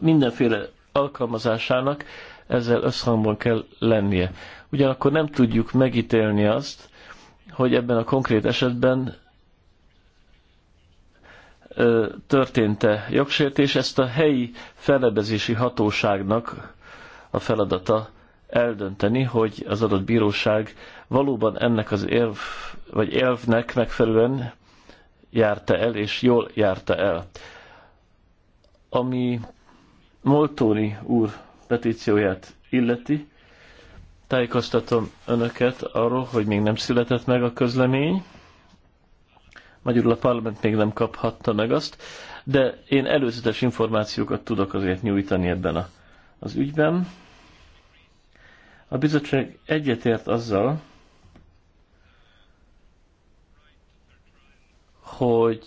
mindenféle alkalmazásának ezzel összhangban kell lennie. Ugyanakkor nem tudjuk megítélni azt, hogy ebben a konkrét esetben történt-e jogsértés, ezt a helyi felebezési hatóságnak a feladata eldönteni, hogy az adott bíróság valóban ennek az érv, vagy elvnek megfelelően járta el, és jól járta el. Ami Moltóni úr petícióját illeti, tájékoztatom önöket arról, hogy még nem született meg a közlemény, Magyarul a parlament még nem kaphatta meg azt, de én előzetes információkat tudok azért nyújtani ebben a, az ügyben. A bizottság egyetért azzal, hogy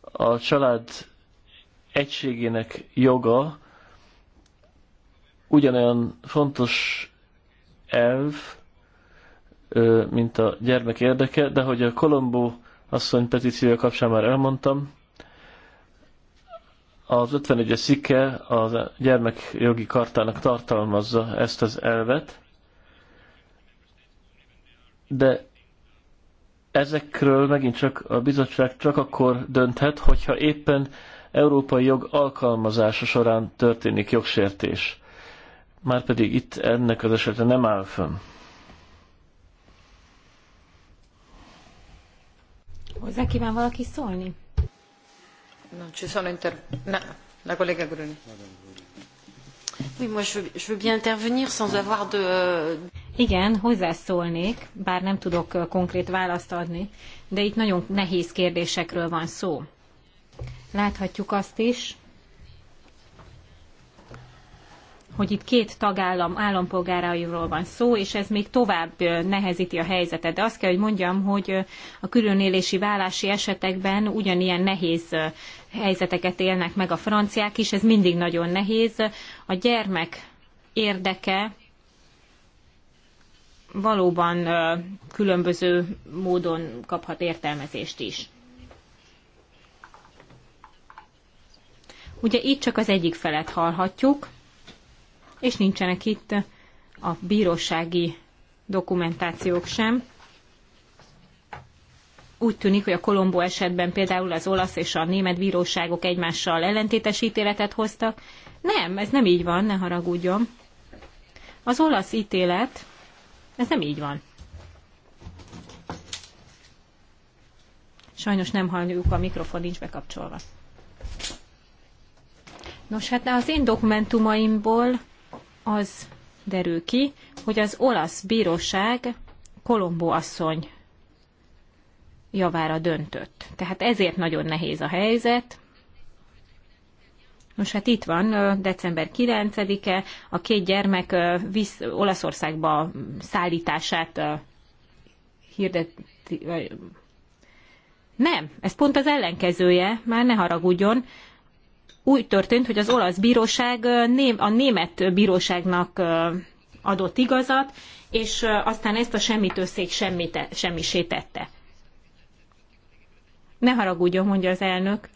a család egységének joga ugyanolyan fontos elv, mint a gyermek érdeke, de hogy a Kolombó asszony petíciója kapcsán már elmondtam, az 51-es szikke a gyermekjogi kartának tartalmazza ezt az elvet, de ezekről megint csak a bizottság csak akkor dönthet, hogyha éppen európai jog alkalmazása során történik jogsértés. Márpedig itt ennek az esetre nem áll fönn. Hozzá kíván valaki szólni? No, ci sono inter... Na, la collega Gruni. Oui, moi je, je veux bien intervenir sans avoir de... Euh, Igen, hozzászólnék, bár nem tudok konkrét választ adni, de itt nagyon nehéz kérdésekről van szó. Láthatjuk azt is, hogy itt két tagállam állampolgárairól van szó, és ez még tovább nehezíti a helyzetet. De azt kell, hogy mondjam, hogy a különélési vállási esetekben ugyanilyen nehéz helyzeteket élnek meg a franciák is, ez mindig nagyon nehéz. A gyermek érdeke valóban különböző módon kaphat értelmezést is. Ugye itt csak az egyik felet hallhatjuk, és nincsenek itt a bírósági dokumentációk sem. Úgy tűnik, hogy a Kolombó esetben például az olasz és a német bíróságok egymással ellentétes ítéletet hoztak. Nem, ez nem így van, ne haragudjon. Az olasz ítélet, ez nem így van. Sajnos nem halljuk, a mikrofon nincs bekapcsolva. Nos, hát az én dokumentumaimból az derül ki, hogy az olasz bíróság Kolombó asszony javára döntött. Tehát ezért nagyon nehéz a helyzet. Most hát itt van december 9-e, a két gyermek visz, Olaszországba szállítását hirdet. Nem, ez pont az ellenkezője, már ne haragudjon úgy történt, hogy az olasz bíróság a német bíróságnak adott igazat, és aztán ezt a semmit összék semmisé tette. Ne haragudjon, mondja az elnök.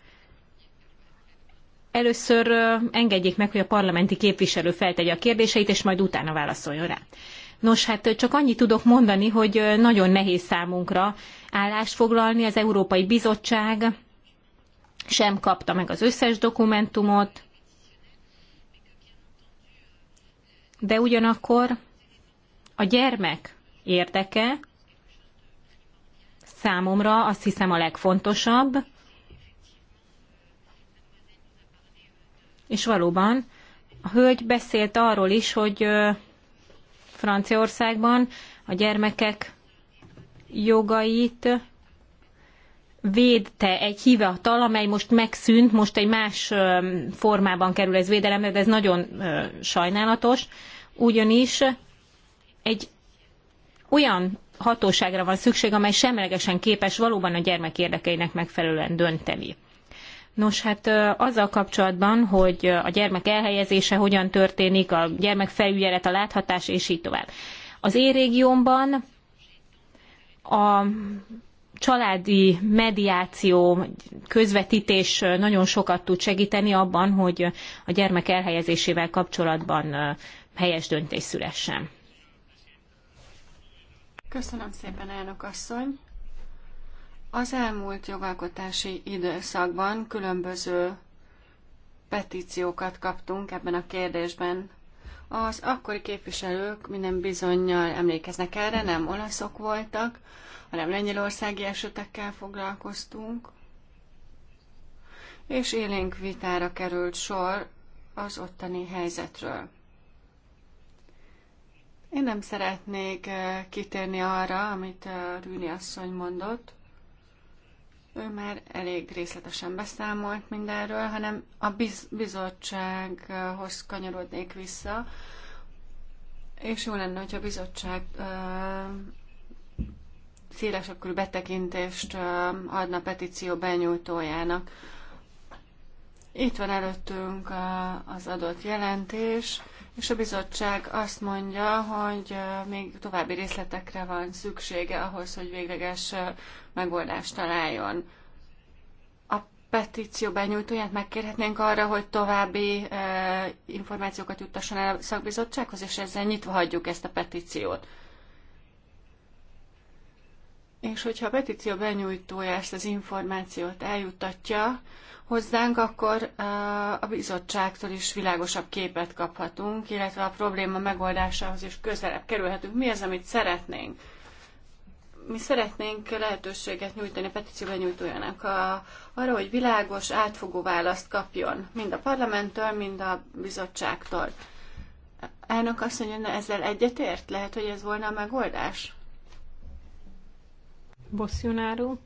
Először engedjék meg, hogy a parlamenti képviselő feltegye a kérdéseit, és majd utána válaszoljon rá. Nos, hát csak annyit tudok mondani, hogy nagyon nehéz számunkra állást foglalni az Európai Bizottság, sem kapta meg az összes dokumentumot, de ugyanakkor a gyermek érdeke számomra azt hiszem a legfontosabb, és valóban a hölgy beszélt arról is, hogy Franciaországban a gyermekek jogait védte egy hivatal, amely most megszűnt, most egy más formában kerül ez védelemre, de ez nagyon sajnálatos, ugyanis egy olyan hatóságra van szükség, amely semlegesen képes valóban a gyermek érdekeinek megfelelően dönteni. Nos, hát azzal kapcsolatban, hogy a gyermek elhelyezése hogyan történik, a gyermek felügyelet, a láthatás, és így tovább. Az én régiómban a családi mediáció, közvetítés nagyon sokat tud segíteni abban, hogy a gyermek elhelyezésével kapcsolatban helyes döntés szülessen. Köszönöm szépen, elnök asszony! Az elmúlt jogalkotási időszakban különböző petíciókat kaptunk ebben a kérdésben az akkori képviselők minden bizonyal emlékeznek erre, nem olaszok voltak, hanem lengyelországi esetekkel foglalkoztunk. És élénk vitára került sor az ottani helyzetről. Én nem szeretnék eh, kitérni arra, amit eh, Rűni asszony mondott, ő már elég részletesen beszámolt mindenről, hanem a biz- bizottsághoz kanyarodnék vissza, és jó lenne, hogyha a bizottság uh, szélesebb betekintést betekintést adna petíció benyújtójának. Itt van előttünk az adott jelentés, és a bizottság azt mondja, hogy még további részletekre van szüksége ahhoz, hogy végleges megoldást találjon. A petíció benyújtóját megkérhetnénk arra, hogy további információkat juttasson el a szakbizottsághoz, és ezzel nyitva hagyjuk ezt a petíciót. És hogyha a petíció benyújtója ezt az információt eljutatja, hozzánk, akkor a bizottságtól is világosabb képet kaphatunk, illetve a probléma megoldásához is közelebb kerülhetünk. Mi az, amit szeretnénk? Mi szeretnénk lehetőséget nyújtani a petícióban nyújtójának a, arra, hogy világos, átfogó választ kapjon, mind a parlamenttől, mind a bizottságtól. Elnök azt mondja, hogy ezzel egyetért? Lehet, hogy ez volna a megoldás? Bosszionáró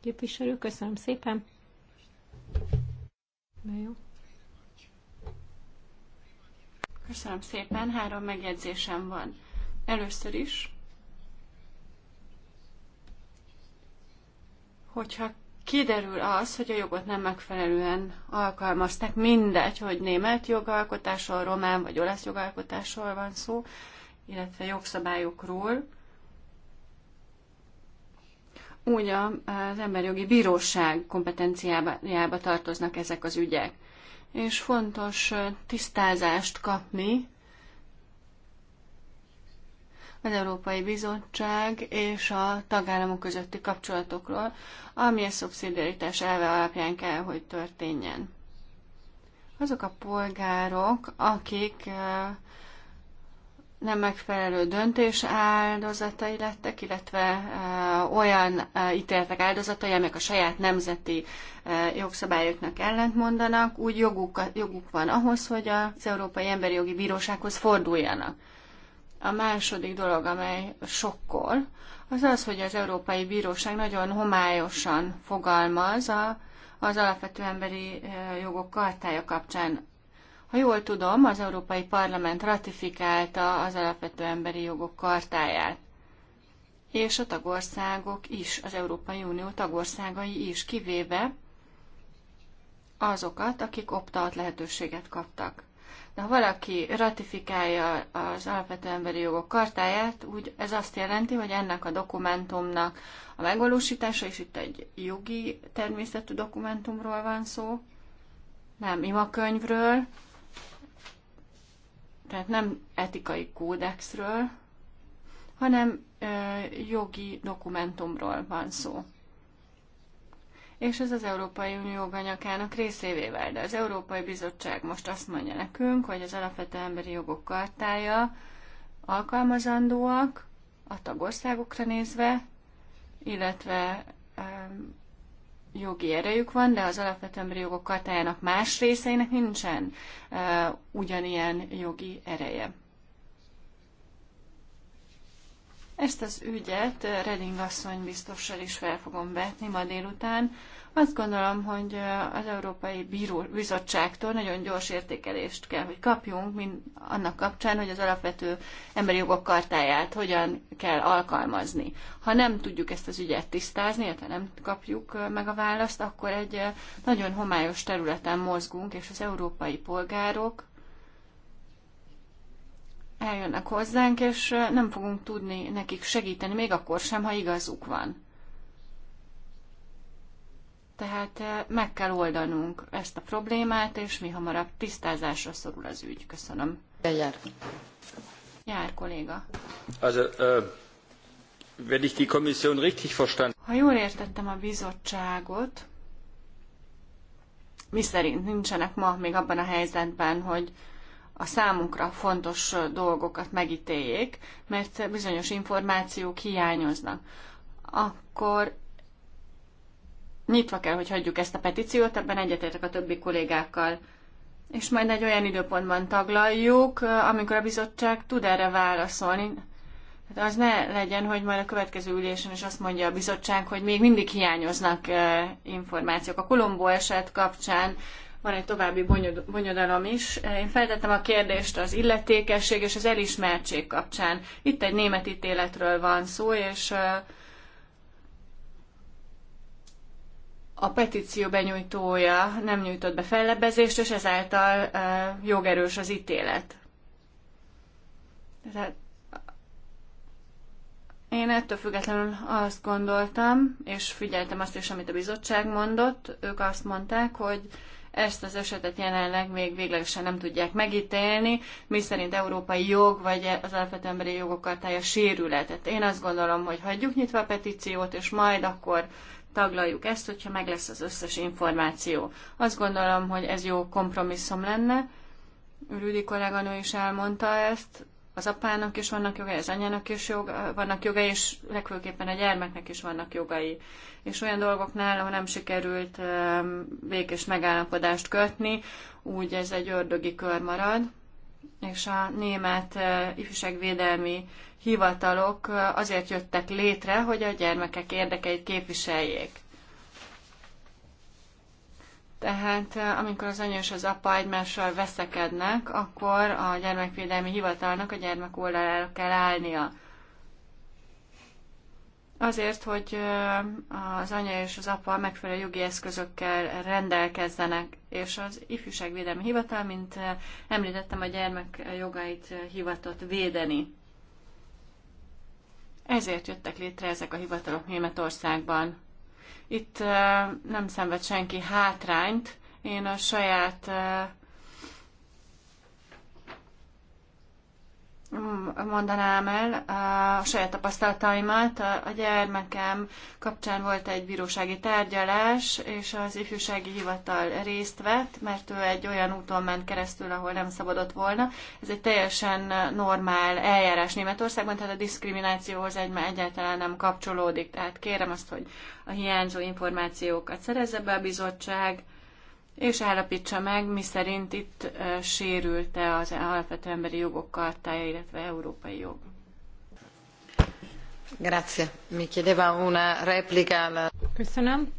képviselő, köszönöm szépen. De jó. Köszönöm szépen, három megjegyzésem van. Először is, hogyha kiderül az, hogy a jogot nem megfelelően alkalmazták, mindegy, hogy német jogalkotásról, román vagy olasz jogalkotásról van szó, illetve jogszabályokról, úgy az emberjogi bíróság kompetenciájába tartoznak ezek az ügyek. És fontos tisztázást kapni az Európai Bizottság és a tagállamok közötti kapcsolatokról, ami a szubszidiaritás elve alapján kell, hogy történjen. Azok a polgárok, akik nem megfelelő döntés áldozatai lettek, illetve eh, olyan eh, ítéletek áldozatai, amelyek a saját nemzeti eh, jogszabályoknak ellentmondanak, úgy joguk, joguk van ahhoz, hogy az Európai Emberi Jogi Bírósághoz forduljanak. A második dolog, amely sokkol, az az, hogy az Európai Bíróság nagyon homályosan fogalmaz a, az alapvető emberi jogok kartája kapcsán. Ha jól tudom, az Európai Parlament ratifikálta az alapvető emberi jogok kartáját, és a tagországok is, az Európai Unió tagországai is, kivéve azokat, akik opt-out lehetőséget kaptak. De ha valaki ratifikálja az alapvető emberi jogok kartáját, úgy ez azt jelenti, hogy ennek a dokumentumnak a megvalósítása, és itt egy jogi természetű dokumentumról van szó, nem imakönyvről, tehát nem etikai kódexről, hanem jogi dokumentumról van szó. És ez az Európai Unió joganyakának részévé vált. De az Európai Bizottság most azt mondja nekünk, hogy az alapvető emberi jogok kartája alkalmazandóak a tagországokra nézve, illetve jogi erejük van, de az alapvető emberi jogok kartájának más részeinek nincsen uh, ugyanilyen jogi ereje. Ezt az ügyet Reding asszony biztossal is fel fogom vetni ma délután, azt gondolom, hogy az Európai Bíró Bizottságtól nagyon gyors értékelést kell, hogy kapjunk, mint annak kapcsán, hogy az alapvető emberi jogok kartáját hogyan kell alkalmazni. Ha nem tudjuk ezt az ügyet tisztázni, illetve nem kapjuk meg a választ, akkor egy nagyon homályos területen mozgunk, és az európai polgárok eljönnek hozzánk, és nem fogunk tudni nekik segíteni, még akkor sem, ha igazuk van tehát eh, meg kell oldanunk ezt a problémát, és mi hamarabb tisztázásra szorul az ügy. Köszönöm. Jár. Jár, kolléga. Also, uh, wenn ich die Kommission richtig verstanden... Ha jól értettem a bizottságot, mi szerint nincsenek ma még abban a helyzetben, hogy a számunkra fontos dolgokat megítéljék, mert bizonyos információk hiányoznak. Akkor nyitva kell, hogy hagyjuk ezt a petíciót, ebben egyetértek a többi kollégákkal. És majd egy olyan időpontban taglaljuk, amikor a bizottság tud erre válaszolni. Hát az ne legyen, hogy majd a következő ülésen is azt mondja a bizottság, hogy még mindig hiányoznak eh, információk. A Kolombó eset kapcsán van egy további bonyodalom is. Eh, én feltettem a kérdést az illetékesség és az elismertség kapcsán. Itt egy német ítéletről van szó, és eh, a petíció benyújtója nem nyújtott be fellebbezést, és ezáltal jogerős az ítélet. Tehát én ettől függetlenül azt gondoltam, és figyeltem azt is, amit a bizottság mondott, ők azt mondták, hogy ezt az esetet jelenleg még véglegesen nem tudják megítélni, mi szerint európai jog vagy az alapvető emberi jogok a sérületet. Én azt gondolom, hogy hagyjuk nyitva a petíciót, és majd akkor taglaljuk ezt, hogyha meg lesz az összes információ. Azt gondolom, hogy ez jó kompromisszum lenne. Rüdi kolléganő is elmondta ezt, az apának is vannak jogai, az anyának is joga, vannak jogai, és legfőképpen a gyermeknek is vannak jogai. És olyan dolgoknál, ahol nem sikerült békés megállapodást kötni, úgy ez egy ördögi kör marad. És a német eh, ifjúságvédelmi hivatalok azért jöttek létre, hogy a gyermekek érdekeit képviseljék. Tehát amikor az anya és az apa egymással veszekednek, akkor a gyermekvédelmi hivatalnak a gyermek oldalára kell állnia. Azért, hogy az anya és az apa megfelelő jogi eszközökkel rendelkezzenek, és az ifjúságvédelmi hivatal, mint említettem, a gyermek jogait hivatott védeni. Ezért jöttek létre ezek a hivatalok Németországban. Itt nem szenved senki hátrányt. Én a saját mondanám el a saját tapasztalataimat. A gyermekem kapcsán volt egy bírósági tárgyalás, és az ifjúsági hivatal részt vett, mert ő egy olyan úton ment keresztül, ahol nem szabadott volna. Ez egy teljesen normál eljárás Németországban, tehát a diszkriminációhoz egy már egyáltalán nem kapcsolódik. Tehát kérem azt, hogy a hiányzó információkat szerezze be a bizottság, és állapítsa meg, mi szerint itt sérült-e az alapvető emberi jogok kartája, illetve európai jog. Grazie. Mi chiedeva una replica alla... Köszönöm.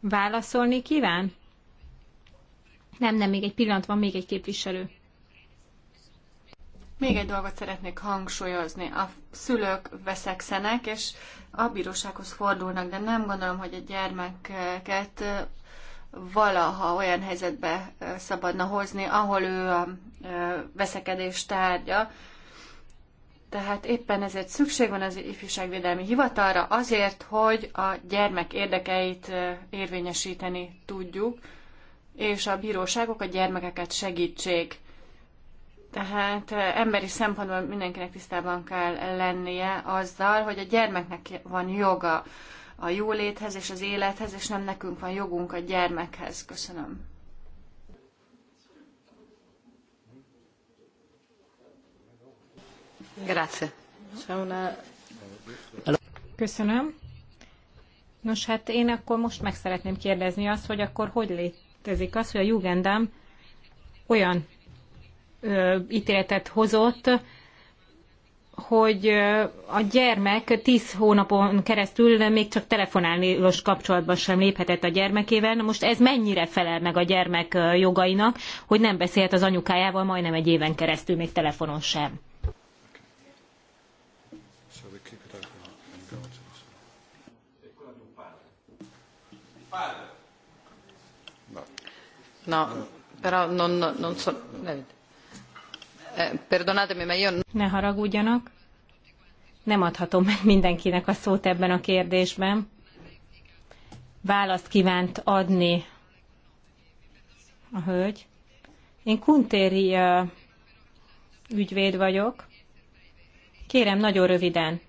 Válaszolni kíván? Nem, nem, még egy pillanat van, még egy képviselő. Még egy dolgot szeretnék hangsúlyozni. A szülők veszekszenek, és a bírósághoz fordulnak, de nem gondolom, hogy a gyermeket valaha olyan helyzetbe szabadna hozni, ahol ő a veszekedés tárgya. Tehát éppen ezért szükség van az ifjúságvédelmi hivatalra azért, hogy a gyermek érdekeit érvényesíteni tudjuk, és a bíróságok a gyermekeket segítsék. Tehát emberi szempontból mindenkinek tisztában kell lennie azzal, hogy a gyermeknek van joga a jóléthez és az élethez, és nem nekünk van jogunk a gyermekhez. Köszönöm. Grazie. Köszönöm. Nos, hát én akkor most meg szeretném kérdezni azt, hogy akkor hogy létezik az, hogy a Jugendám olyan ö, ítéletet hozott, hogy a gyermek 10 hónapon keresztül még csak telefonálós kapcsolatban sem léphetett a gyermekével. Na most ez mennyire felel meg a gyermek jogainak, hogy nem beszélhet az anyukájával majdnem egy éven keresztül, még telefonon sem? Na, però non, non so... Ne haragudjanak, nem adhatom meg mindenkinek a szót ebben a kérdésben. Választ kívánt adni a hölgy. Én kuntéri ügyvéd vagyok. Kérem, nagyon röviden.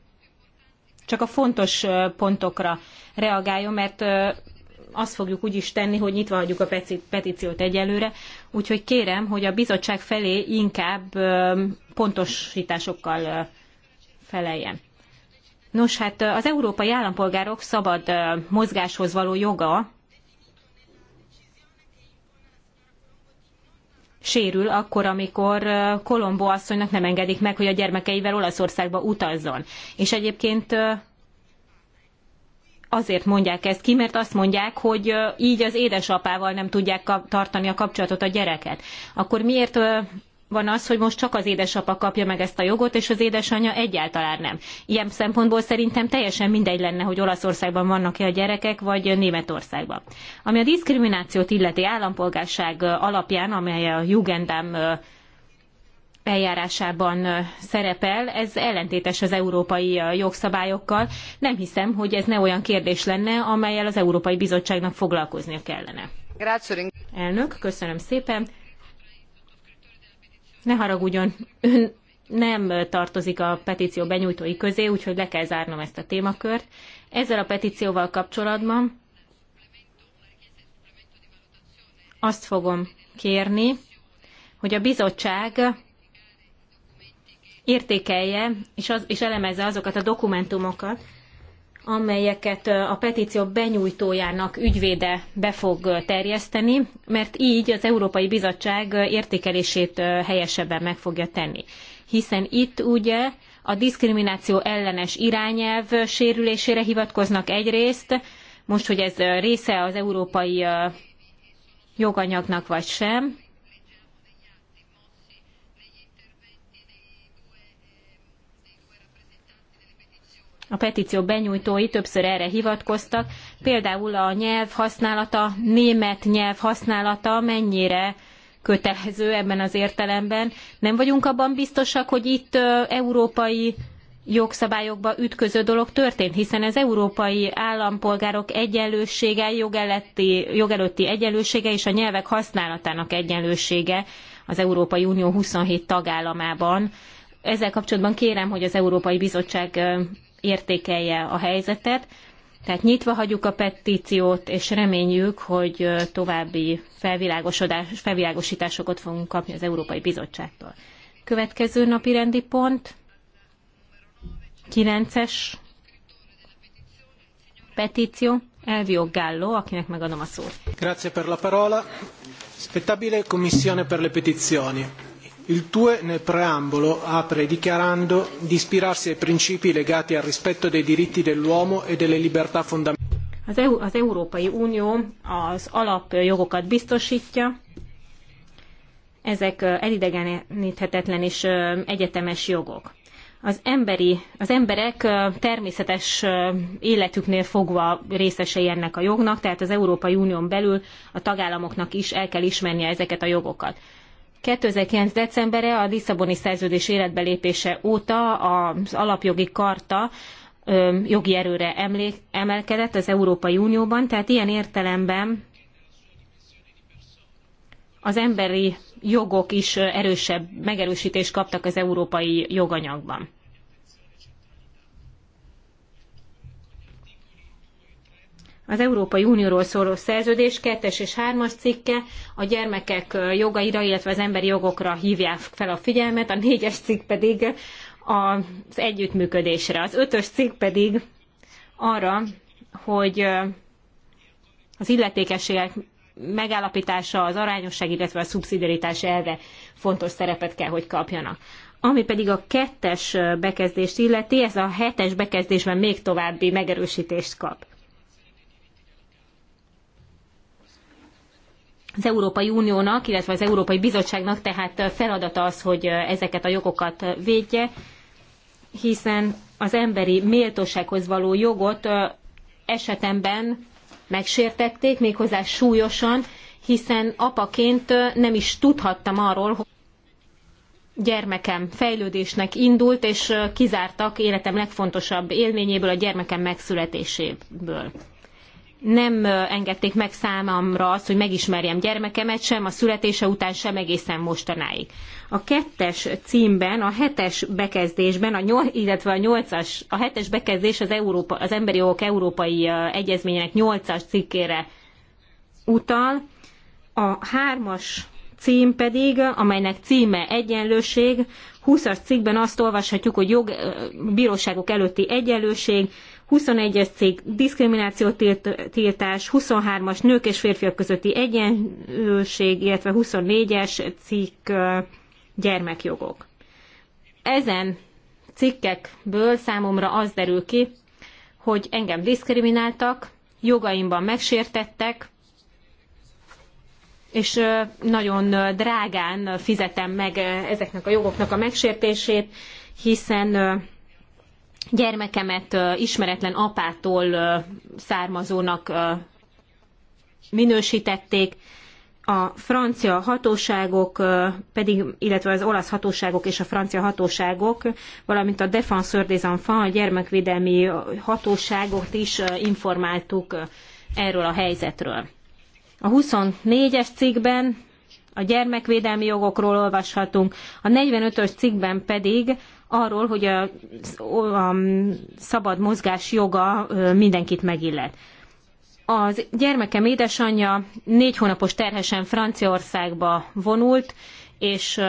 Csak a fontos pontokra reagáljon, mert azt fogjuk úgy is tenni, hogy nyitva hagyjuk a petíciót egyelőre, úgyhogy kérem, hogy a bizottság felé inkább pontosításokkal feleljen. Nos, hát az európai állampolgárok szabad mozgáshoz való joga sérül akkor, amikor Kolombo asszonynak nem engedik meg, hogy a gyermekeivel Olaszországba utazzon. És egyébként azért mondják ezt ki, mert azt mondják, hogy így az édesapával nem tudják tartani a kapcsolatot a gyereket. Akkor miért van az, hogy most csak az édesapa kapja meg ezt a jogot, és az édesanyja egyáltalán nem. Ilyen szempontból szerintem teljesen mindegy lenne, hogy Olaszországban vannak-e a gyerekek, vagy Németországban. Ami a diszkriminációt illeti állampolgárság alapján, amely a Jugendám eljárásában szerepel, ez ellentétes az európai jogszabályokkal. Nem hiszem, hogy ez ne olyan kérdés lenne, amelyel az Európai Bizottságnak foglalkoznia kellene. Grácsorin. Elnök, köszönöm szépen. Ne haragudjon, ön nem tartozik a petíció benyújtói közé, úgyhogy le kell zárnom ezt a témakört. Ezzel a petícióval kapcsolatban azt fogom kérni, hogy a bizottság értékelje és, az, és elemezze azokat a dokumentumokat, amelyeket a petíció benyújtójának ügyvéde be fog terjeszteni, mert így az Európai Bizottság értékelését helyesebben meg fogja tenni. Hiszen itt ugye a diszkrimináció ellenes irányelv sérülésére hivatkoznak egyrészt, most, hogy ez része az európai joganyagnak vagy sem, A petíció benyújtói többször erre hivatkoztak, például a nyelv használata, német nyelv használata mennyire kötelező ebben az értelemben. Nem vagyunk abban biztosak, hogy itt európai jogszabályokba ütköző dolog történt, hiszen az európai állampolgárok egyenlősége, jogelletti, jogelőtti egyenlősége és a nyelvek használatának egyenlősége az Európai Unió 27 tagállamában. Ezzel kapcsolatban kérem, hogy az Európai Bizottság értékelje a helyzetet. Tehát nyitva hagyjuk a petíciót, és reményjük, hogy további felvilágosodás, felvilágosításokat fogunk kapni az Európai Bizottságtól. Következő napi rendi pont, 9-es petíció, Elvio Gallo, akinek megadom a szót. Grazie per la parola. Spettabile Commissione per le petizioni. Il TUE nel preambolo apre dichiarando di ispirarsi ai principi legati al rispetto dei diritti dell'uomo e delle libertà fondamentali. Az, EU, az Európai Unió az alapjogokat biztosítja, ezek elidegeníthetetlen és egyetemes jogok. Az, emberi, az emberek természetes életüknél fogva részesei ennek a jognak, tehát az Európai Unión belül a tagállamoknak is el kell ismernie ezeket a jogokat. 2009. decembere a Lisszaboni szerződés életbelépése óta az alapjogi karta jogi erőre emlék, emelkedett az Európai Unióban, tehát ilyen értelemben az emberi jogok is erősebb megerősítést kaptak az európai joganyagban. Az Európai Unióról szóló szerződés 2 és 3-as cikke a gyermekek jogaira, illetve az emberi jogokra hívják fel a figyelmet, a 4-es cikk pedig az együttműködésre. Az 5-ös cikk pedig arra, hogy az illetékességek megállapítása, az arányosság, illetve a szubszidiaritás elve fontos szerepet kell, hogy kapjanak. Ami pedig a kettes bekezdést illeti, ez a hetes bekezdésben még további megerősítést kap. az Európai Uniónak, illetve az Európai Bizottságnak tehát feladata az, hogy ezeket a jogokat védje, hiszen az emberi méltósághoz való jogot esetemben megsértették, méghozzá súlyosan, hiszen apaként nem is tudhattam arról, hogy gyermekem fejlődésnek indult, és kizártak életem legfontosabb élményéből, a gyermekem megszületéséből nem engedték meg számomra azt, hogy megismerjem gyermekemet sem a születése után, sem egészen mostanáig. A kettes címben, a hetes bekezdésben, a nyol, illetve a nyolcas, a hetes bekezdés az, Európa, az Emberi Jogok Európai Egyezményének nyolcas cikkére utal, a hármas cím pedig, amelynek címe egyenlőség, 20-as cikkben azt olvashatjuk, hogy jog, bíróságok előtti egyenlőség, 21-es cikk diszkrimináció tiltás, 23-as nők és férfiak közötti egyenlőség, illetve 24-es cikk gyermekjogok. Ezen cikkekből számomra az derül ki, hogy engem diszkrimináltak, jogaimban megsértettek, és nagyon drágán fizetem meg ezeknek a jogoknak a megsértését, hiszen gyermekemet ismeretlen apától származónak minősítették, a francia hatóságok, pedig, illetve az olasz hatóságok és a francia hatóságok, valamint a Défenseur des Enfants, a gyermekvédelmi hatóságot is informáltuk erről a helyzetről. A 24-es cikkben a gyermekvédelmi jogokról olvashatunk, a 45-ös cikkben pedig arról, hogy a, a szabad mozgás joga mindenkit megillet. Az gyermekem édesanyja négy hónapos terhesen Franciaországba vonult, és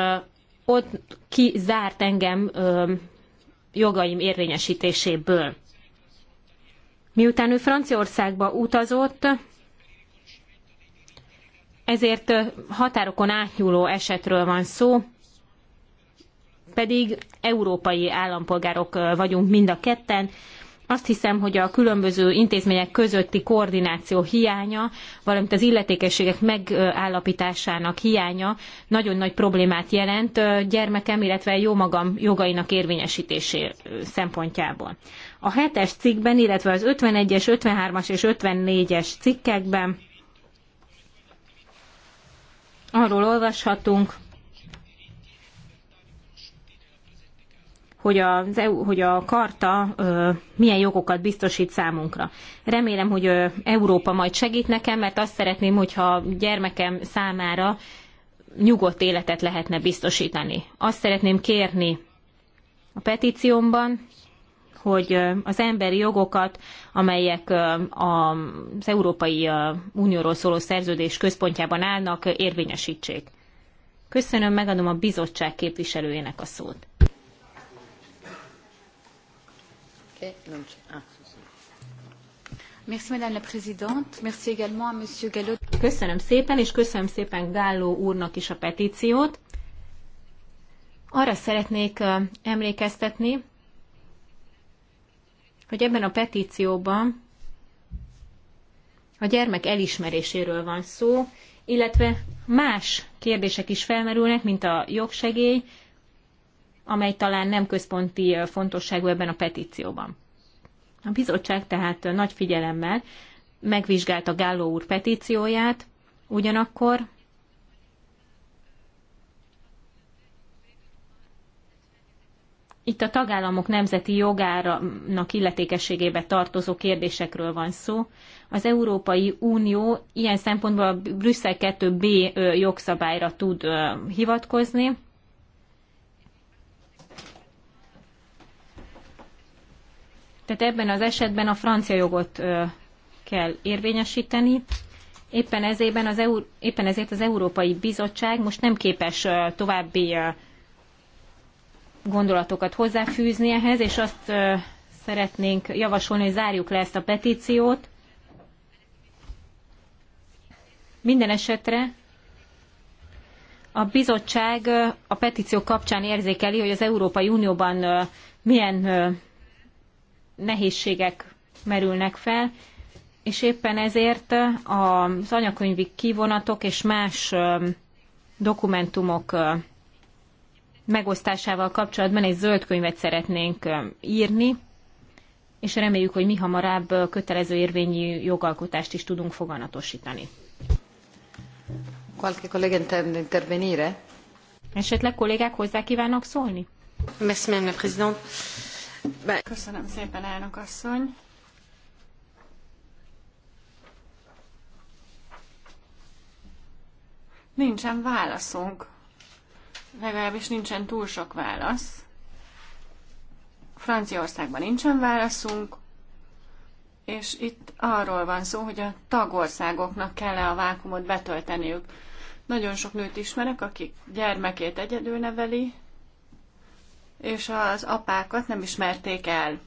ott kizárt engem jogaim érvényesítéséből. Miután ő Franciaországba utazott, ezért határokon átnyúló esetről van szó, pedig európai állampolgárok vagyunk mind a ketten, azt hiszem, hogy a különböző intézmények közötti koordináció hiánya, valamint az illetékességek megállapításának hiánya nagyon nagy problémát jelent gyermekem, illetve jó magam jogainak érvényesítésé szempontjából. A 7-es cikkben, illetve az 51-es, 53-as és 54-es cikkekben arról olvashatunk, hogy, az EU, hogy a karta milyen jogokat biztosít számunkra. Remélem, hogy Európa majd segít nekem, mert azt szeretném, hogyha gyermekem számára nyugodt életet lehetne biztosítani. Azt szeretném kérni a petíciómban, hogy az emberi jogokat, amelyek az Európai Unióról szóló szerződés központjában állnak, érvényesítsék. Köszönöm, megadom a bizottság képviselőjének a szót. Ah. Köszönöm szépen, és köszönöm szépen Gálló úrnak is a petíciót. Arra szeretnék emlékeztetni, hogy ebben a petícióban a gyermek elismeréséről van szó, illetve más kérdések is felmerülnek, mint a jogsegély, amely talán nem központi fontosságú ebben a petícióban. A bizottság tehát nagy figyelemmel megvizsgálta Gálló úr petícióját, ugyanakkor itt a tagállamok nemzeti jogának illetékességébe tartozó kérdésekről van szó. Az Európai Unió ilyen szempontból a Brüsszel 2B jogszabályra tud hivatkozni, Tehát ebben az esetben a francia jogot kell érvényesíteni. Éppen, ezében az EU, éppen ezért az Európai Bizottság most nem képes további gondolatokat hozzáfűzni ehhez, és azt szeretnénk javasolni, hogy zárjuk le ezt a petíciót. Minden esetre a bizottság a petíció kapcsán érzékeli, hogy az Európai Unióban milyen nehézségek merülnek fel, és éppen ezért az anyakönyvi kivonatok és más dokumentumok megosztásával kapcsolatban egy zöld könyvet szeretnénk írni, és reméljük, hogy mi hamarabb kötelező érvényi jogalkotást is tudunk foganatosítani. Qualche collega intende intervenire? Esetleg kollégák hozzá kívánnak szólni? Merci, Mme la Présidente. Köszönöm szépen, elnök asszony. Nincsen válaszunk. Legalábbis nincsen túl sok válasz. Franciaországban nincsen válaszunk, és itt arról van szó, hogy a tagországoknak kell-e a vákumot betölteniük. Nagyon sok nőt ismerek, akik gyermekét egyedül neveli, és az apákat nem ismerték el.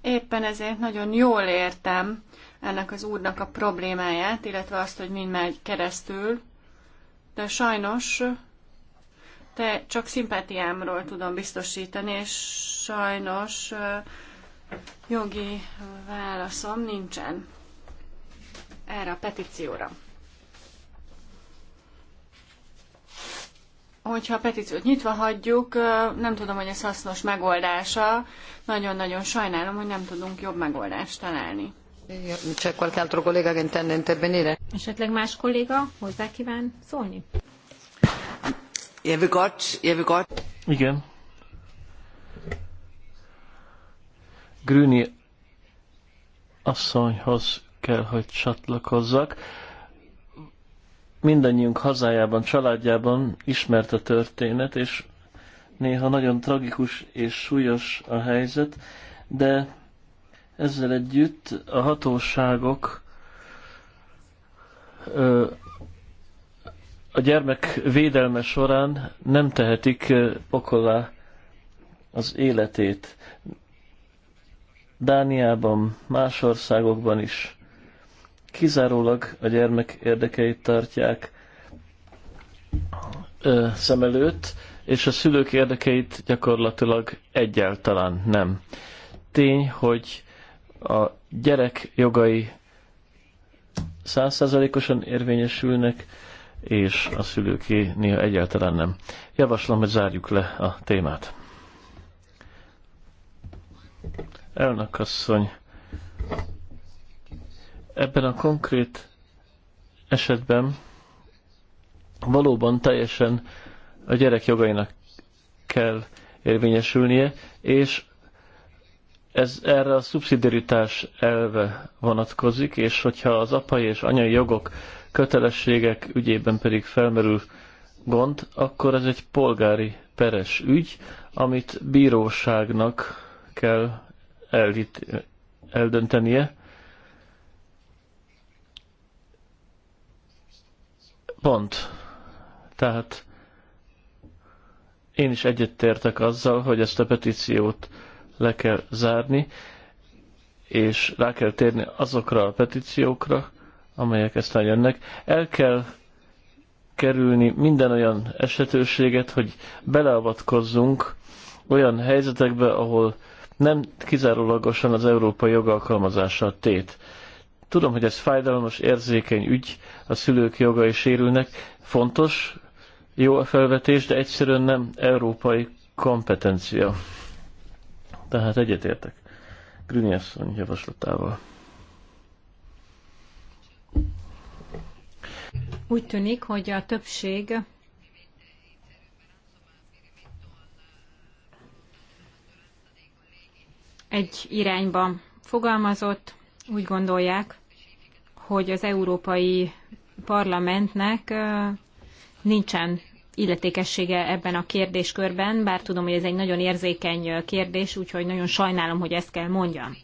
Éppen ezért nagyon jól értem ennek az úrnak a problémáját, illetve azt, hogy mind megy keresztül, de sajnos te csak szimpátiámról tudom biztosítani, és sajnos jogi válaszom nincsen erre a petícióra. hogyha a petíciót nyitva hagyjuk, nem tudom, hogy ez hasznos megoldása. Nagyon-nagyon sajnálom, hogy nem tudunk jobb megoldást találni. C'è qualche altro collega che intende intervenire? Esetleg más kolléga hozzá kíván szólni? Igen. Grüni asszonyhoz kell, hogy csatlakozzak mindannyiunk hazájában, családjában ismert a történet, és néha nagyon tragikus és súlyos a helyzet, de ezzel együtt a hatóságok a gyermek védelme során nem tehetik pokolá az életét. Dániában, más országokban is kizárólag a gyermek érdekeit tartják ö, szem előtt, és a szülők érdekeit gyakorlatilag egyáltalán nem. Tény, hogy a gyerek jogai százszázalékosan érvényesülnek, és a szülőké néha egyáltalán nem. Javaslom, hogy zárjuk le a témát. Elnök asszony, Ebben a konkrét esetben valóban teljesen a gyerek jogainak kell érvényesülnie, és ez erre a szubszidiaritás elve vonatkozik, és hogyha az apai és anyai jogok, kötelességek ügyében pedig felmerül gond, akkor ez egy polgári peres ügy, amit bíróságnak kell eldöntenie, Pont. Tehát én is egyetértek azzal, hogy ezt a petíciót le kell zárni, és rá kell térni azokra a petíciókra, amelyek ezt jönnek. El kell kerülni minden olyan esetőséget, hogy beleavatkozzunk olyan helyzetekbe, ahol nem kizárólagosan az európai jogalkalmazása a tét. Tudom, hogy ez fájdalmas, érzékeny ügy, a szülők jogai sérülnek, fontos, jó a felvetés, de egyszerűen nem európai kompetencia. Tehát egyetértek. Grüni javaslatával. Úgy tűnik, hogy a többség egy irányban fogalmazott, úgy gondolják, hogy az Európai Parlamentnek nincsen illetékessége ebben a kérdéskörben, bár tudom, hogy ez egy nagyon érzékeny kérdés, úgyhogy nagyon sajnálom, hogy ezt kell mondjam.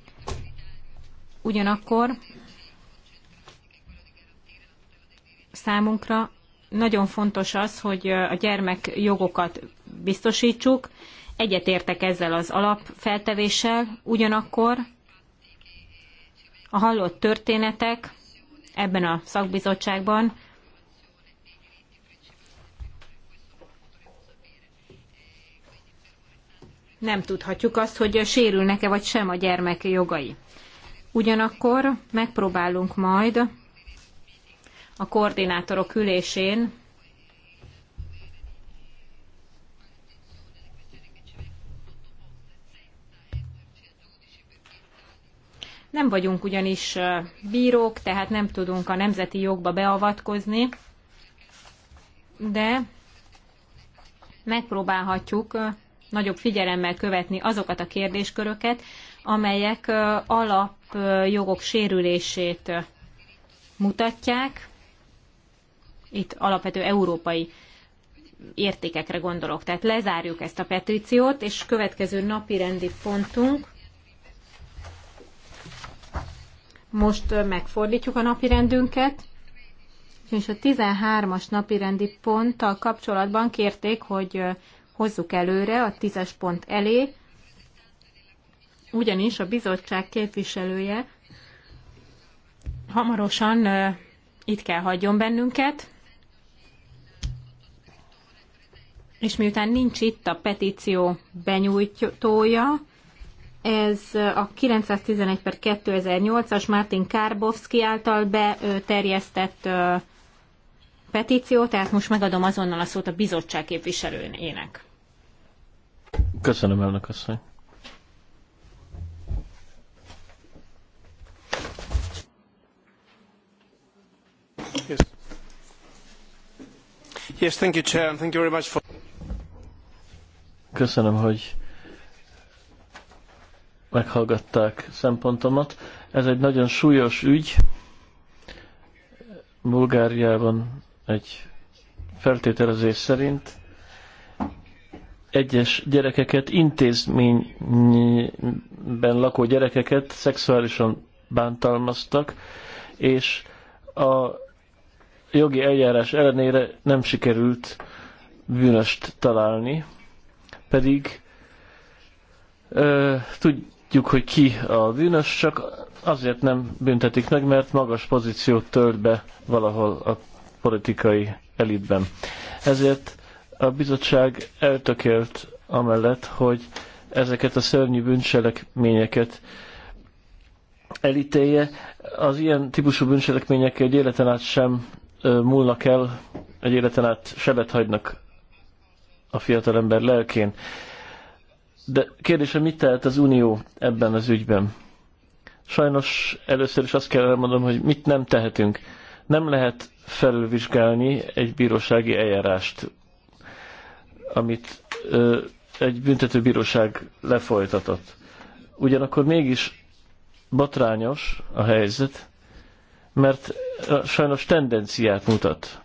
Ugyanakkor számunkra nagyon fontos az, hogy a gyermek jogokat biztosítsuk. Egyetértek ezzel az alapfeltevéssel, ugyanakkor a hallott történetek ebben a szakbizottságban. Nem tudhatjuk azt, hogy sérülnek-e vagy sem a gyermek jogai. Ugyanakkor megpróbálunk majd a koordinátorok ülésén Nem vagyunk ugyanis bírók, tehát nem tudunk a nemzeti jogba beavatkozni, de megpróbálhatjuk nagyobb figyelemmel követni azokat a kérdésköröket, amelyek alapjogok sérülését mutatják. Itt alapvető európai értékekre gondolok. Tehát lezárjuk ezt a petíciót, és következő napi rendi pontunk Most megfordítjuk a napirendünket, és a 13-as napirendi ponttal kapcsolatban kérték, hogy hozzuk előre a 10-es pont elé, ugyanis a bizottság képviselője hamarosan itt kell hagyjon bennünket, és miután nincs itt a petíció benyújtója, ez a 911 per 2008-as Martin Kárbovszki által beterjesztett petíció, tehát most megadom azonnal a szót a bizottság képviselőjének. Köszönöm, elnök asszony. Yes. Yes, thank you, Chair, and thank you very much for... Köszönöm, hogy meghallgatták szempontomat. Ez egy nagyon súlyos ügy. Bulgáriában egy feltételezés szerint egyes gyerekeket, intézményben lakó gyerekeket szexuálisan bántalmaztak, és a jogi eljárás ellenére nem sikerült bűnöst találni, pedig ö, tud, tudjuk, hogy ki a bűnös, csak azért nem büntetik meg, mert magas pozíciót tölt be valahol a politikai elitben. Ezért a bizottság eltökélt amellett, hogy ezeket a szörnyű bűncselekményeket elítélje. Az ilyen típusú bűncselekmények egy életen át sem múlnak el, egy életen át sebet hagynak a fiatalember lelkén. De kérdésem, mit tehet az Unió ebben az ügyben? Sajnos először is azt kell elmondom, hogy mit nem tehetünk. Nem lehet felülvizsgálni egy bírósági eljárást, amit ö, egy büntetőbíróság lefolytatott. Ugyanakkor mégis batrányos a helyzet, mert sajnos tendenciát mutat.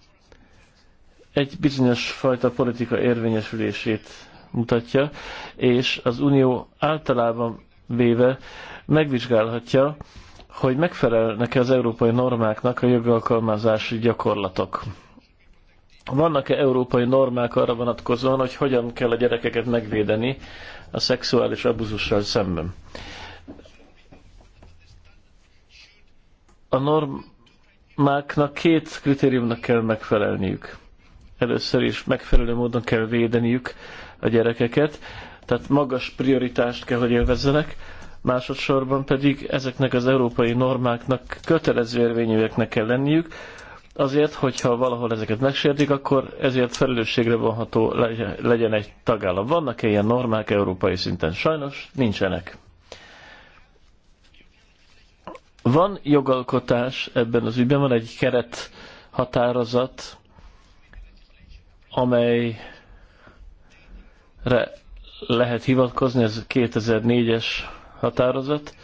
Egy bizonyos fajta politika érvényesülését mutatja, és az Unió általában véve megvizsgálhatja, hogy megfelelnek-e az európai normáknak a jogalkalmazási gyakorlatok. Vannak-e európai normák arra vonatkozóan, hogy hogyan kell a gyerekeket megvédeni a szexuális abuzussal szemben? A normáknak két kritériumnak kell megfelelniük. Először is megfelelő módon kell védeniük a gyerekeket, tehát magas prioritást kell, hogy élvezzenek, másodszorban pedig ezeknek az európai normáknak kötelező érvényűeknek kell lenniük, azért, hogyha valahol ezeket megsértik, akkor ezért felelősségre vonható legyen egy tagállam. Vannak-e ilyen normák európai szinten? Sajnos nincsenek. Van jogalkotás ebben az ügyben, van egy keret határozat, amely re lehet hivatkozni, ez 2004-es határozat,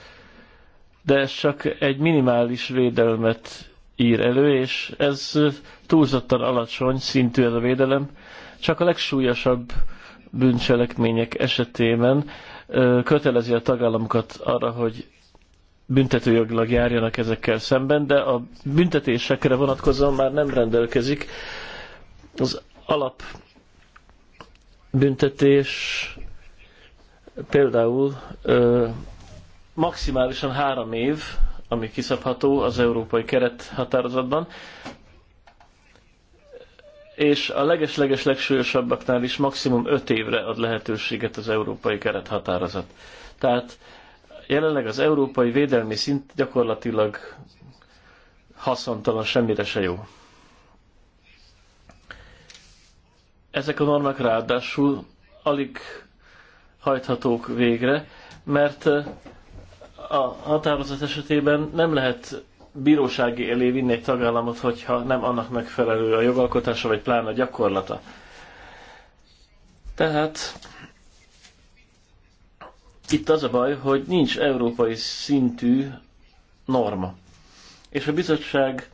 de ez csak egy minimális védelmet ír elő, és ez túlzottan alacsony szintű ez a védelem. Csak a legsúlyosabb bűncselekmények esetében kötelezi a tagállamokat arra, hogy büntetőjogilag járjanak ezekkel szemben, de a büntetésekre vonatkozóan már nem rendelkezik az alap büntetés például ö, maximálisan három év, ami kiszabható az európai keret határozatban, és a leges-leges legsúlyosabbaknál is maximum öt évre ad lehetőséget az európai keret határozat. Tehát jelenleg az európai védelmi szint gyakorlatilag haszontalan, semmire se jó. Ezek a normák ráadásul alig hajthatók végre, mert a határozat esetében nem lehet bírósági elé vinni egy tagállamot, hogyha nem annak megfelelő a jogalkotása, vagy pláne a gyakorlata. Tehát itt az a baj, hogy nincs európai szintű norma. És a bizottság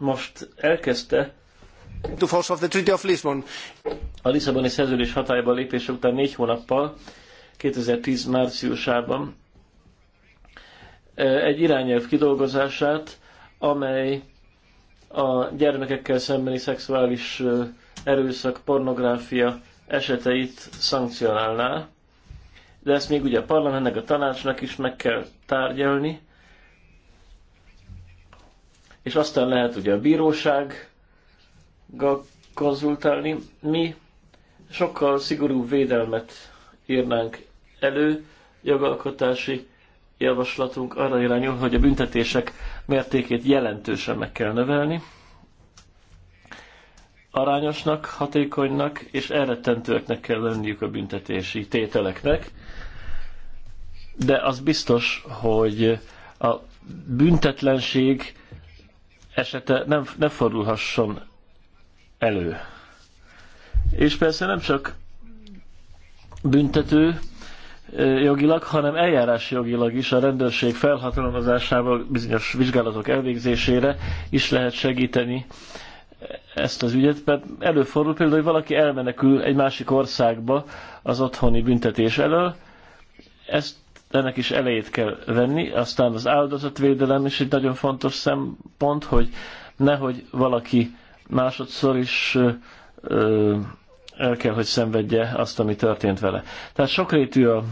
most elkezdte To force of the Treaty of Lisbon. A Lisszaboni szerződés hatályba lépése után négy hónappal, 2010 márciusában egy irányelv kidolgozását, amely a gyermekekkel szembeni szexuális erőszak, pornográfia eseteit szankcionálná, de ezt még ugye a parlamentnek, a tanácsnak is meg kell tárgyalni, és aztán lehet ugye a bíróság konzultálni. Mi sokkal szigorúbb védelmet írnánk elő, jogalkotási javaslatunk arra irányul, hogy a büntetések mértékét jelentősen meg kell növelni, arányosnak, hatékonynak és elrettentőeknek kell lenniük a büntetési tételeknek, de az biztos, hogy a büntetlenség esete nem, ne fordulhasson elő. És persze nem csak büntető jogilag, hanem eljárás jogilag is a rendőrség felhatalmazásával bizonyos vizsgálatok elvégzésére is lehet segíteni e, ezt az ügyet, mert előfordul például, hogy valaki elmenekül egy másik országba az otthoni büntetés elől, ezt ennek is elejét kell venni, aztán az áldozatvédelem is egy nagyon fontos szempont, hogy nehogy valaki másodszor is el kell, hogy szenvedje azt, ami történt vele. Tehát sokrétű a,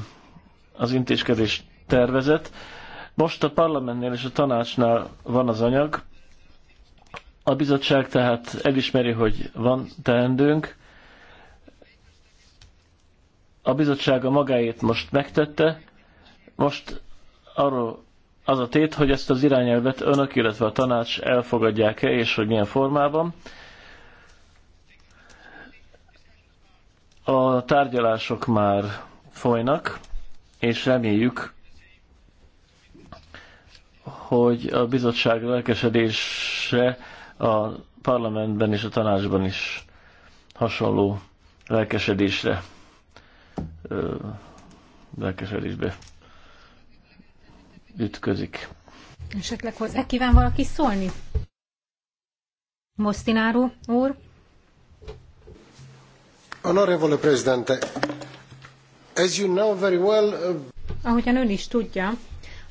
az intézkedés tervezet. Most a parlamentnél és a tanácsnál van az anyag. A bizottság tehát elismeri, hogy van teendőnk. A bizottság a magáét most megtette. Most arról az a tét, hogy ezt az irányelvet önök, illetve a tanács elfogadják-e, és hogy milyen formában. A tárgyalások már folynak, és reméljük, hogy a bizottság lelkesedése a parlamentben és a tanácsban is hasonló lelkesedésre, lelkesedésbe ütközik. Esetleg hozzá kíván valaki szólni? Mostináró úr? Honorable Presidente, as you know very well... Uh, Ahogyan ön is tudja,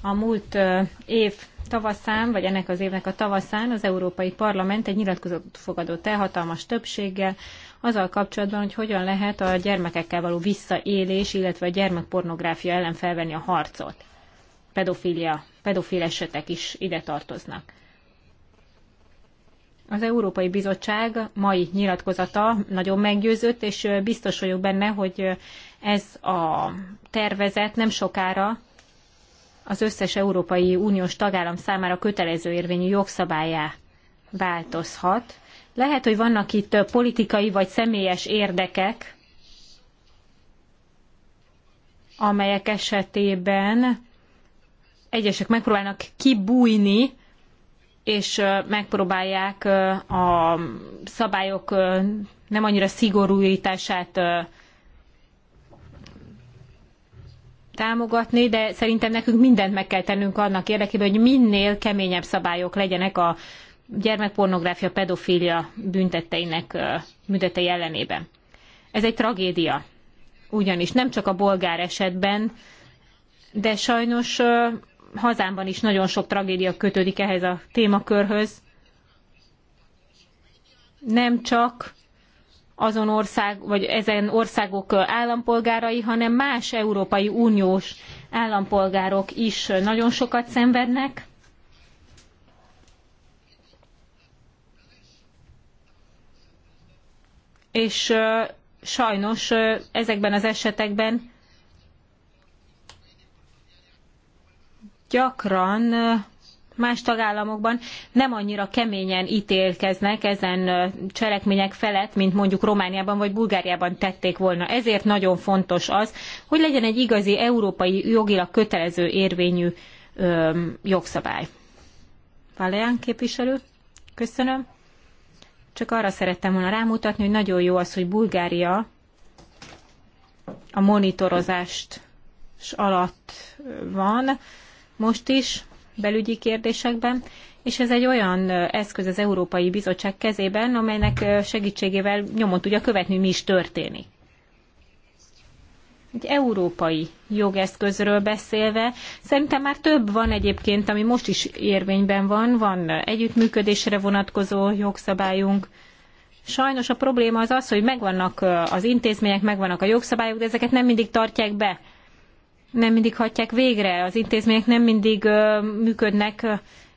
a múlt uh, év tavaszán, vagy ennek az évnek a tavaszán az Európai Parlament egy nyilatkozatot fogadott el hatalmas többséggel, azzal kapcsolatban, hogy hogyan lehet a gyermekekkel való visszaélés, illetve a gyermekpornográfia ellen felvenni a harcot pedofília, pedofil esetek is ide tartoznak. Az Európai Bizottság mai nyilatkozata nagyon meggyőzött, és biztos vagyok benne, hogy ez a tervezet nem sokára az összes Európai Uniós tagállam számára kötelező érvényű jogszabályá változhat. Lehet, hogy vannak itt politikai vagy személyes érdekek, amelyek esetében egyesek megpróbálnak kibújni, és megpróbálják a szabályok nem annyira szigorúítását támogatni, de szerintem nekünk mindent meg kell tennünk annak érdekében, hogy minél keményebb szabályok legyenek a gyermekpornográfia, pedofília büntetteinek büntetei ellenében. Ez egy tragédia. Ugyanis nem csak a bolgár esetben, de sajnos hazámban is nagyon sok tragédia kötődik ehhez a témakörhöz. Nem csak azon ország, vagy ezen országok állampolgárai, hanem más Európai Uniós állampolgárok is nagyon sokat szenvednek. És sajnos ezekben az esetekben gyakran más tagállamokban nem annyira keményen ítélkeznek ezen cselekmények felett, mint mondjuk Romániában vagy Bulgáriában tették volna. Ezért nagyon fontos az, hogy legyen egy igazi európai jogilag kötelező érvényű öm, jogszabály. Valéán képviselő, köszönöm. Csak arra szerettem volna rámutatni, hogy nagyon jó az, hogy Bulgária a monitorozást alatt van most is belügyi kérdésekben, és ez egy olyan eszköz az Európai Bizottság kezében, amelynek segítségével nyomon tudja követni, mi is történik. Egy európai jogeszközről beszélve, szerintem már több van egyébként, ami most is érvényben van, van együttműködésre vonatkozó jogszabályunk, Sajnos a probléma az az, hogy megvannak az intézmények, megvannak a jogszabályok, de ezeket nem mindig tartják be nem mindig hatják végre, az intézmények nem mindig működnek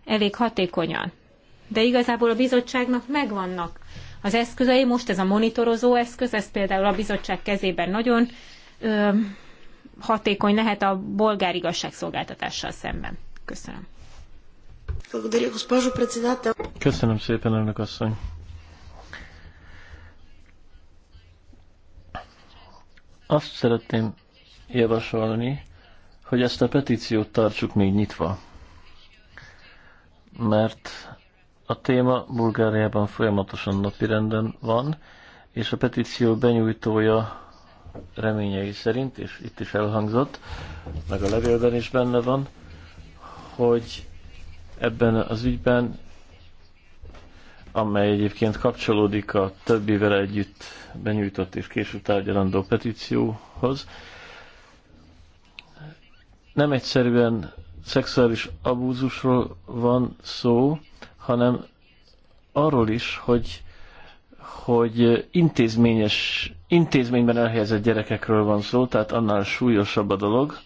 elég hatékonyan. De igazából a bizottságnak megvannak az eszközei, most ez a monitorozó eszköz, ez például a bizottság kezében nagyon ö, hatékony lehet a bolgár igazságszolgáltatással szemben. Köszönöm. Köszönöm szépen, elnök asszony. Azt szeretném javasolni, hogy ezt a petíciót tartsuk még nyitva. Mert a téma Bulgáriában folyamatosan napirenden van, és a petíció benyújtója reményei szerint, és itt is elhangzott, meg a levélben is benne van, hogy ebben az ügyben, amely egyébként kapcsolódik a többivel együtt benyújtott és később tárgyalandó petícióhoz, nem egyszerűen szexuális abúzusról van szó, hanem arról is, hogy, hogy intézményes, intézményben elhelyezett gyerekekről van szó, tehát annál súlyosabb a dolog,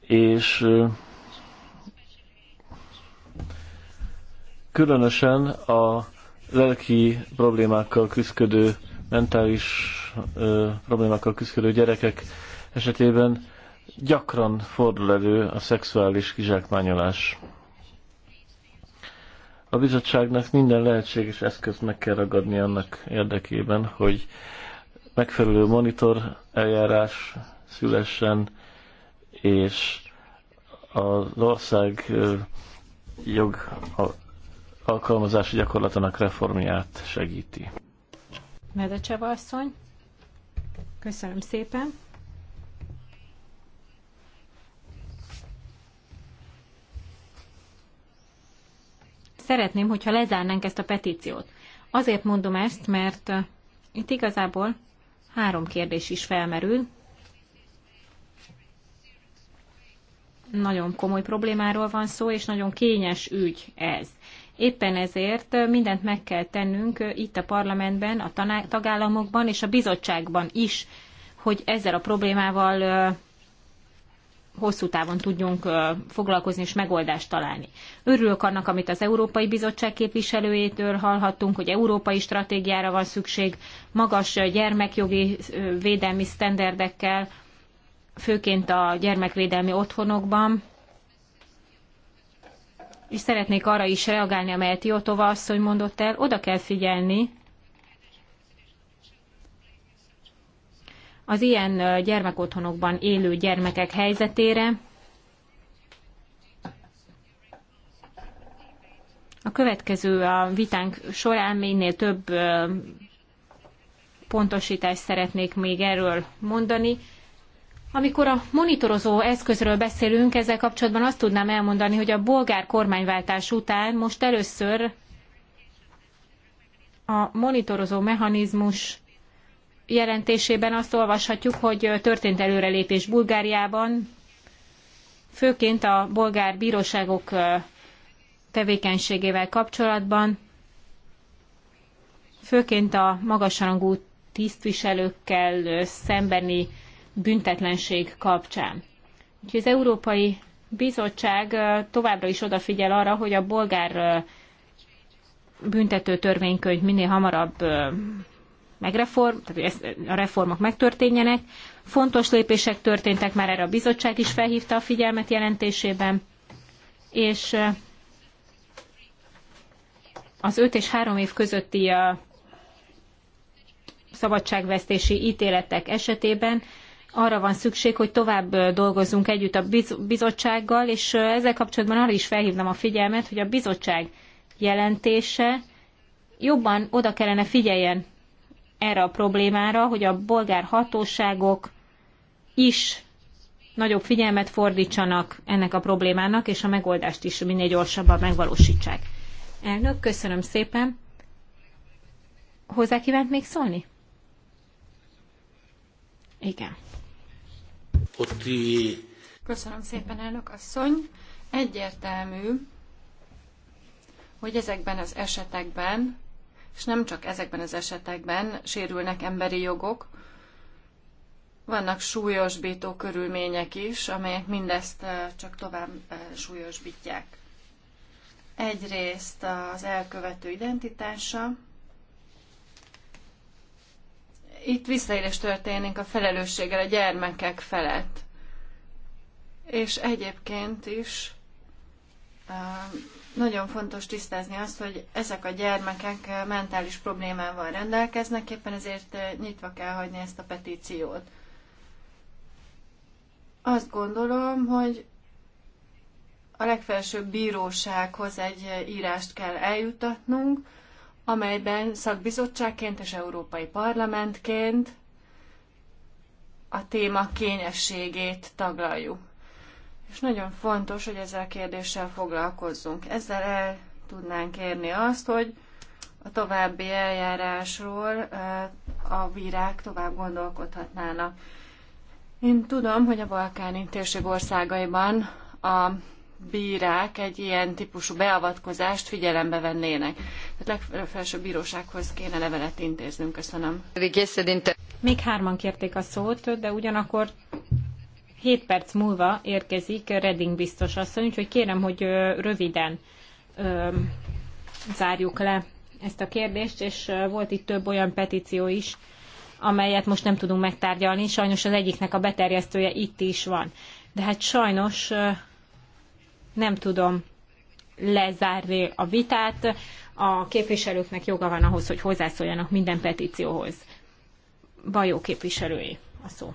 és különösen a lelki problémákkal küzdködő, mentális ö, problémákkal küzdködő gyerekek esetében gyakran fordul elő a szexuális kizsákmányolás. A bizottságnak minden lehetséges eszközt meg kell ragadni annak érdekében, hogy megfelelő monitor eljárás szülessen, és az ország jog alkalmazási gyakorlatának reformját segíti. Medecseva asszony, köszönöm szépen. szeretném, hogyha lezárnánk ezt a petíciót. Azért mondom ezt, mert uh, itt igazából három kérdés is felmerül. Nagyon komoly problémáról van szó, és nagyon kényes ügy ez. Éppen ezért uh, mindent meg kell tennünk uh, itt a parlamentben, a tagállamokban és a bizottságban is, hogy ezzel a problémával hosszú távon tudjunk foglalkozni és megoldást találni. Örülök annak, amit az Európai Bizottság képviselőjétől hallhattunk, hogy európai stratégiára van szükség, magas gyermekjogi védelmi sztenderdekkel, főként a gyermekvédelmi otthonokban. És szeretnék arra is reagálni, amelyet Jótova asszony mondott el, oda kell figyelni az ilyen gyermekotthonokban élő gyermekek helyzetére. A következő a vitánk során minél több pontosítást szeretnék még erről mondani. Amikor a monitorozó eszközről beszélünk, ezzel kapcsolatban azt tudnám elmondani, hogy a bolgár kormányváltás után most először a monitorozó mechanizmus jelentésében azt olvashatjuk, hogy történt előrelépés Bulgáriában, főként a bolgár bíróságok tevékenységével kapcsolatban, főként a magasrangú tisztviselőkkel szembeni büntetlenség kapcsán. Úgyhogy az Európai Bizottság továbbra is odafigyel arra, hogy a bolgár büntető törvénykönyv minél hamarabb megreform, tehát hogy a reformok megtörténjenek. Fontos lépések történtek, már erre a bizottság is felhívta a figyelmet jelentésében, és az 5 és 3 év közötti a szabadságvesztési ítéletek esetében arra van szükség, hogy tovább dolgozzunk együtt a bizottsággal, és ezzel kapcsolatban arra is felhívnám a figyelmet, hogy a bizottság jelentése jobban oda kellene figyeljen erre a problémára, hogy a bolgár hatóságok is nagyobb figyelmet fordítsanak ennek a problémának, és a megoldást is minél gyorsabban megvalósítsák. Elnök, köszönöm szépen. Hozzá kívánt még szólni? Igen. Köszönöm szépen, elnök asszony. Egyértelmű, hogy ezekben az esetekben és nem csak ezekben az esetekben sérülnek emberi jogok, vannak súlyosbító körülmények is, amelyek mindezt csak tovább súlyosbítják. Egyrészt az elkövető identitása, itt visszaélés történik a felelősséggel a gyermekek felett. És egyébként is nagyon fontos tisztázni azt, hogy ezek a gyermekek mentális problémával rendelkeznek, éppen ezért eh, nyitva kell hagyni ezt a petíciót. Azt gondolom, hogy a legfelsőbb bírósághoz egy eh, írást kell eljutatnunk, amelyben szakbizottságként és Európai Parlamentként a téma kényességét taglaljuk. És nagyon fontos, hogy ezzel a kérdéssel foglalkozzunk. Ezzel el tudnánk érni azt, hogy a további eljárásról eh, a bírák tovább gondolkodhatnának. Én tudom, hogy a balkáni térség országaiban a bírák egy ilyen típusú beavatkozást figyelembe vennének. Tehát legfelsőbb bírósághoz kéne levelet intéznünk. Köszönöm. Még hárman kérték a szót, de ugyanakkor 7 perc múlva érkezik Redding biztos asszony, úgyhogy kérem, hogy röviden zárjuk le ezt a kérdést, és volt itt több olyan petíció is, amelyet most nem tudunk megtárgyalni, sajnos az egyiknek a beterjesztője itt is van. De hát sajnos nem tudom lezárni a vitát, a képviselőknek joga van ahhoz, hogy hozzászóljanak minden petícióhoz. Bajó képviselői a szó.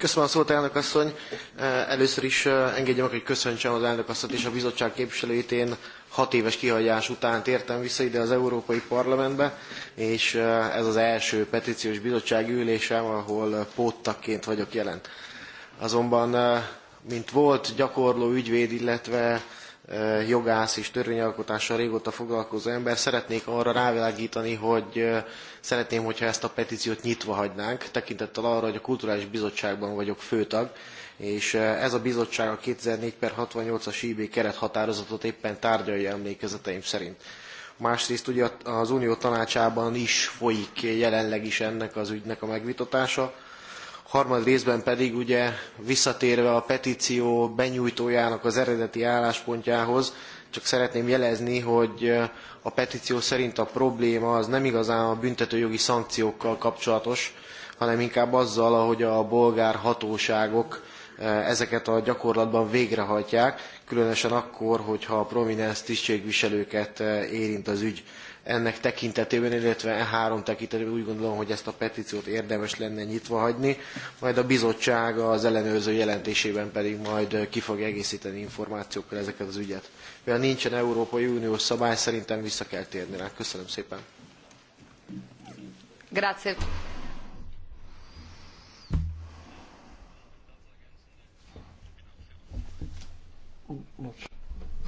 Köszönöm a szót, elnök asszony. Eh, először is eh, engedje meg, hogy köszöntsem az elnök asszonyt és a bizottság képviselőit. Én hat éves kihagyás után tértem vissza ide az Európai Parlamentbe, és eh, ez az első petíciós bizottsági ülésem, ahol póttakként vagyok jelen. Azonban, mint volt gyakorló ügyvéd, illetve jogász és törvényalkotással régóta foglalkozó ember, szeretnék arra rávilágítani, hogy szeretném, hogyha ezt a petíciót nyitva hagynánk, tekintettel arra, hogy a Kulturális Bizottságban vagyok főtag, és ez a bizottság a 2004 per 68-as IB kerethatározatot éppen tárgyalja emlékezeteim szerint. Másrészt ugye az Unió tanácsában is folyik jelenleg is ennek az ügynek a megvitatása, harmad részben pedig ugye visszatérve a petíció benyújtójának az eredeti álláspontjához, csak szeretném jelezni, hogy eh, a petíció szerint a probléma az nem igazán a büntetőjogi szankciókkal kapcsolatos, hanem inkább azzal, ahogy a bolgár hatóságok eh, ezeket a gyakorlatban végrehajtják, különösen akkor, hogyha a prominens tisztségviselőket eh, érint az ügy ennek tekintetében, illetve e három tekintetében úgy gondolom, hogy ezt a petíciót érdemes lenne nyitva hagyni, majd a bizottság az ellenőrző jelentésében pedig majd ki fog egészíteni információkkal ezeket az ügyet. Mivel nincsen Európai Uniós szabály, szerintem vissza kell térni rá. Köszönöm szépen. Grazie.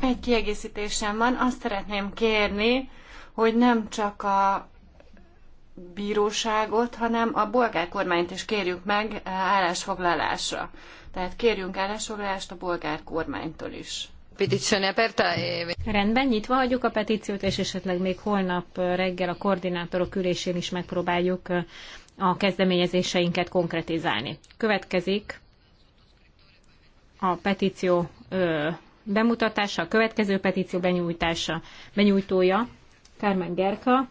Egy kiegészítésem van, azt szeretném kérni, hogy nem csak a bíróságot, hanem a bolgárkormányt kormányt is kérjük meg állásfoglalásra. Tehát kérjünk állásfoglalást a bolgárkormánytól kormánytól is. E- Rendben, nyitva hagyjuk a petíciót, és esetleg még holnap reggel a koordinátorok ülésén is megpróbáljuk a kezdeményezéseinket konkretizálni. Következik a petíció bemutatása, a következő petíció benyújtása, benyújtója, Kármen Gerka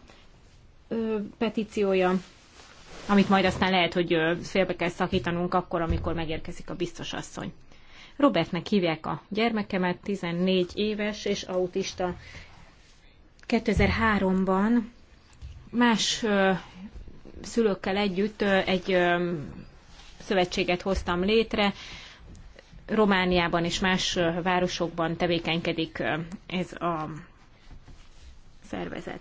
petíciója, amit majd aztán lehet, hogy félbe kell szakítanunk akkor, amikor megérkezik a biztos asszony. Robertnek hívják a gyermekemet, 14 éves és autista. 2003-ban más szülőkkel együtt egy szövetséget hoztam létre. Romániában és más városokban tevékenykedik ez a szervezet.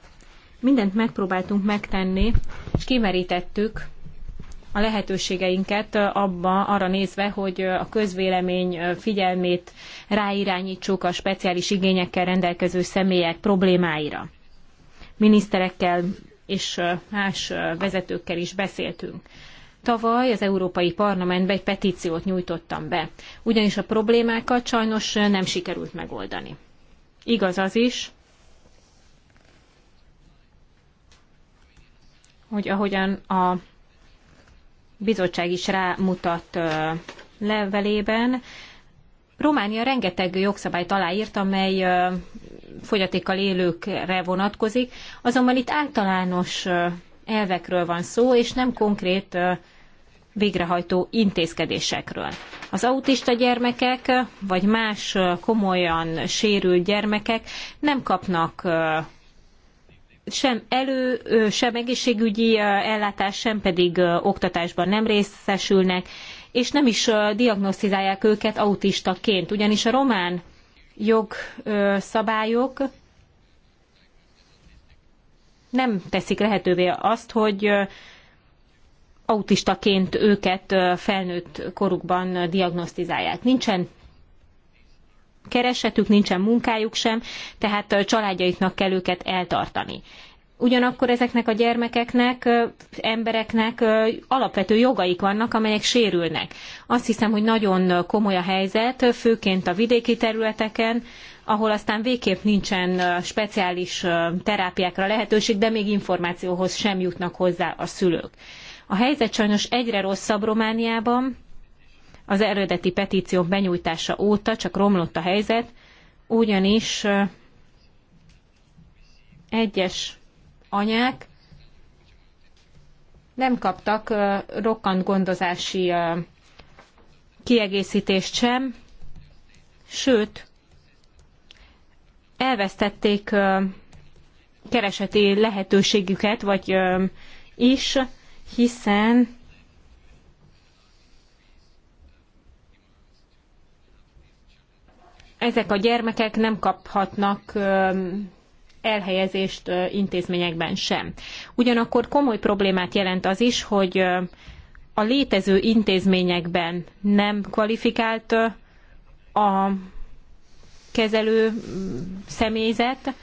Mindent megpróbáltunk megtenni, és kimerítettük a lehetőségeinket abba, arra nézve, hogy a közvélemény figyelmét ráirányítsuk a speciális igényekkel rendelkező személyek problémáira. Miniszterekkel és más vezetőkkel is beszéltünk. Tavaly az Európai Parlamentbe egy petíciót nyújtottam be, ugyanis a problémákat sajnos nem sikerült megoldani. Igaz az is, hogy ahogyan a bizottság is rámutat levelében, Románia rengeteg jogszabályt aláírt, amely fogyatékkal élőkre vonatkozik, azonban itt általános elvekről van szó, és nem konkrét végrehajtó intézkedésekről. Az autista gyermekek, vagy más komolyan sérült gyermekek nem kapnak sem elő, sem egészségügyi ellátás, sem pedig oktatásban nem részesülnek, és nem is diagnosztizálják őket autistaként, ugyanis a román jogszabályok nem teszik lehetővé azt, hogy autistaként őket felnőtt korukban diagnosztizálják. Nincsen keresetük, nincsen munkájuk sem, tehát családjaiknak kell őket eltartani. Ugyanakkor ezeknek a gyermekeknek, embereknek alapvető jogaik vannak, amelyek sérülnek. Azt hiszem, hogy nagyon komoly a helyzet, főként a vidéki területeken, ahol aztán végképp nincsen speciális terápiákra lehetőség, de még információhoz sem jutnak hozzá a szülők. A helyzet sajnos egyre rosszabb Romániában, az eredeti petíció benyújtása óta csak romlott a helyzet, ugyanis egyes anyák nem kaptak rokkant gondozási kiegészítést sem, sőt, elvesztették kereseti lehetőségüket, vagy is, hiszen ezek a gyermekek nem kaphatnak elhelyezést intézményekben sem. Ugyanakkor komoly problémát jelent az is, hogy a létező intézményekben nem kvalifikált a kezelő személyzet,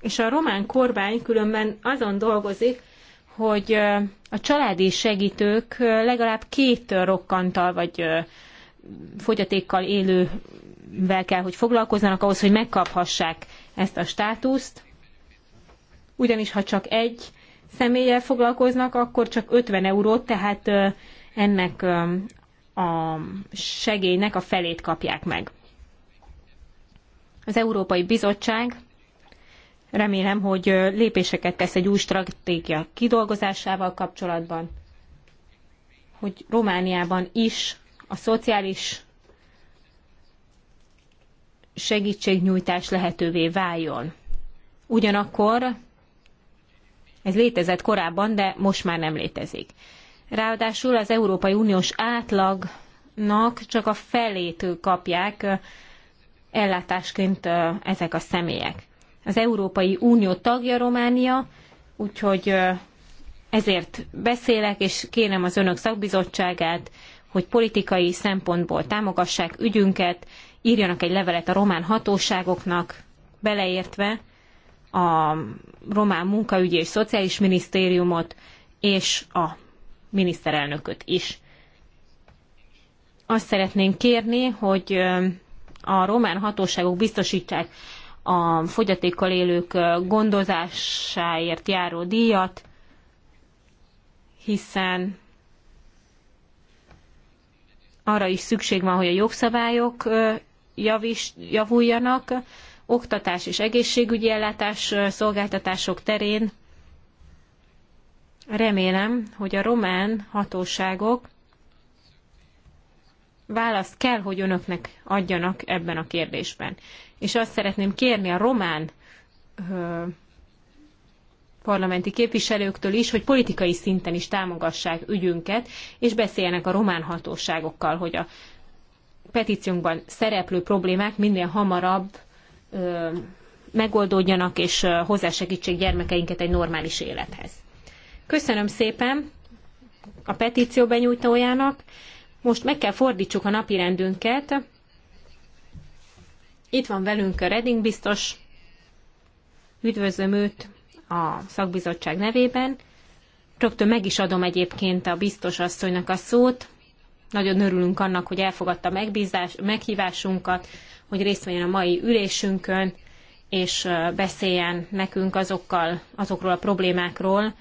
és a román kormány különben azon dolgozik, hogy a családi segítők legalább két rokkantal vagy fogyatékkal élővel kell, hogy foglalkozzanak ahhoz, hogy megkaphassák ezt a státuszt. Ugyanis, ha csak egy személlyel foglalkoznak, akkor csak 50 eurót, tehát ennek a segélynek a felét kapják meg. Az Európai Bizottság remélem, hogy lépéseket tesz egy új stratégia kidolgozásával kapcsolatban, hogy Romániában is a szociális segítségnyújtás lehetővé váljon. Ugyanakkor ez létezett korábban, de most már nem létezik. Ráadásul az Európai Uniós átlagnak csak a felét kapják ellátásként ezek a személyek. Az Európai Unió tagja Románia, úgyhogy ezért beszélek, és kérem az önök szakbizottságát, hogy politikai szempontból támogassák ügyünket, írjanak egy levelet a román hatóságoknak, beleértve a román munkaügyi és szociális minisztériumot és a miniszterelnököt is. Azt szeretnénk kérni, hogy a román hatóságok biztosítsák a fogyatékkal élők gondozásáért járó díjat, hiszen arra is szükség van, hogy a jogszabályok javis, javuljanak, oktatás és egészségügyi ellátás szolgáltatások terén. Remélem, hogy a román hatóságok választ kell, hogy önöknek adjanak ebben a kérdésben. És azt szeretném kérni a román parlamenti képviselőktől is, hogy politikai szinten is támogassák ügyünket, és beszéljenek a román hatóságokkal, hogy a petíciónkban szereplő problémák minél hamarabb ö, megoldódjanak, és ö, hozzásegítsék gyermekeinket egy normális élethez. Köszönöm szépen a petíció benyújtójának. Most meg kell fordítsuk a napirendünket. Itt van velünk a Reding biztos. Üdvözlöm őt a szakbizottság nevében. Rögtön meg is adom egyébként a biztos asszonynak a szót. Nagyon örülünk annak, hogy elfogadta megbízás, meghívásunkat, hogy részt vegyen a mai ülésünkön, és beszéljen nekünk azokkal, azokról a problémákról,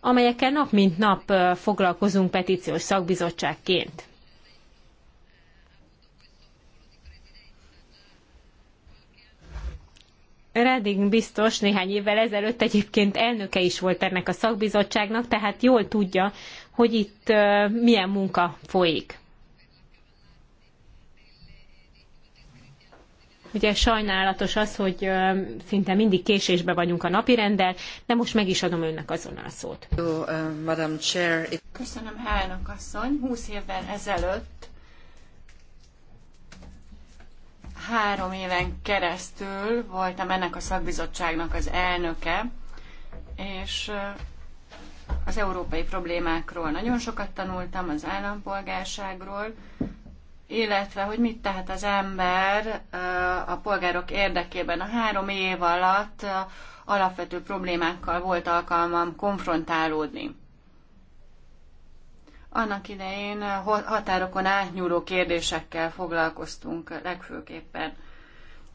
amelyekkel nap mint nap foglalkozunk petíciós szakbizottságként. Redding biztos néhány évvel ezelőtt egyébként elnöke is volt ennek a szakbizottságnak, tehát jól tudja, hogy itt milyen munka folyik. Ugye sajnálatos az, hogy szinte mindig késésbe vagyunk a napirenddel, de most meg is adom önnek azonnal a szót. Köszönöm, elnök asszony. 20 évvel ezelőtt Három éven keresztül voltam ennek a szakbizottságnak az elnöke, és az európai problémákról nagyon sokat tanultam, az állampolgárságról, illetve hogy mit tehet az ember a polgárok érdekében. A három év alatt alapvető problémákkal volt alkalmam konfrontálódni. Annak idején határokon átnyúló kérdésekkel foglalkoztunk legfőképpen.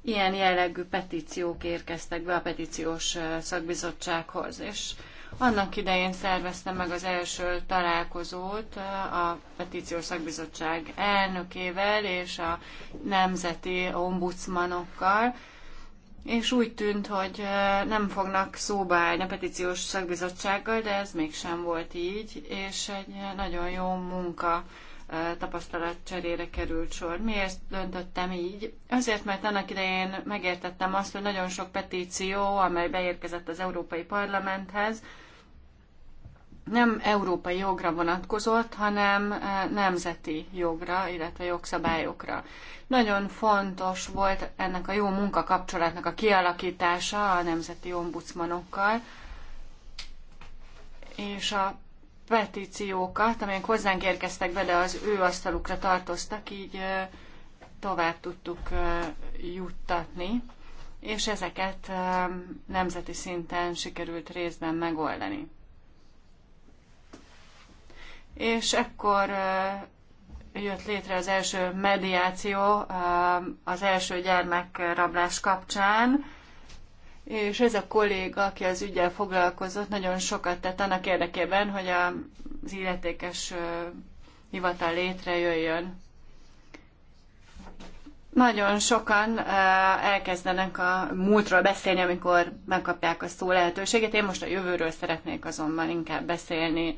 Ilyen jellegű petíciók érkeztek be a petíciós szakbizottsághoz, és annak idején szerveztem meg az első találkozót a petíciós szakbizottság elnökével és a nemzeti ombudsmanokkal, és úgy tűnt, hogy nem fognak szóba állni a petíciós szakbizottsággal, de ez mégsem volt így, és egy nagyon jó munka tapasztalat cserére került sor. Miért döntöttem így? Azért, mert annak idején megértettem azt, hogy nagyon sok petíció, amely beérkezett az Európai Parlamenthez, nem európai jogra vonatkozott, hanem eh, nemzeti jogra, illetve jogszabályokra. Nagyon fontos volt ennek a jó munkakapcsolatnak a kialakítása a nemzeti ombudsmanokkal, és a petíciókat, amelyek hozzánk érkeztek be, de az ő asztalukra tartoztak, így eh, tovább tudtuk eh, juttatni, és ezeket nemzeti szinten sikerült részben megoldani és ekkor jött létre az első mediáció az első gyermekrablás kapcsán, és ez a kolléga, aki az ügyel foglalkozott, nagyon sokat tett annak érdekében, hogy az illetékes hivatal létrejöjjön. Nagyon sokan elkezdenek a múltról beszélni, amikor megkapják a szó lehetőséget. Én most a jövőről szeretnék azonban inkább beszélni.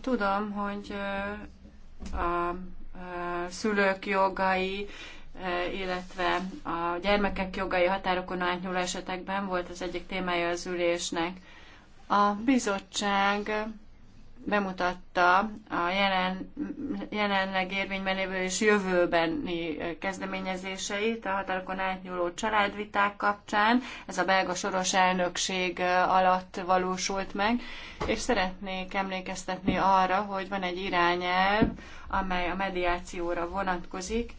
Tudom, hogy a szülők jogai, illetve a gyermekek jogai határokon átnyúló esetekben volt az egyik témája az ülésnek. A bizottság bemutatta a jelen, jelenleg érvényben lévő és jövőbeni kezdeményezéseit a határokon átnyúló családviták kapcsán. Ez a belga soros elnökség alatt valósult meg, és szeretnék emlékeztetni arra, hogy van egy irányelv, amely a mediációra vonatkozik,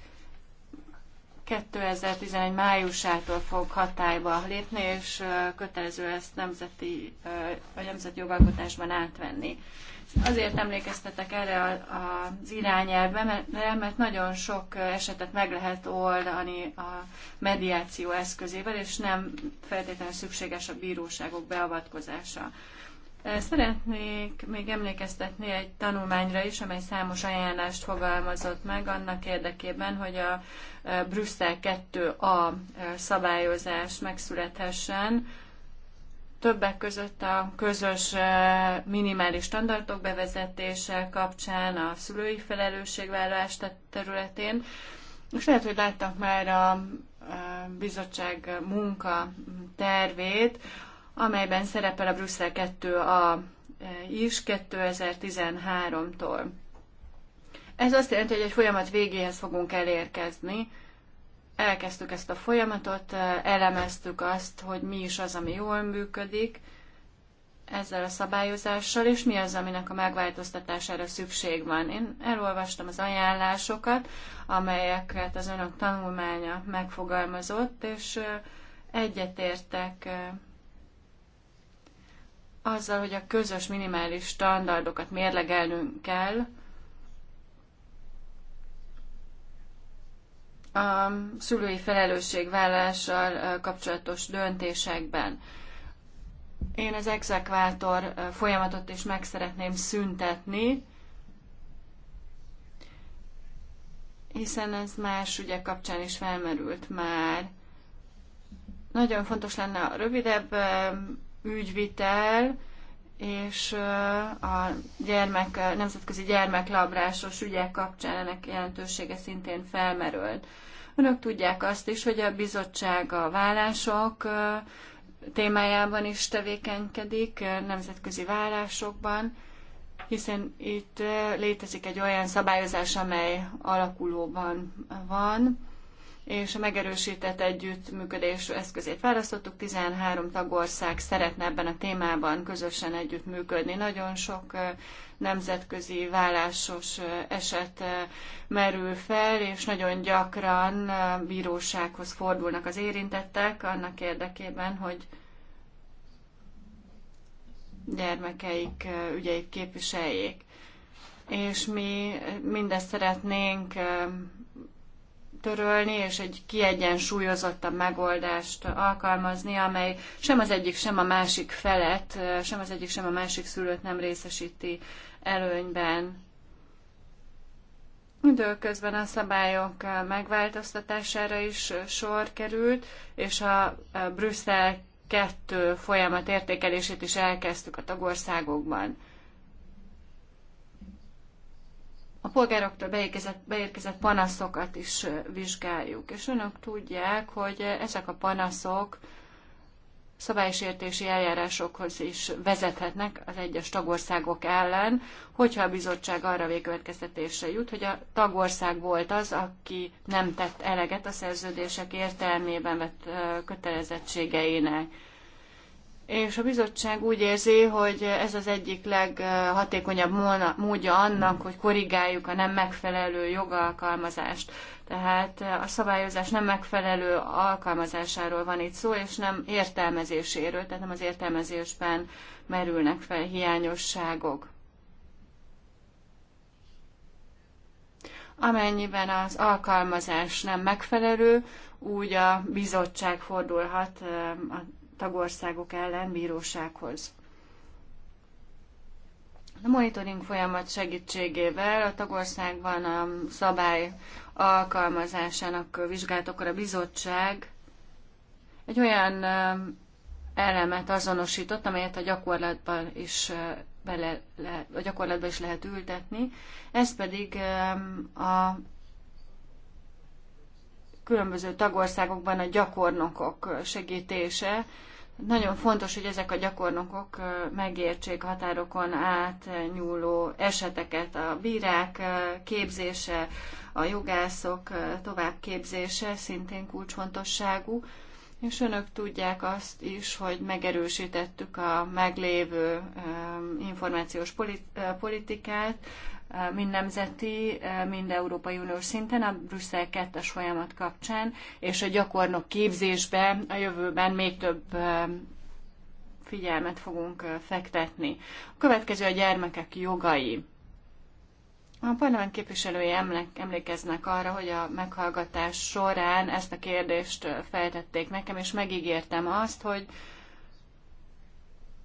2011 májusától fog hatályba lépni, és kötelező ezt nemzeti, vagy nemzeti jogalkotásban átvenni. Azért emlékeztetek erre az irányelvbe, mert nagyon sok esetet meg lehet oldani a mediáció eszközével, és nem feltétlenül szükséges a bíróságok beavatkozása. Szeretnék még emlékeztetni egy tanulmányra is, amely számos ajánlást fogalmazott meg annak érdekében, hogy a Brüsszel 2A szabályozás megszülethessen, többek között a közös eh, minimális standardok bevezetése kapcsán, a szülői felelősségvállalás területén, és lehet, hogy láttak már a eh, bizottság munka tervét, amelyben szerepel a Brüsszel 2A eh, is 2013-tól. Ez azt jelenti, hogy egy folyamat végéhez fogunk elérkezni, elkezdtük ezt a folyamatot, elemeztük azt, hogy mi is az, ami jól működik ezzel a szabályozással, és mi az, aminek a megváltoztatására szükség van. Én elolvastam az ajánlásokat, amelyeket az önök tanulmánya megfogalmazott, és egyetértek azzal, hogy a közös minimális standardokat mérlegelnünk kell, a szülői felelősségvállalással kapcsolatos döntésekben. Én az exekvátor folyamatot is meg szeretném szüntetni, hiszen ez más ügyek kapcsán is felmerült már. Nagyon fontos lenne a rövidebb ügyvitel, és a gyermek, a nemzetközi gyermeklabrásos ügyek kapcsán ennek jelentősége szintén felmerült. Önök tudják azt is, hogy a bizottság a vállások témájában is tevékenykedik, nemzetközi vállásokban, hiszen itt létezik egy olyan szabályozás, amely alakulóban van, és a megerősített együttműködés eszközét választottuk. 13 tagország szeretne ebben a témában közösen együttműködni. Nagyon sok nemzetközi vállásos eset merül fel, és nagyon gyakran bírósághoz fordulnak az érintettek annak érdekében, hogy gyermekeik ügyeit képviseljék. És mi mindezt szeretnénk törölni, és egy kiegyensúlyozottabb megoldást alkalmazni, amely sem az egyik, sem a másik felet, sem az egyik, sem a másik szülőt nem részesíti előnyben. Időközben a szabályok megváltoztatására is sor került, és a Brüsszel kettő folyamat értékelését is elkezdtük a tagországokban. a polgároktól beérkezett, beérkezett panaszokat is vizsgáljuk. És önök tudják, hogy ezek a panaszok szabálysértési eljárásokhoz is vezethetnek az egyes tagországok ellen, hogyha a bizottság arra végkövetkeztetésre jut, hogy a tagország volt az, aki nem tett eleget a szerződések értelmében vett kötelezettségeinek és a bizottság úgy érzi, hogy ez az egyik leghatékonyabb módja annak, hogy korrigáljuk a nem megfelelő jogalkalmazást. Tehát a szabályozás nem megfelelő alkalmazásáról van itt szó, és nem értelmezéséről, tehát nem az értelmezésben merülnek fel hiányosságok. Amennyiben az alkalmazás nem megfelelő, úgy a bizottság fordulhat a tagországok ellen bírósághoz. A monitoring folyamat segítségével a tagországban a szabály alkalmazásának vizsgált, akkor a bizottság egy olyan elemet azonosított, amelyet a gyakorlatban is bele, a gyakorlatba is lehet ültetni. Ez pedig a különböző tagországokban a gyakornokok segítése, nagyon fontos, hogy ezek a gyakornokok megértsék határokon átnyúló eseteket. A bírák képzése, a jogászok továbbképzése szintén kulcsfontosságú, és önök tudják azt is, hogy megerősítettük a meglévő információs politikát, mind nemzeti, mind Európai Uniós szinten a Brüsszel 2 folyamat kapcsán, és a gyakornok képzésbe a jövőben még több figyelmet fogunk fektetni. A következő a gyermekek jogai. A parlament képviselői emlékeznek arra, hogy a meghallgatás során ezt a kérdést feltették nekem, és megígértem azt, hogy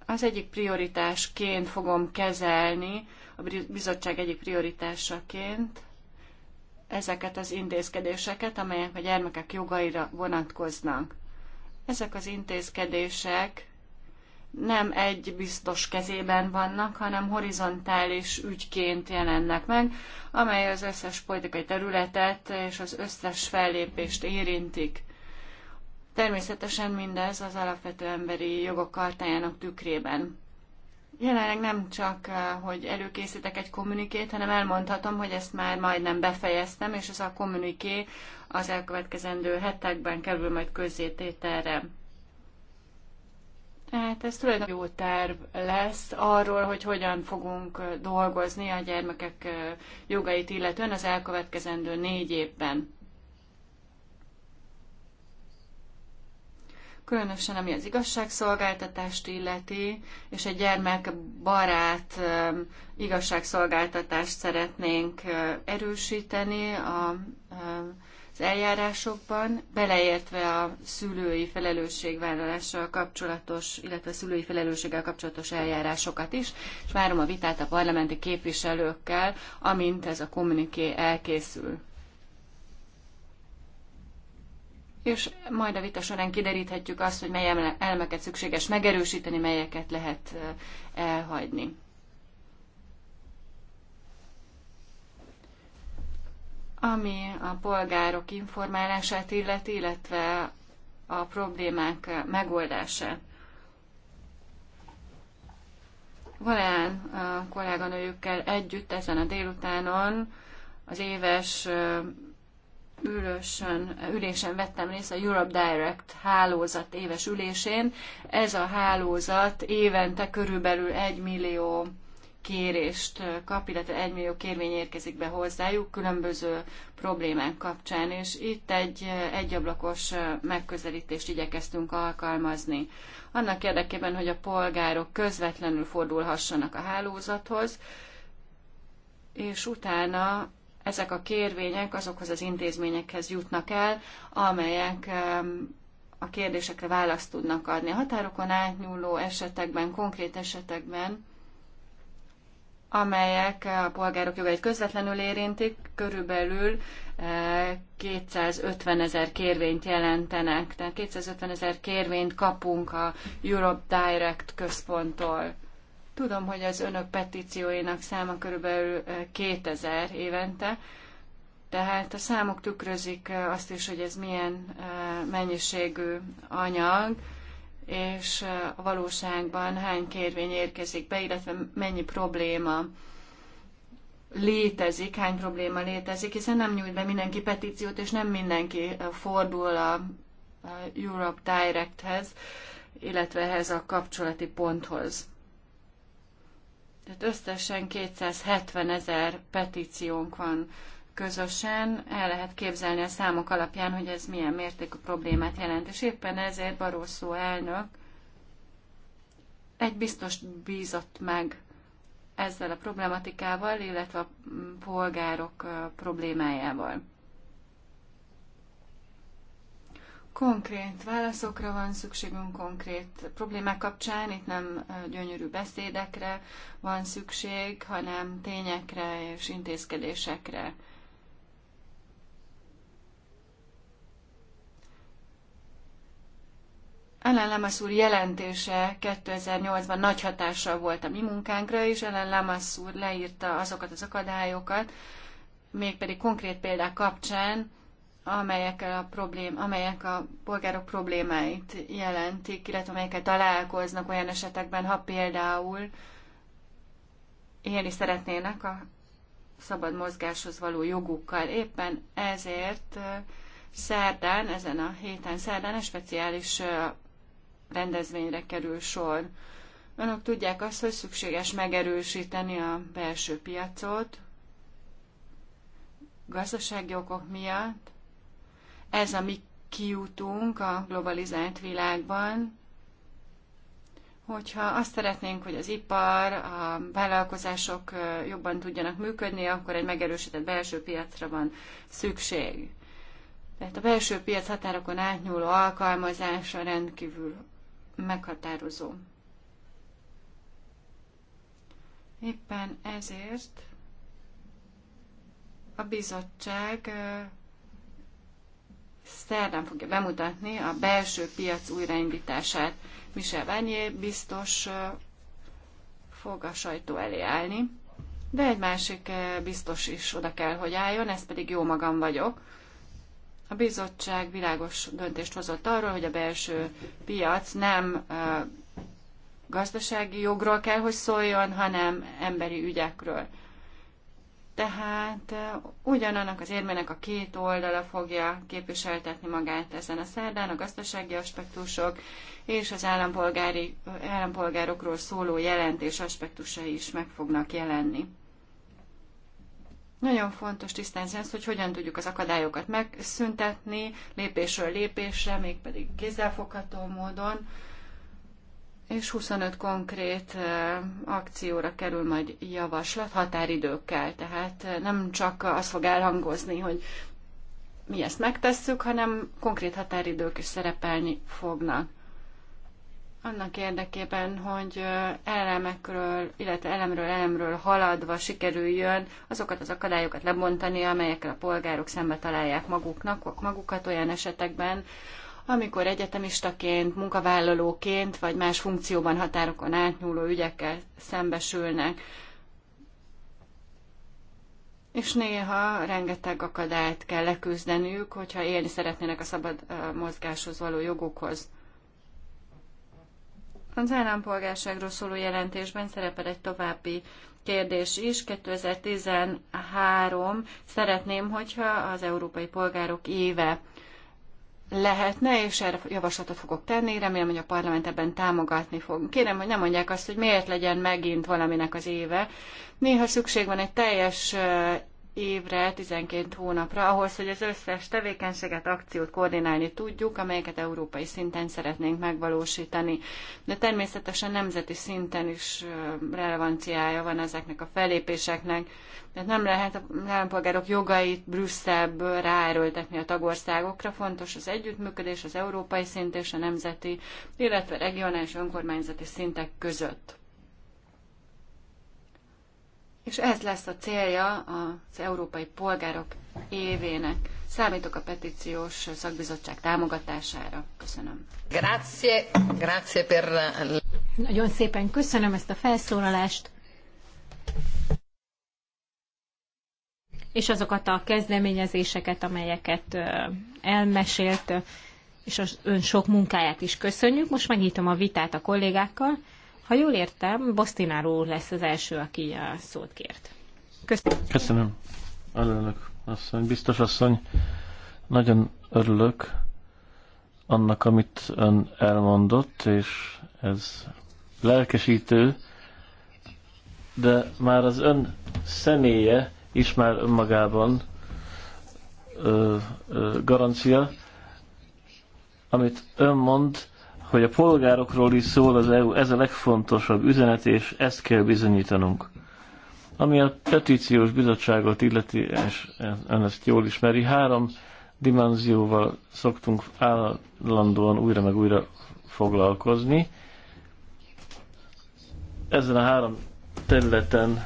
az egyik prioritásként fogom kezelni a bizottság egyik prioritásaként ezeket az intézkedéseket, amelyek a gyermekek jogaira vonatkoznak. Ezek az intézkedések nem egy biztos kezében vannak, hanem horizontális ügyként jelennek meg, amely az összes politikai területet és az összes fellépést érintik. Természetesen mindez az alapvető emberi jogok kartájának tükrében. Jelenleg nem csak, eh, hogy előkészítek egy kommunikét, hanem elmondhatom, hogy ezt már majdnem befejeztem, és ez a kommuniké az elkövetkezendő hetekben kerül majd közzétételre. Tehát ez tulajdonképpen jó terv lesz arról, hogy hogyan fogunk eh, dolgozni a gyermekek eh, jogait illetően az elkövetkezendő négy évben. különösen ami az igazságszolgáltatást illeti, és egy gyermekbarát um, igazságszolgáltatást szeretnénk uh, erősíteni a, uh, az eljárásokban, beleértve a szülői felelősségvállalással kapcsolatos, illetve a szülői felelősséggel kapcsolatos eljárásokat is, és várom a vitát a parlamenti képviselőkkel, amint ez a kommuniké elkészül. és majd a vita során kideríthetjük azt, hogy mely elemeket szükséges megerősíteni, melyeket lehet elhagyni. Ami a polgárok informálását illeti, illetve a problémák megoldását. Valán kolléganőjükkel együtt ezen a délutánon az éves ülősön, ülésen vettem részt a Europe Direct hálózat éves ülésén. Ez a hálózat évente körülbelül 1 millió kérést kap, illetve 1 millió kérvény érkezik be hozzájuk különböző problémák kapcsán, és itt egy egyablakos megközelítést igyekeztünk alkalmazni. Annak érdekében, hogy a polgárok közvetlenül fordulhassanak a hálózathoz, és utána ezek a kérvények azokhoz az intézményekhez jutnak el, amelyek a kérdésekre választ tudnak adni. A határokon átnyúló esetekben, konkrét esetekben, amelyek a polgárok jogait közvetlenül érintik, körülbelül 250 e, ezer kérvényt jelentenek. Tehát 250 ezer kérvényt kapunk a Europe Direct központtól. Tudom, hogy az önök petícióinak száma körülbelül 2000 évente, tehát a számok tükrözik azt is, hogy ez milyen mennyiségű anyag, és a valóságban hány kérvény érkezik be, illetve mennyi probléma létezik, hány probléma létezik, hiszen nem nyújt be mindenki petíciót, és nem mindenki fordul a Europe Directhez, illetve ehhez a kapcsolati ponthoz. Tehát összesen 270 ezer petíciónk van közösen. El lehet képzelni a számok alapján, hogy ez milyen mértékű problémát jelent. És éppen ezért Barószó elnök egy biztos bízott meg ezzel a problematikával, illetve a polgárok problémájával. Konkrét válaszokra van szükségünk, konkrét problémák kapcsán, itt nem gyönyörű beszédekre van szükség, hanem tényekre és intézkedésekre. Ellen Lamassz úr jelentése 2008-ban nagy hatással volt a mi munkánkra, és Ellen Lamassz úr leírta azokat az akadályokat, mégpedig konkrét példák kapcsán, amelyekkel a problém, amelyek a polgárok problémáit jelentik, illetve amelyekkel találkoznak olyan esetekben, ha például élni szeretnének a szabad mozgáshoz való jogukkal. Éppen ezért szerdán, ezen a héten szerdán egy speciális rendezvényre kerül sor. Önök tudják azt, hogy szükséges megerősíteni a belső piacot gazdasági okok miatt, ez a mi kiutunk a globalizált világban, hogyha azt szeretnénk, hogy az ipar, a vállalkozások jobban tudjanak működni, akkor egy megerősített belső piacra van szükség. Tehát a belső piac határokon átnyúló alkalmazása rendkívül meghatározó. Éppen ezért a bizottság szerdán fogja bemutatni a belső piac újraindítását. Michel Vanier biztos fog a sajtó elé állni, de egy másik biztos is oda kell, hogy álljon, ez pedig jó magam vagyok. A bizottság világos döntést hozott arról, hogy a belső piac nem gazdasági jogról kell, hogy szóljon, hanem emberi ügyekről. Tehát ugyanannak az érmének a két oldala fogja képviseltetni magát ezen a szerdán, a gazdasági aspektusok és az állampolgári, állampolgárokról szóló jelentés aspektusai is meg fognak jelenni. Nagyon fontos tisztázni ezt, hogy hogyan tudjuk az akadályokat megszüntetni lépésről lépésre, mégpedig kézzelfogható módon, és 25 konkrét akcióra kerül majd javaslat határidőkkel. Tehát nem csak az fog elhangozni, hogy mi ezt megtesszük, hanem konkrét határidők is szerepelni fognak. Annak érdekében, hogy elemekről, illetve elemről elemről haladva sikerüljön azokat az akadályokat lebontani, amelyekkel a polgárok szembe találják maguknak, magukat olyan esetekben, amikor egyetemistaként, munkavállalóként vagy más funkcióban határokon átnyúló ügyekkel szembesülnek. És néha rengeteg akadályt kell leküzdeniük, hogyha élni szeretnének a szabad mozgáshoz való jogokhoz. Az állampolgárságról szóló jelentésben szerepel egy további kérdés is. 2013 szeretném, hogyha az európai polgárok éve lehetne, és erre javaslatot fogok tenni, remélem, hogy a parlament ebben támogatni fog. Kérem, hogy nem mondják azt, hogy miért legyen megint valaminek az éve. Néha szükség van egy teljes évre, 12 hónapra, ahhoz, hogy az összes tevékenységet, akciót koordinálni tudjuk, amelyeket európai szinten szeretnénk megvalósítani. De természetesen nemzeti szinten is relevanciája van ezeknek a felépéseknek. Tehát nem lehet a állampolgárok jogait Brüsszelből ráerőltetni a tagországokra. Fontos az együttműködés az európai szint és a nemzeti, illetve regionális önkormányzati szintek között. És ez lesz a célja az európai polgárok évének. Számítok a petíciós szakbizottság támogatására. Köszönöm. Grazie, grazie per... Nagyon szépen köszönöm ezt a felszólalást. És azokat a kezdeményezéseket, amelyeket elmesélt, és az ön sok munkáját is köszönjük. Most megnyitom a vitát a kollégákkal. Ha jól értem, Bosztinár úr lesz az első, aki a szót kért. Köszönöm. Köszönöm. Örülök, asszony, biztos asszony. Nagyon örülök annak, amit ön elmondott, és ez lelkesítő, de már az ön személye is már önmagában ö, ö, garancia, amit ön mond, hogy a polgárokról is szól az EU, ez a legfontosabb üzenet, és ezt kell bizonyítanunk. Ami a petíciós bizottságot illeti, és ön ezt jól ismeri, három dimenzióval szoktunk állandóan újra meg újra foglalkozni. Ezen a három területen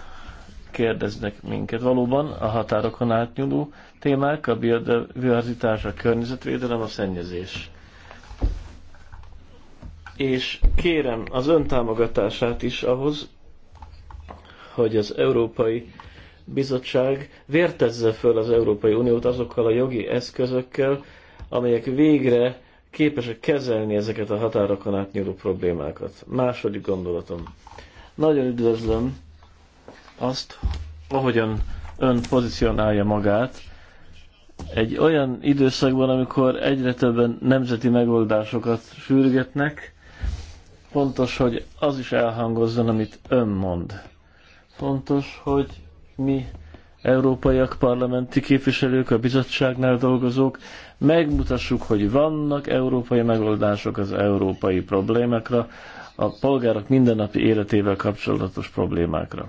kérdeznek minket. Valóban a határokon átnyúló témák, a biodiverzitás, a környezetvédelem, a szennyezés és kérem az ön támogatását is ahhoz, hogy az Európai Bizottság vértezze föl az Európai Uniót azokkal a jogi eszközökkel, amelyek végre képesek kezelni ezeket a határokon átnyúló problémákat. Második gondolatom. Nagyon üdvözlöm azt, ahogyan ön pozícionálja magát, egy olyan időszakban, amikor egyre többen nemzeti megoldásokat sürgetnek, Fontos, hogy az is elhangozzon, amit ön mond. Fontos, hogy mi európaiak parlamenti képviselők, a bizottságnál dolgozók, megmutassuk, hogy vannak európai megoldások az európai problémákra, a polgárok mindennapi életével kapcsolatos problémákra.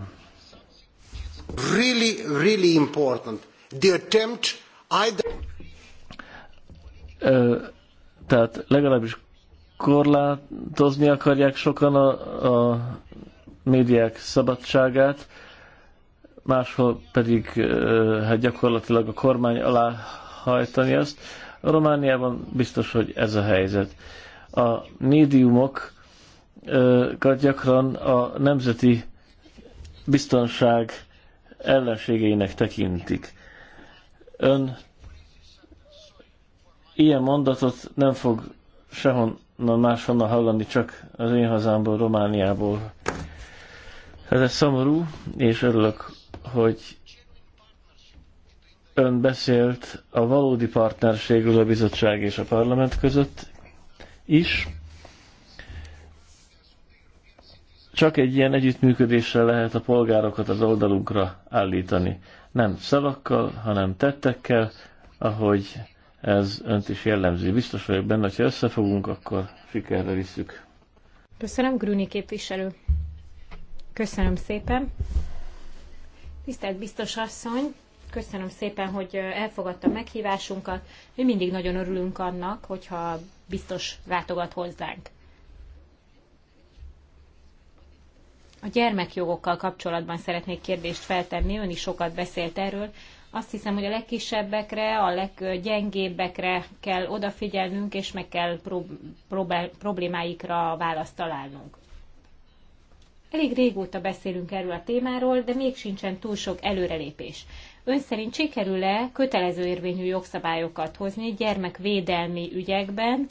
Really, really important. The attempt either... Ö, tehát legalábbis korlátozni akarják sokan a, a médiák szabadságát, máshol pedig hát gyakorlatilag a kormány alá hajtani azt. A Romániában biztos, hogy ez a helyzet. A médiumokat gyakran a nemzeti biztonság ellenségeinek tekintik. Ön ilyen mondatot nem fog sehon máshonnan hallani, csak az én hazámból, Romániából. Ez egy szomorú, és örülök, hogy ön beszélt a valódi partnerségről a bizottság és a parlament között is. Csak egy ilyen együttműködéssel lehet a polgárokat az oldalunkra állítani. Nem szavakkal, hanem tettekkel, ahogy ez önt is jellemzi. Biztos vagyok benne, hogy ha összefogunk, akkor sikerre visszük. Köszönöm, Grüni képviselő. Köszönöm szépen. Tisztelt biztos asszony, köszönöm szépen, hogy elfogadta meghívásunkat. Mi mindig nagyon örülünk annak, hogyha biztos látogat hozzánk. A gyermekjogokkal kapcsolatban szeretnék kérdést feltenni, ön is sokat beszélt erről. Azt hiszem, hogy a legkisebbekre, a leggyengébbekre kell odafigyelnünk, és meg kell problémáikra választ találnunk. Elég régóta beszélünk erről a témáról, de még sincsen túl sok előrelépés. Ön szerint sikerül-e kötelező érvényű jogszabályokat hozni gyermekvédelmi ügyekben,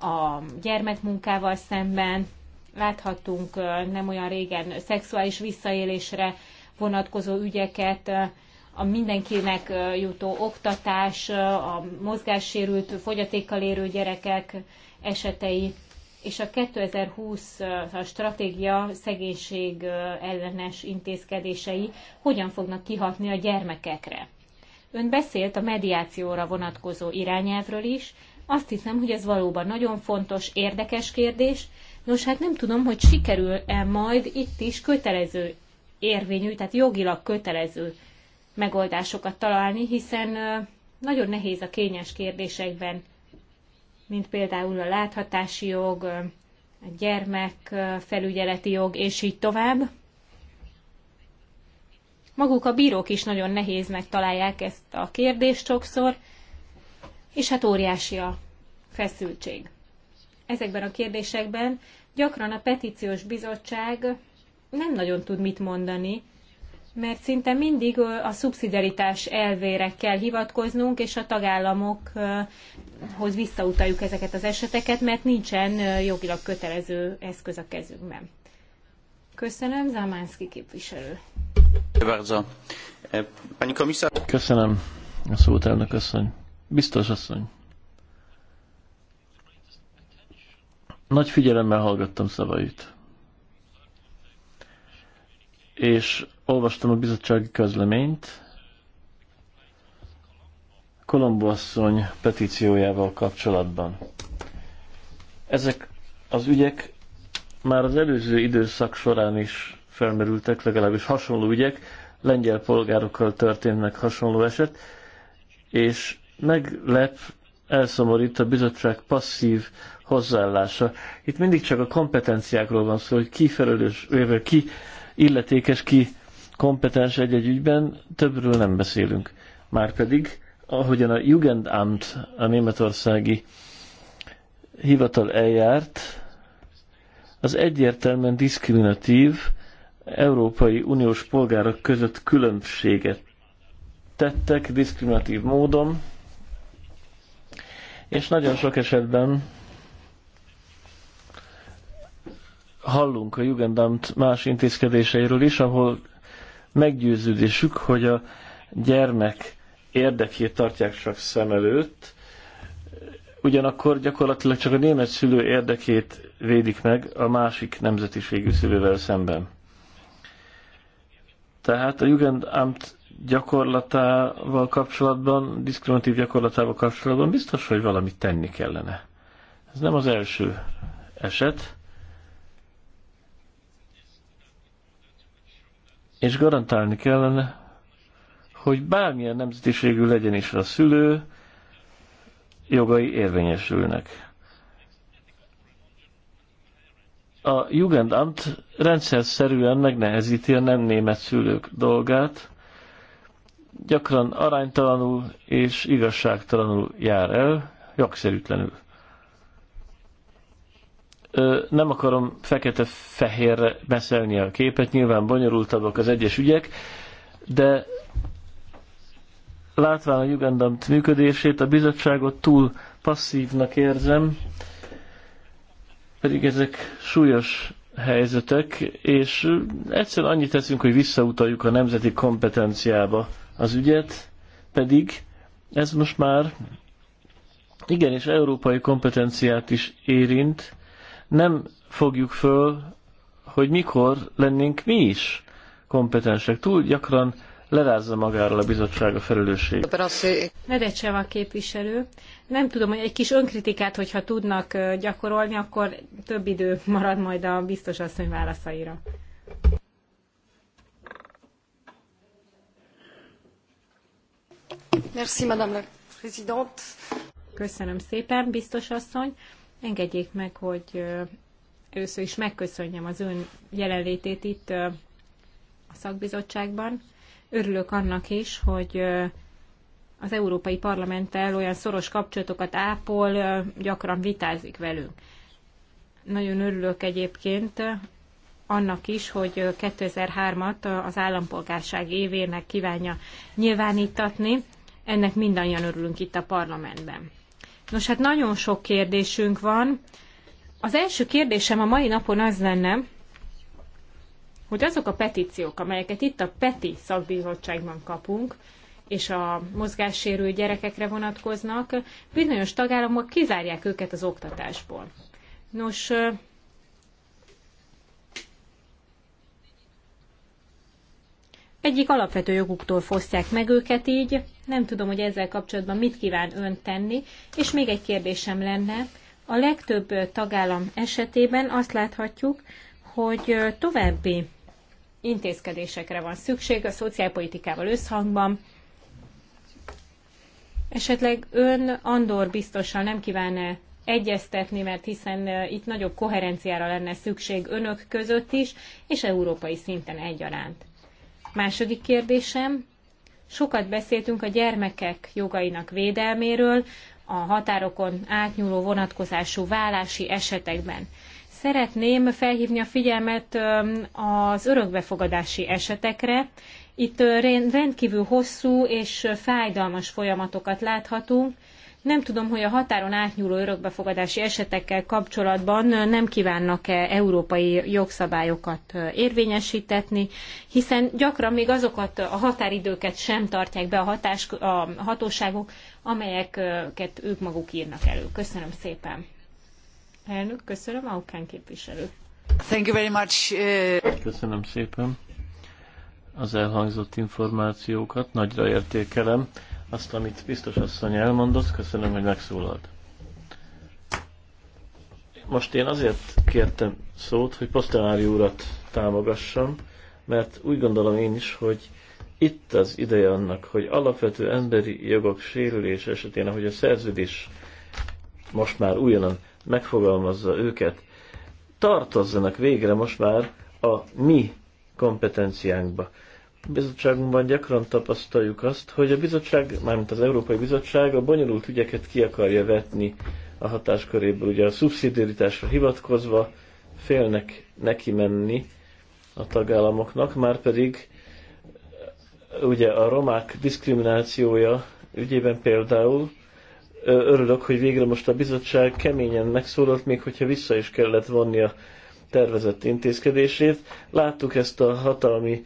a gyermekmunkával szemben, láthattunk nem olyan régen szexuális visszaélésre vonatkozó ügyeket, a mindenkinek jutó oktatás, a mozgássérült, fogyatékkal érő gyerekek esetei, és a 2020 a stratégia szegénység ellenes intézkedései hogyan fognak kihatni a gyermekekre. Ön beszélt a mediációra vonatkozó irányelvről is, azt hiszem, hogy ez valóban nagyon fontos, érdekes kérdés. Nos, hát nem tudom, hogy sikerül-e majd itt is kötelező érvényű, tehát jogilag kötelező megoldásokat találni, hiszen nagyon nehéz a kényes kérdésekben, mint például a láthatási jog, a gyermek felügyeleti jog, és így tovább. Maguk a bírók is nagyon nehéznek találják ezt a kérdést sokszor, és hát óriási a feszültség. Ezekben a kérdésekben gyakran a petíciós bizottság nem nagyon tud mit mondani, mert szinte mindig a szubszidiaritás elvére kell hivatkoznunk, és a tagállamokhoz visszautaljuk ezeket az eseteket, mert nincsen jogilag kötelező eszköz a kezünkben. Köszönöm, Zamánszki képviselő. E, Köszönöm a szót, elnök asszony. Biztos asszony. Nagy figyelemmel hallgattam szavait. És olvastam a bizottsági közleményt, Kolombo asszony petíciójával kapcsolatban. Ezek az ügyek már az előző időszak során is felmerültek, legalábbis hasonló ügyek, lengyel polgárokkal történnek hasonló eset, és meglep, elszomorít a bizottság passzív hozzáállása. Itt mindig csak a kompetenciákról van szó, hogy ki felelős, ki illetékes, ki kompetens egy-egy ügyben, többről nem beszélünk. Márpedig, ahogyan a Jugendamt, a németországi hivatal eljárt, az egyértelműen diszkriminatív Európai Uniós polgárok között különbséget tettek diszkriminatív módon, és nagyon sok esetben hallunk a Jugendamt más intézkedéseiről is, ahol meggyőződésük, hogy a gyermek érdekét tartják csak szem előtt, ugyanakkor gyakorlatilag csak a német szülő érdekét védik meg a másik nemzetiségű szülővel szemben. Tehát a Jugendamt gyakorlatával kapcsolatban, diszkriminatív gyakorlatával kapcsolatban biztos, hogy valamit tenni kellene. Ez nem az első eset. és garantálni kellene, hogy bármilyen nemzetiségű legyen is a szülő, jogai érvényesülnek. A Jugendamt rendszer szerűen megnehezíti a nem német szülők dolgát, gyakran aránytalanul és igazságtalanul jár el, jogszerűtlenül. Nem akarom fekete-fehérre beszélni a képet, nyilván bonyolultabbak az egyes ügyek, de látván a Jugendamt működését, a bizottságot túl passzívnak érzem, pedig ezek súlyos helyzetek, és egyszerűen annyit teszünk, hogy visszautaljuk a nemzeti kompetenciába az ügyet, pedig ez most már igenis európai kompetenciát is érint, nem fogjuk föl, hogy mikor lennénk mi is kompetensek. Túl gyakran lerázza magáról a bizottság a felelősséget. Nedecseva képviselő. Nem tudom, hogy egy kis önkritikát, hogyha tudnak gyakorolni, akkor több idő marad majd a biztos asszony válaszaira. Merci, Madame la Présidente. Köszönöm szépen, biztos asszony. Engedjék meg, hogy először is megköszönjem az ön jelenlétét itt a szakbizottságban. Örülök annak is, hogy az Európai Parlamenttel olyan szoros kapcsolatokat ápol, gyakran vitázik velünk. Nagyon örülök egyébként annak is, hogy 2003-at az állampolgárság évének kívánja nyilvánítatni. Ennek mindannyian örülünk itt a parlamentben. Nos, hát nagyon sok kérdésünk van. Az első kérdésem a mai napon az lenne, hogy azok a petíciók, amelyeket itt a PETI szakbizottságban kapunk, és a mozgássérült gyerekekre vonatkoznak, bizonyos tagállamok kizárják őket az oktatásból. Nos, egyik alapvető joguktól fosztják meg őket így, nem tudom, hogy ezzel kapcsolatban mit kíván ön tenni, és még egy kérdésem lenne. A legtöbb tagállam esetében azt láthatjuk, hogy további intézkedésekre van szükség a szociálpolitikával összhangban. Esetleg ön Andor biztosan nem kíván egyeztetni, mert hiszen itt nagyobb koherenciára lenne szükség önök között is, és európai szinten egyaránt. Második kérdésem, Sokat beszéltünk a gyermekek jogainak védelméről, a határokon átnyúló vonatkozású vállási esetekben. Szeretném felhívni a figyelmet az örökbefogadási esetekre. Itt rendkívül hosszú és fájdalmas folyamatokat láthatunk, nem tudom, hogy a határon átnyúló örökbefogadási esetekkel kapcsolatban nem kívánnak-e európai jogszabályokat érvényesítetni, hiszen gyakran még azokat a határidőket sem tartják be a, hatás, a hatóságok, amelyeket ők maguk írnak elő. Köszönöm szépen. Elnök, köszönöm, Aukán képviselő. Thank you very much. Uh, köszönöm szépen az elhangzott információkat, nagyra értékelem azt, amit biztos asszony elmondott. Köszönöm, hogy megszólalt. Most én azért kértem szót, hogy Posztelári urat támogassam, mert úgy gondolom én is, hogy itt az ideje annak, hogy alapvető emberi jogok sérülés esetén, ahogy a szerződés most már újonnan megfogalmazza őket, tartozzanak végre most már a mi kompetenciánkba bizottságunkban gyakran tapasztaljuk azt, hogy a bizottság, mármint az Európai Bizottság a bonyolult ügyeket ki akarja vetni a hatásköréből, ugye a szubszidiaritásra hivatkozva félnek neki menni a tagállamoknak, már pedig eh, ugye a romák diszkriminációja ügyében például eh, örülök, hogy végre most a bizottság keményen megszólalt, még hogyha vissza is kellett vonni a tervezett intézkedését. Láttuk ezt a hatalmi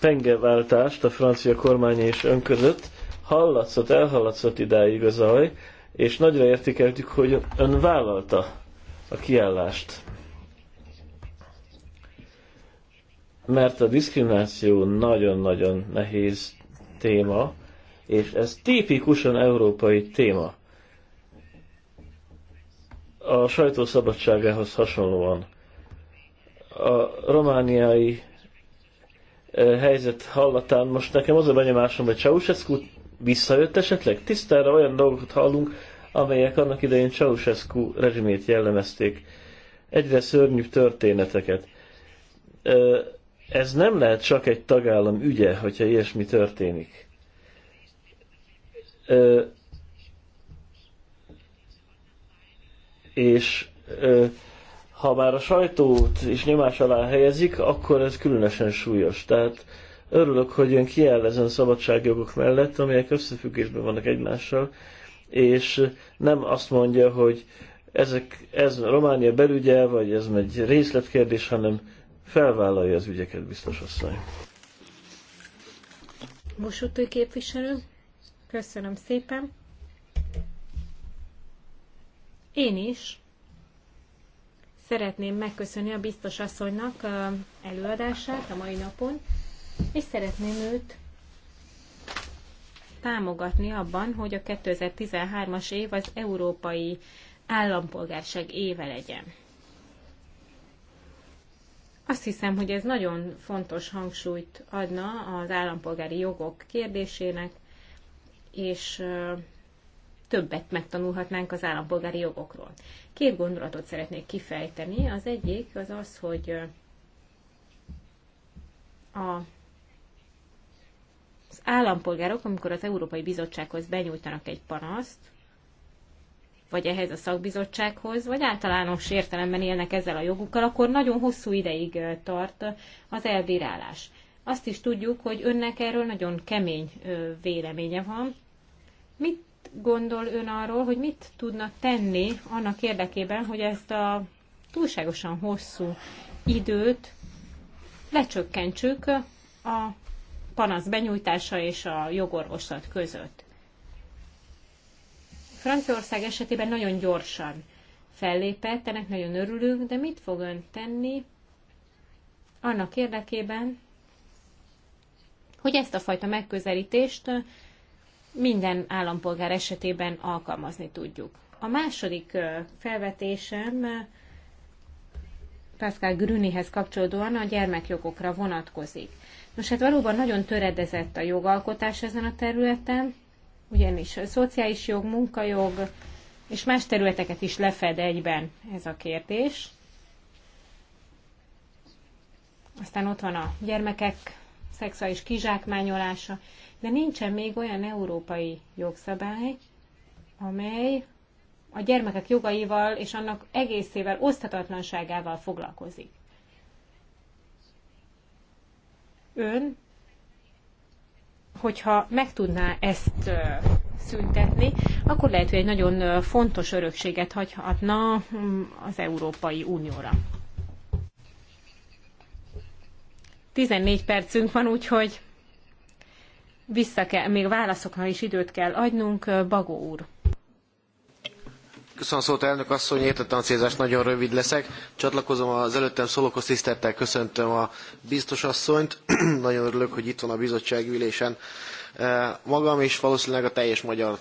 pengeváltást a francia kormány és ön között. Hallatszott, elhallatszott idáig a zaj, és nagyra értékeltük, hogy ön vállalta a kiállást. Mert a diszkrimináció nagyon-nagyon nehéz téma, és ez tipikusan európai téma. A sajtó szabadságához hasonlóan. A romániai helyzet hallatán most nekem az a benyomásom, hogy Ceausescu visszajött esetleg? Tisztára olyan dolgokat hallunk, amelyek annak idején Ceausescu rezsimét jellemezték. Egyre szörnyűbb történeteket. Ez nem lehet csak egy tagállam ügye, hogyha ilyesmi történik. És ha már a sajtót is nyomás alá helyezik, akkor ez különösen súlyos. Tehát örülök, hogy ön kiáll ezen szabadságjogok mellett, amelyek összefüggésben vannak egymással, és nem azt mondja, hogy ezek, ez Románia belügye, vagy ez egy részletkérdés, hanem felvállalja az ügyeket, biztos asszony. Mosutő képviselő, köszönöm szépen. Én is Szeretném megköszönni a biztos asszonynak előadását a mai napon, és szeretném őt támogatni abban, hogy a 2013-as év az európai állampolgárság éve legyen. Azt hiszem, hogy ez nagyon fontos hangsúlyt adna az állampolgári jogok kérdésének, és többet megtanulhatnánk az állampolgári jogokról. Két gondolatot szeretnék kifejteni. Az egyik az az, hogy a az állampolgárok, amikor az Európai Bizottsághoz benyújtanak egy panaszt, vagy ehhez a szakbizottsághoz, vagy általános értelemben élnek ezzel a jogukkal, akkor nagyon hosszú ideig tart az elbírálás. Azt is tudjuk, hogy önnek erről nagyon kemény véleménye van. Mit gondol ön arról, hogy mit tudna tenni annak érdekében, hogy ezt a túlságosan hosszú időt lecsökkentsük a panasz benyújtása és a jogorvoslat között. Franciaország esetében nagyon gyorsan fellépett, ennek nagyon örülünk, de mit fog ön tenni annak érdekében, hogy ezt a fajta megközelítést minden állampolgár esetében alkalmazni tudjuk. A második felvetésem Pascal Grünihez kapcsolódóan a gyermekjogokra vonatkozik. Nos, hát valóban nagyon töredezett a jogalkotás ezen a területen, ugyanis a szociális jog, munkajog és más területeket is lefed egyben ez a kérdés. Aztán ott van a gyermekek szexuális kizsákmányolása de nincsen még olyan európai jogszabály, amely a gyermekek jogaival és annak egészével, oszthatatlanságával foglalkozik. Ön, hogyha meg tudná ezt szüntetni, akkor lehet, hogy egy nagyon fontos örökséget hagyhatna mm, az Európai Unióra. 14 percünk van, úgyhogy vissza kell, még válaszokra is időt kell adnunk. Bagó úr. Köszönöm szót, elnök asszony, értettem a célzást, nagyon rövid leszek. Csatlakozom az előttem szólókhoz, tisztettel köszöntöm a biztos asszonyt. nagyon örülök, hogy itt van a bizottsági ülésen. Magam és valószínűleg a teljes magyar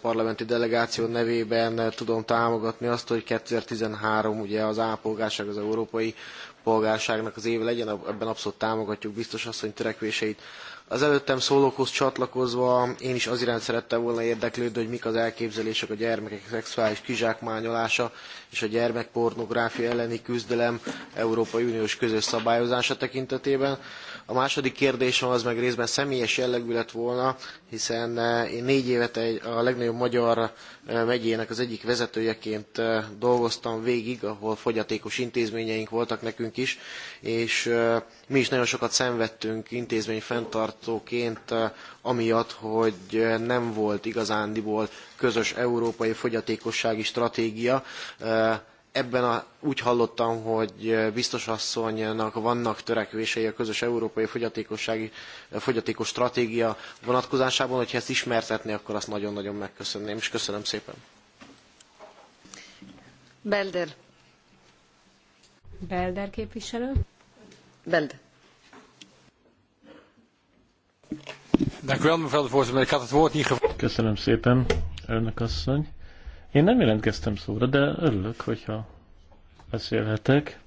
parlamenti delegáció nevében tudom támogatni azt, hogy 2013 ugye az állampolgárság az európai polgárságnak az éve legyen, ebben abszolút támogatjuk biztos asszony törekvéseit. Az előttem szólókhoz csatlakozva én is az iránt szerettem volna érdeklődni, hogy mik az elképzelések a gyermekek szexuális kizsákmányolása és a gyermekpornográfia elleni küzdelem Európai Uniós közös szabályozása tekintetében. A második kérdésem az meg részben személyes jellegű lett volna, hiszen eh, én négy évet egy, a legnagyobb magyar eh, megyének az egyik vezetőjeként eh, dolgoztam végig, ahol fogyatékos intézményeink voltak nekünk is, és mi is nagyon sokat szenvedtünk intézmény fenntartóként, amiatt, hogy nem volt igazándiból közös európai fogyatékossági stratégia ebben a, úgy hallottam, hogy biztos asszonynak vannak törekvései a közös európai fogyatékossági, fogyatékos stratégia vonatkozásában, hogyha ezt ismertetné, akkor azt nagyon-nagyon megköszönném, és köszönöm szépen. Belder. Belder képviselő. Belder. Köszönöm szépen, elnök asszony. Én nem jelentkeztem szóra, de örülök, hogyha beszélhetek.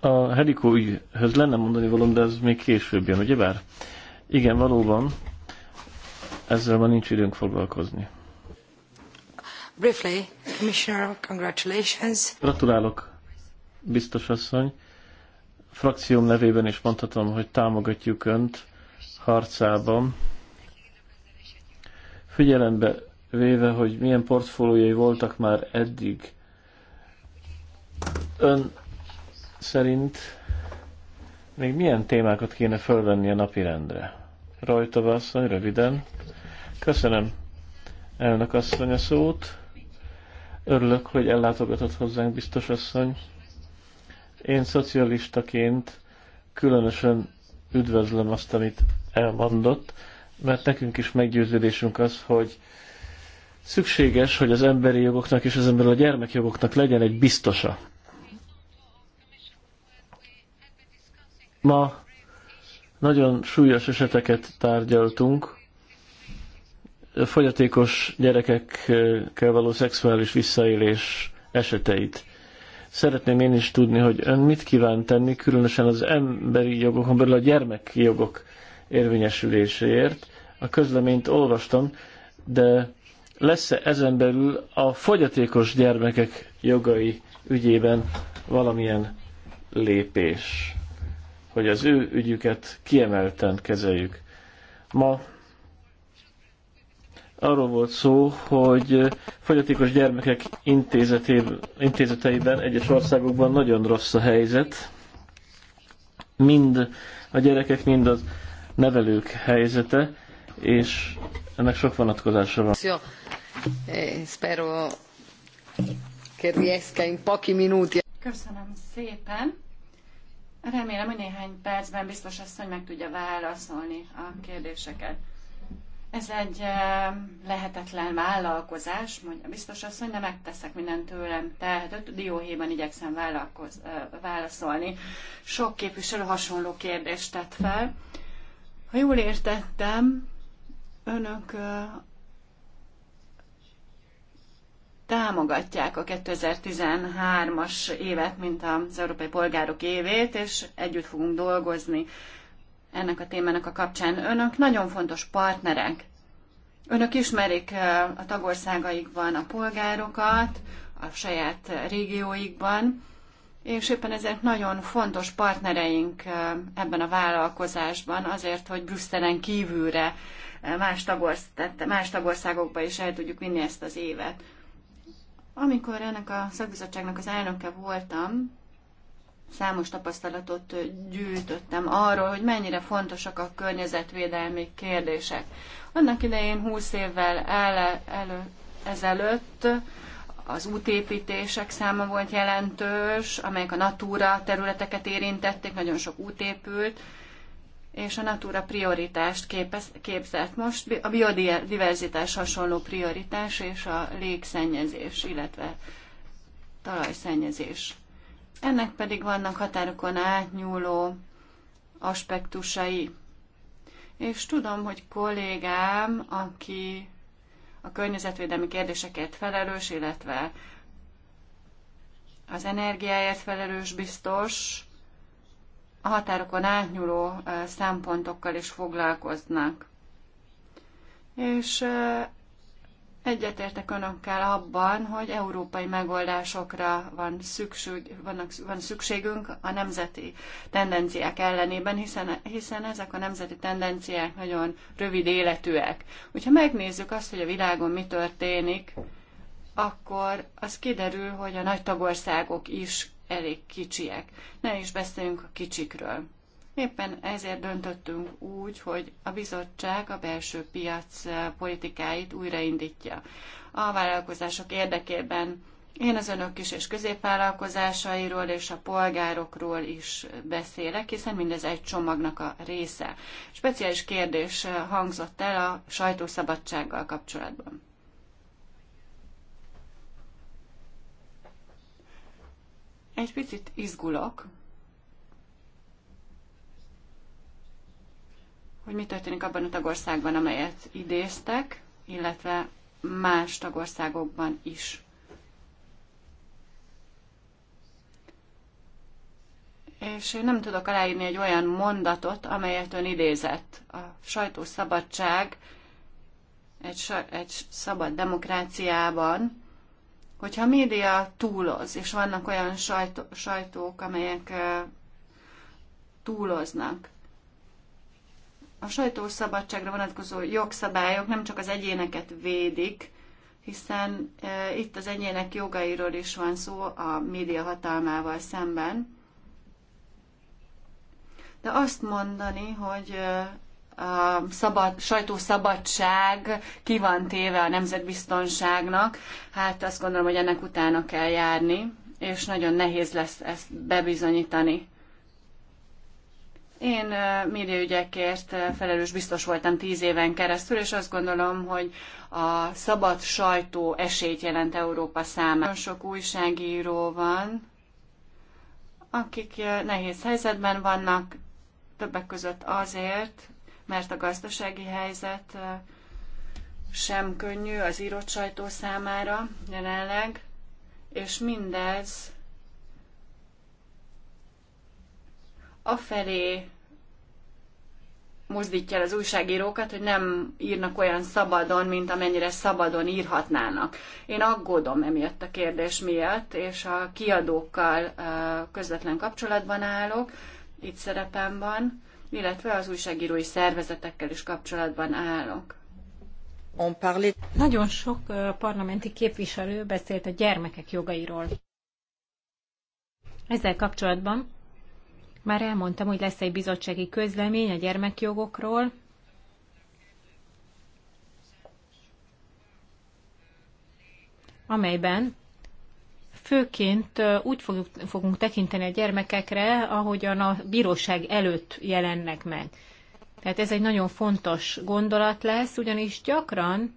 A Helikó ügyhöz lenne mondani valam, de ez még később jön, bár? Igen, valóban, ezzel van nincs időnk foglalkozni. Briefly, Commissioner, congratulations. Gratulálok, biztos asszony. Frakcióm nevében is mondhatom, hogy támogatjuk Önt harcában figyelembe véve, hogy milyen portfóliói voltak már eddig, ön szerint még milyen témákat kéne fölvenni a napirendre? Rajta asszony, röviden. Köszönöm elnök asszony a szót. Örülök, hogy ellátogatott hozzánk biztos asszony. Én szocialistaként különösen üdvözlöm azt, amit elmondott, mert nekünk is meggyőződésünk az, hogy szükséges, hogy az emberi jogoknak és az emberi a gyermekjogoknak legyen egy biztosa. Ma nagyon súlyos eseteket tárgyaltunk, fogyatékos gyerekekkel való szexuális visszaélés eseteit. Szeretném én is tudni, hogy ön mit kíván tenni, különösen az emberi jogokon belül a gyermekjogok érvényesüléséért. A közleményt olvastam, de lesz-e ezen belül a fogyatékos gyermekek jogai ügyében valamilyen lépés, hogy az ő ügyüket kiemelten kezeljük. Ma arról volt szó, hogy fogyatékos gyermekek intézeteiben egyes országokban nagyon rossz a helyzet. Mind a gyerekek, mind az nevelők helyzete, és ennek sok vonatkozása van. Eh, spero che riesca in pochi minuti. Köszönöm szépen. Remélem, hogy néhány percben biztos asszony meg tudja válaszolni a kérdéseket. Ez egy eh, lehetetlen vállalkozás, mondja biztos asszony, de megteszek mindent tőlem öt Dióhéjban igyekszem eh, válaszolni. Sok képviselő hasonló kérdést tett fel. Ha jól értettem, önök támogatják a 2013-as évet, mint az Európai Polgárok évét, és együtt fogunk dolgozni ennek a témának a kapcsán. Önök nagyon fontos partnerek. Önök ismerik a tagországaikban a polgárokat, a saját régióikban, és éppen ezért nagyon fontos partnereink ebben a vállalkozásban, azért, hogy Brüsszelen kívülre más, tagorsz, más tagországokba is el tudjuk vinni ezt az évet. Amikor ennek a szakbizottságnak az elnöke voltam, számos tapasztalatot gyűjtöttem arról, hogy mennyire fontosak a környezetvédelmi kérdések. Annak idején 20 évvel el, elő, ezelőtt az útépítések száma volt jelentős, amelyek a Natura területeket érintették, nagyon sok út épült, és a Natura prioritást képez, képzett most. A biodiverzitás hasonló prioritás, és a légszennyezés, illetve talajszennyezés. Ennek pedig vannak határokon átnyúló aspektusai. És tudom, hogy kollégám, aki a környezetvédelmi kérdésekért felelős, illetve az energiáért felelős biztos, a határokon átnyúló szempontokkal is foglalkoznak. És Egyetértek önökkel abban, hogy európai megoldásokra van, szükség, vannak, van szükségünk a nemzeti tendenciák ellenében, hiszen, hiszen ezek a nemzeti tendenciák nagyon rövid életűek. Hogyha megnézzük azt, hogy a világon mi történik, akkor az kiderül, hogy a nagy tagországok is elég kicsiek. Ne is beszéljünk a kicsikről. Éppen ezért döntöttünk úgy, hogy a bizottság a belső piac politikáit újraindítja. A vállalkozások érdekében én az önök kis és középvállalkozásairól és a polgárokról is beszélek, hiszen mindez egy csomagnak a része. Speciális kérdés hangzott el a sajtószabadsággal kapcsolatban. Egy picit izgulok, hogy mi történik abban a tagországban, amelyet idéztek, illetve más tagországokban is. És én nem tudok aláírni egy olyan mondatot, amelyet ön idézett. A sajtószabadság egy, egy szabad demokráciában, hogyha a média túloz, és vannak olyan sajtó, sajtók, amelyek túloznak, a sajtószabadságra vonatkozó jogszabályok nem csak az egyéneket védik, hiszen e, itt az egyének jogairól is van szó a média hatalmával szemben. De azt mondani, hogy e, a szabad, sajtószabadság ki van téve a nemzetbiztonságnak, hát azt gondolom, hogy ennek utána kell járni, és nagyon nehéz lesz ezt bebizonyítani. Én médiaügyekért felelős biztos voltam tíz éven keresztül, és azt gondolom, hogy a szabad sajtó esélyt jelent Európa számára. Nagyon sok újságíró van, akik nehéz helyzetben vannak, többek között azért, mert a gazdasági helyzet sem könnyű az írott sajtó számára jelenleg, és mindez afelé mozdítja el az újságírókat, hogy nem írnak olyan szabadon, mint amennyire szabadon írhatnának. Én aggódom emiatt a kérdés miatt, és a kiadókkal közvetlen kapcsolatban állok, itt szerepem van, illetve az újságírói szervezetekkel is kapcsolatban állok. Nagyon sok parlamenti képviselő beszélt a gyermekek jogairól. Ezzel kapcsolatban már elmondtam, hogy lesz egy bizottsági közlemény a gyermekjogokról. amelyben főként úgy fogunk, fogunk tekinteni a gyermekekre, ahogyan a bíróság előtt jelennek meg. Tehát ez egy nagyon fontos gondolat lesz, ugyanis gyakran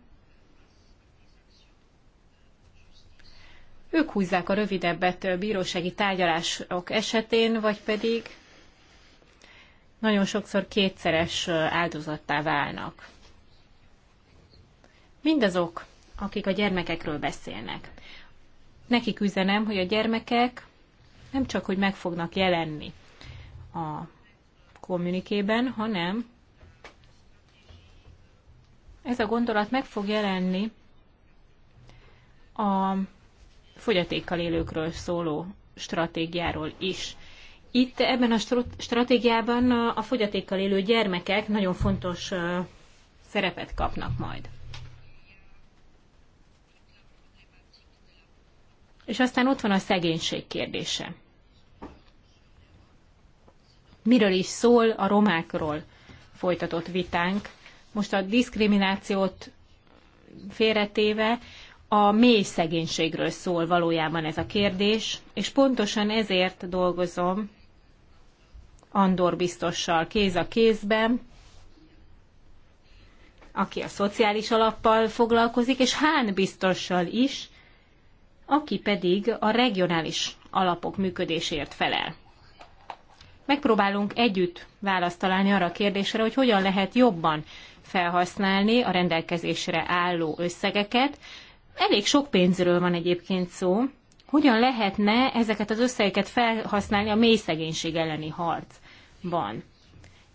ők húzzák a rövidebbet bírósági tárgyalások esetén, vagy pedig nagyon sokszor kétszeres áldozattá válnak. Mindazok, akik a gyermekekről beszélnek, nekik üzenem, hogy a gyermekek nem csak, hogy meg fognak jelenni a kommunikében, hanem ez a gondolat meg fog jelenni a fogyatékkal élőkről szóló stratégiáról is. Itt ebben a stratégiában a fogyatékkal élő gyermekek nagyon fontos szerepet kapnak majd. És aztán ott van a szegénység kérdése. Miről is szól a romákról folytatott vitánk? Most a diszkriminációt félretéve a mély szegénységről szól valójában ez a kérdés, és pontosan ezért dolgozom Andor biztossal kéz a kézben, aki a szociális alappal foglalkozik, és Hán biztossal is, aki pedig a regionális alapok működésért felel. Megpróbálunk együtt választ találni arra a kérdésre, hogy hogyan lehet jobban felhasználni a rendelkezésre álló összegeket. Elég sok pénzről van egyébként szó, hogyan lehetne ezeket az összegeket felhasználni a mély szegénység elleni harcban.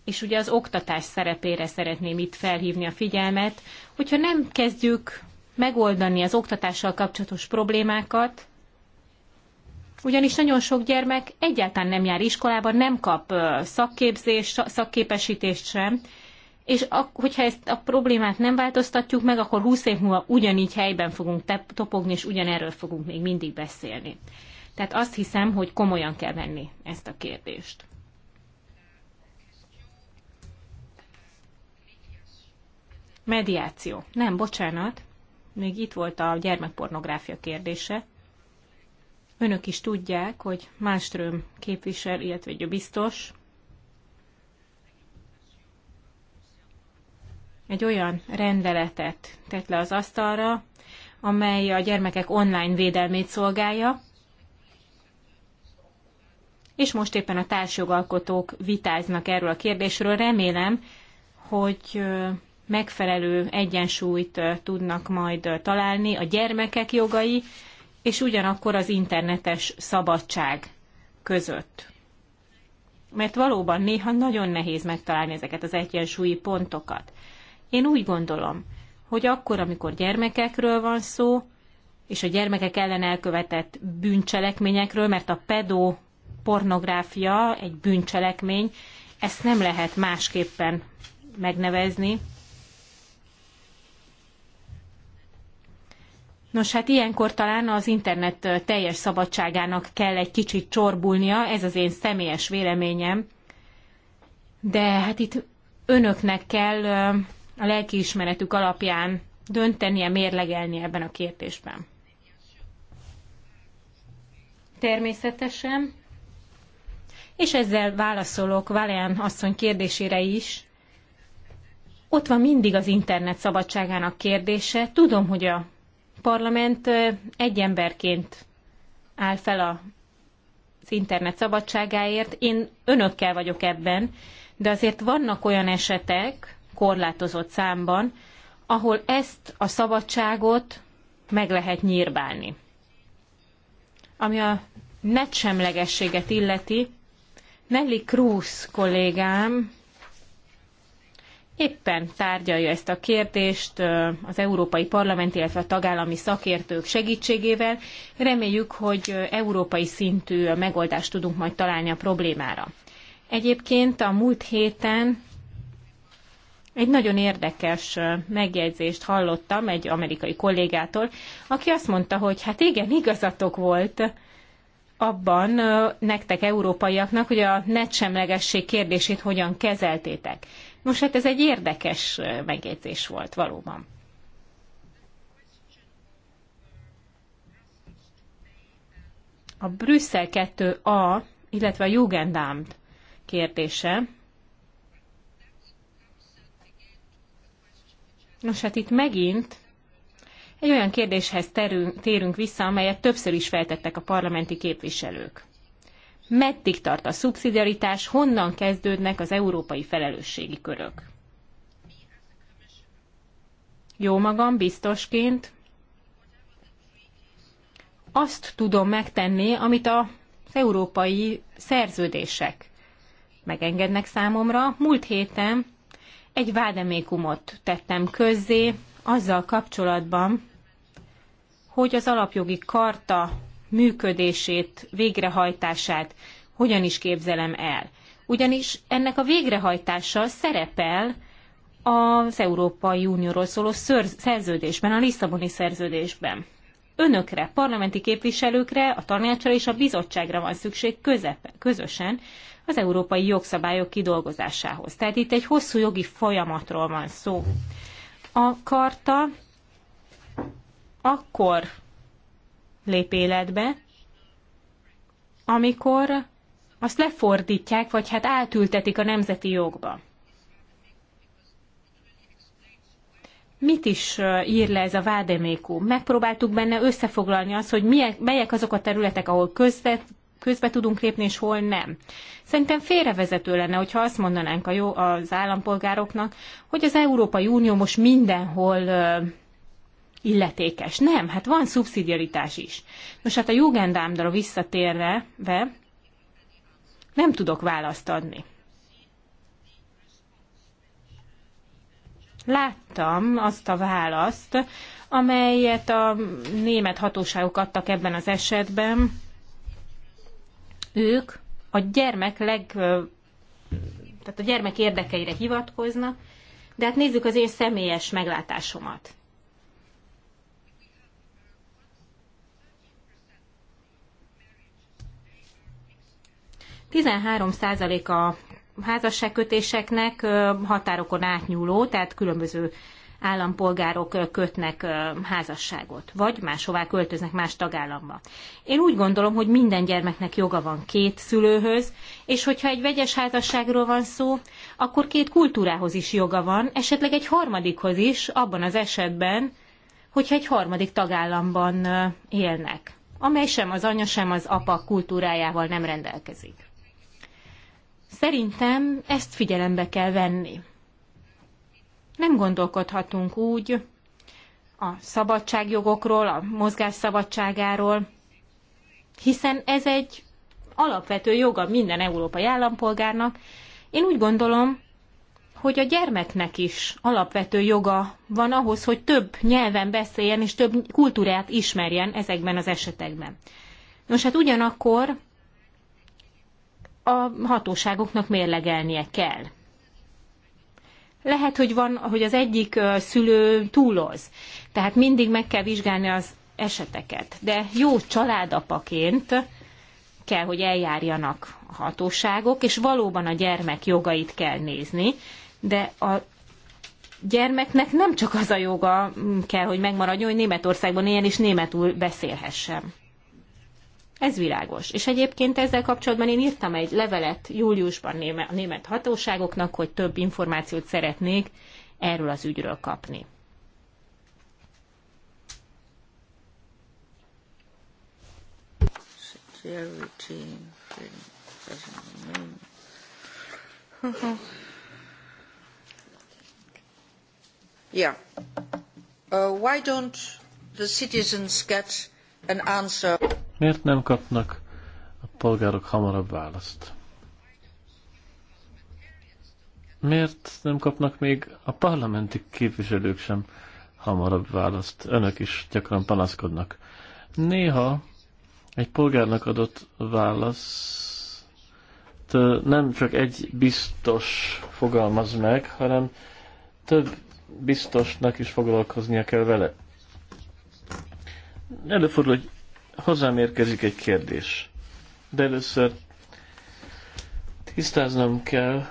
És ugye az oktatás szerepére szeretném itt felhívni a figyelmet, hogyha nem kezdjük megoldani az oktatással kapcsolatos problémákat, ugyanis nagyon sok gyermek egyáltalán nem jár iskolába, nem kap szakképzést, szakképesítést sem, és ak- hogyha ezt a problémát nem változtatjuk meg, akkor 20 év múlva ugyanígy helyben fogunk topogni, és ugyanerről fogunk még mindig beszélni. Tehát azt hiszem, hogy komolyan kell venni ezt a kérdést. Mediáció. Nem, bocsánat. Még itt volt a gyermekpornográfia kérdése. Önök is tudják, hogy Máström képvisel, illetve biztos, egy olyan rendeletet tett le az asztalra, amely a gyermekek online védelmét szolgálja, és most éppen a társjogalkotók vitáznak erről a kérdésről. Remélem, hogy megfelelő egyensúlyt tudnak majd találni a gyermekek jogai, és ugyanakkor az internetes szabadság között. Mert valóban néha nagyon nehéz megtalálni ezeket az egyensúlyi pontokat. Én úgy gondolom, hogy akkor, amikor gyermekekről van szó, és a gyermekek ellen elkövetett bűncselekményekről, mert a pedó pornográfia egy bűncselekmény, ezt nem lehet másképpen megnevezni. Nos, hát ilyenkor talán az internet teljes szabadságának kell egy kicsit csorbulnia, ez az én személyes véleményem. De hát itt önöknek kell a lelkiismeretük alapján döntenie, mérlegelni ebben a kérdésben. Természetesen, és ezzel válaszolok Valéan asszony kérdésére is, ott van mindig az internet szabadságának kérdése. Tudom, hogy a parlament egy emberként áll fel a, az internet szabadságáért. Én önökkel vagyok ebben, de azért vannak olyan esetek, korlátozott számban, ahol ezt a szabadságot meg lehet nyírbálni. Ami a netsemlegességet illeti, Nelly Cruz kollégám éppen tárgyalja ezt a kérdést az Európai Parlament, illetve a tagállami szakértők segítségével. Reméljük, hogy európai szintű megoldást tudunk majd találni a problémára. Egyébként a múlt héten egy nagyon érdekes megjegyzést hallottam egy amerikai kollégától, aki azt mondta, hogy hát igen, igazatok volt abban nektek, európaiaknak, hogy a netsemlegesség kérdését hogyan kezeltétek. Most hát ez egy érdekes megjegyzés volt valóban. A Brüsszel 2A, illetve a Jugendamt kérdése Nos, hát itt megint egy olyan kérdéshez terünk, térünk vissza, amelyet többször is feltettek a parlamenti képviselők. Meddig tart a szubszidiaritás, honnan kezdődnek az európai felelősségi körök? Jó magam, biztosként. Azt tudom megtenni, amit az európai szerződések megengednek számomra. Múlt héten egy vádemékumot tettem közzé azzal kapcsolatban, hogy az alapjogi karta működését, végrehajtását hogyan is képzelem el. Ugyanis ennek a végrehajtása szerepel az Európai Unióról szóló szerződésben, a Lisszaboni szerződésben. Önökre, parlamenti képviselőkre, a tanácsra és a bizottságra van szükség közepe, közösen, az európai jogszabályok kidolgozásához. Tehát itt egy hosszú jogi folyamatról van szó. A karta akkor lép életbe, amikor azt lefordítják, vagy hát átültetik a nemzeti jogba. Mit is ír le ez a vádemékú? Megpróbáltuk benne összefoglalni azt, hogy milyen, melyek azok a területek, ahol közvet, közbe tudunk lépni, és hol nem. Szerintem félrevezető lenne, hogyha azt mondanánk a jó, az állampolgároknak, hogy az Európai Unió most mindenhol ö, illetékes. Nem, hát van szubszidiaritás is. Nos, hát a jugendámdra visszatérve be, nem tudok választ adni. Láttam azt a választ, amelyet a német hatóságok adtak ebben az esetben, ők a gyermek leg, tehát a gyermek érdekeire hivatkoznak, de hát nézzük az én személyes meglátásomat. százalék a házasságkötéseknek határokon átnyúló, tehát különböző állampolgárok kötnek házasságot, vagy máshová költöznek más tagállamba. Én úgy gondolom, hogy minden gyermeknek joga van két szülőhöz, és hogyha egy vegyes házasságról van szó, akkor két kultúrához is joga van, esetleg egy harmadikhoz is, abban az esetben, hogyha egy harmadik tagállamban élnek, amely sem az anya, sem az apa kultúrájával nem rendelkezik. Szerintem ezt figyelembe kell venni nem gondolkodhatunk úgy a szabadságjogokról, a mozgás szabadságáról, hiszen ez egy alapvető joga minden európai állampolgárnak. Én úgy gondolom, hogy a gyermeknek is alapvető joga van ahhoz, hogy több nyelven beszéljen és több kultúrát ismerjen ezekben az esetekben. Nos, hát ugyanakkor a hatóságoknak mérlegelnie kell lehet, hogy van, hogy az egyik szülő túloz. Tehát mindig meg kell vizsgálni az eseteket. De jó családapaként kell, hogy eljárjanak a hatóságok, és valóban a gyermek jogait kell nézni, de a gyermeknek nem csak az a joga kell, hogy megmaradjon, hogy Németországban éljen és németül beszélhessen. Ez világos. És egyébként ezzel kapcsolatban én írtam egy levelet júliusban a német hatóságoknak, hogy több információt szeretnék erről az ügyről kapni. Yeah. Uh, why don't the citizens get an answer? Miért nem kapnak a polgárok hamarabb választ? Miért nem kapnak még a parlamenti képviselők sem hamarabb választ? Önök is gyakran panaszkodnak. Néha egy polgárnak adott válasz nem csak egy biztos fogalmaz meg, hanem több biztosnak is foglalkoznia kell vele. Előfordul, hogy hozzám érkezik egy kérdés. De először tisztáznom kell,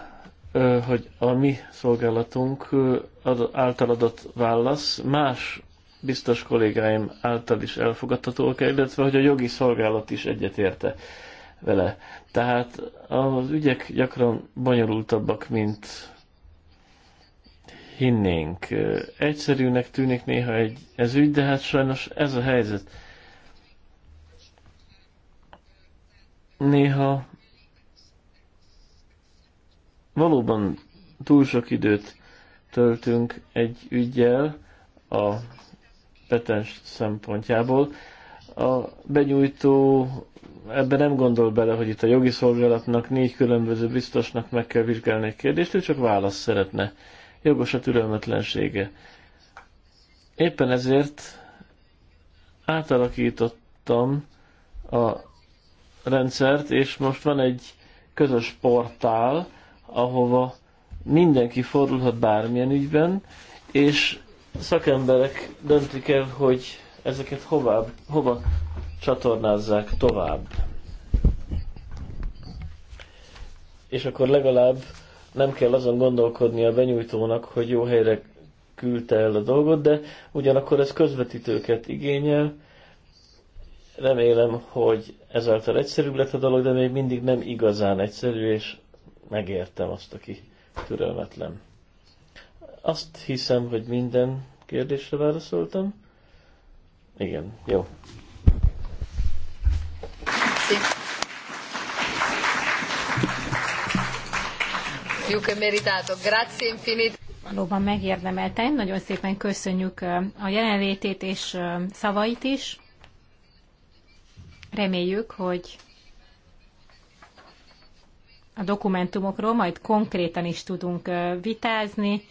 hogy a mi szolgálatunk által adott válasz más biztos kollégáim által is elfogadhatóak, illetve hogy a jogi szolgálat is egyetérte vele. Tehát az ügyek gyakran bonyolultabbak, mint hinnénk. Egyszerűnek tűnik néha egy, ez ügy, de hát sajnos ez a helyzet. néha valóban túl sok időt töltünk egy ügyjel a petens szempontjából. A benyújtó ebben nem gondol bele, hogy itt a jogi szolgálatnak négy különböző biztosnak meg kell vizsgálni egy kérdést, ő csak választ szeretne. Jogos a türelmetlensége. Éppen ezért átalakítottam a rendszert, és most van egy közös portál, ahova mindenki fordulhat bármilyen ügyben, és szakemberek döntik el, hogy ezeket hová, hova csatornázzák tovább. És akkor legalább nem kell azon gondolkodni a benyújtónak, hogy jó helyre küldte el a dolgot, de ugyanakkor ez közvetítőket igényel, Remélem, hogy ezáltal egyszerűbb lett a dolog, de még mindig nem igazán egyszerű, és megértem azt, aki türelmetlen. Azt hiszem, hogy minden kérdésre válaszoltam. Igen, jó. Più che meritato, grazie infinite. Valóban megérdemelte. Nagyon szépen köszönjük a jelenlétét és szavait is. Reméljük, hogy a dokumentumokról majd konkrétan is tudunk vitázni.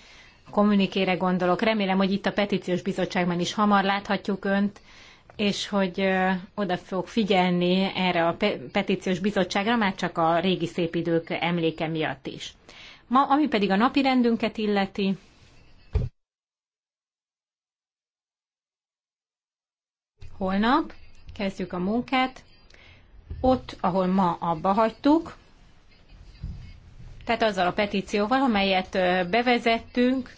Kommunikére gondolok. Remélem, hogy itt a petíciós bizottságban is hamar láthatjuk önt, és hogy oda fog figyelni erre a petíciós bizottságra, már csak a régi szép idők emléke miatt is. Ma, ami pedig a napi rendünket illeti, holnap kezdjük a munkát. Ott, ahol ma abba hagytuk, tehát azzal a petícióval, amelyet bevezettünk,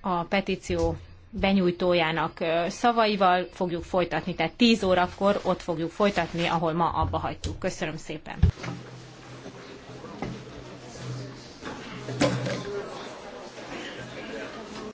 a petíció benyújtójának szavaival fogjuk folytatni, tehát 10 órakor ott fogjuk folytatni, ahol ma abba hagytuk. Köszönöm szépen!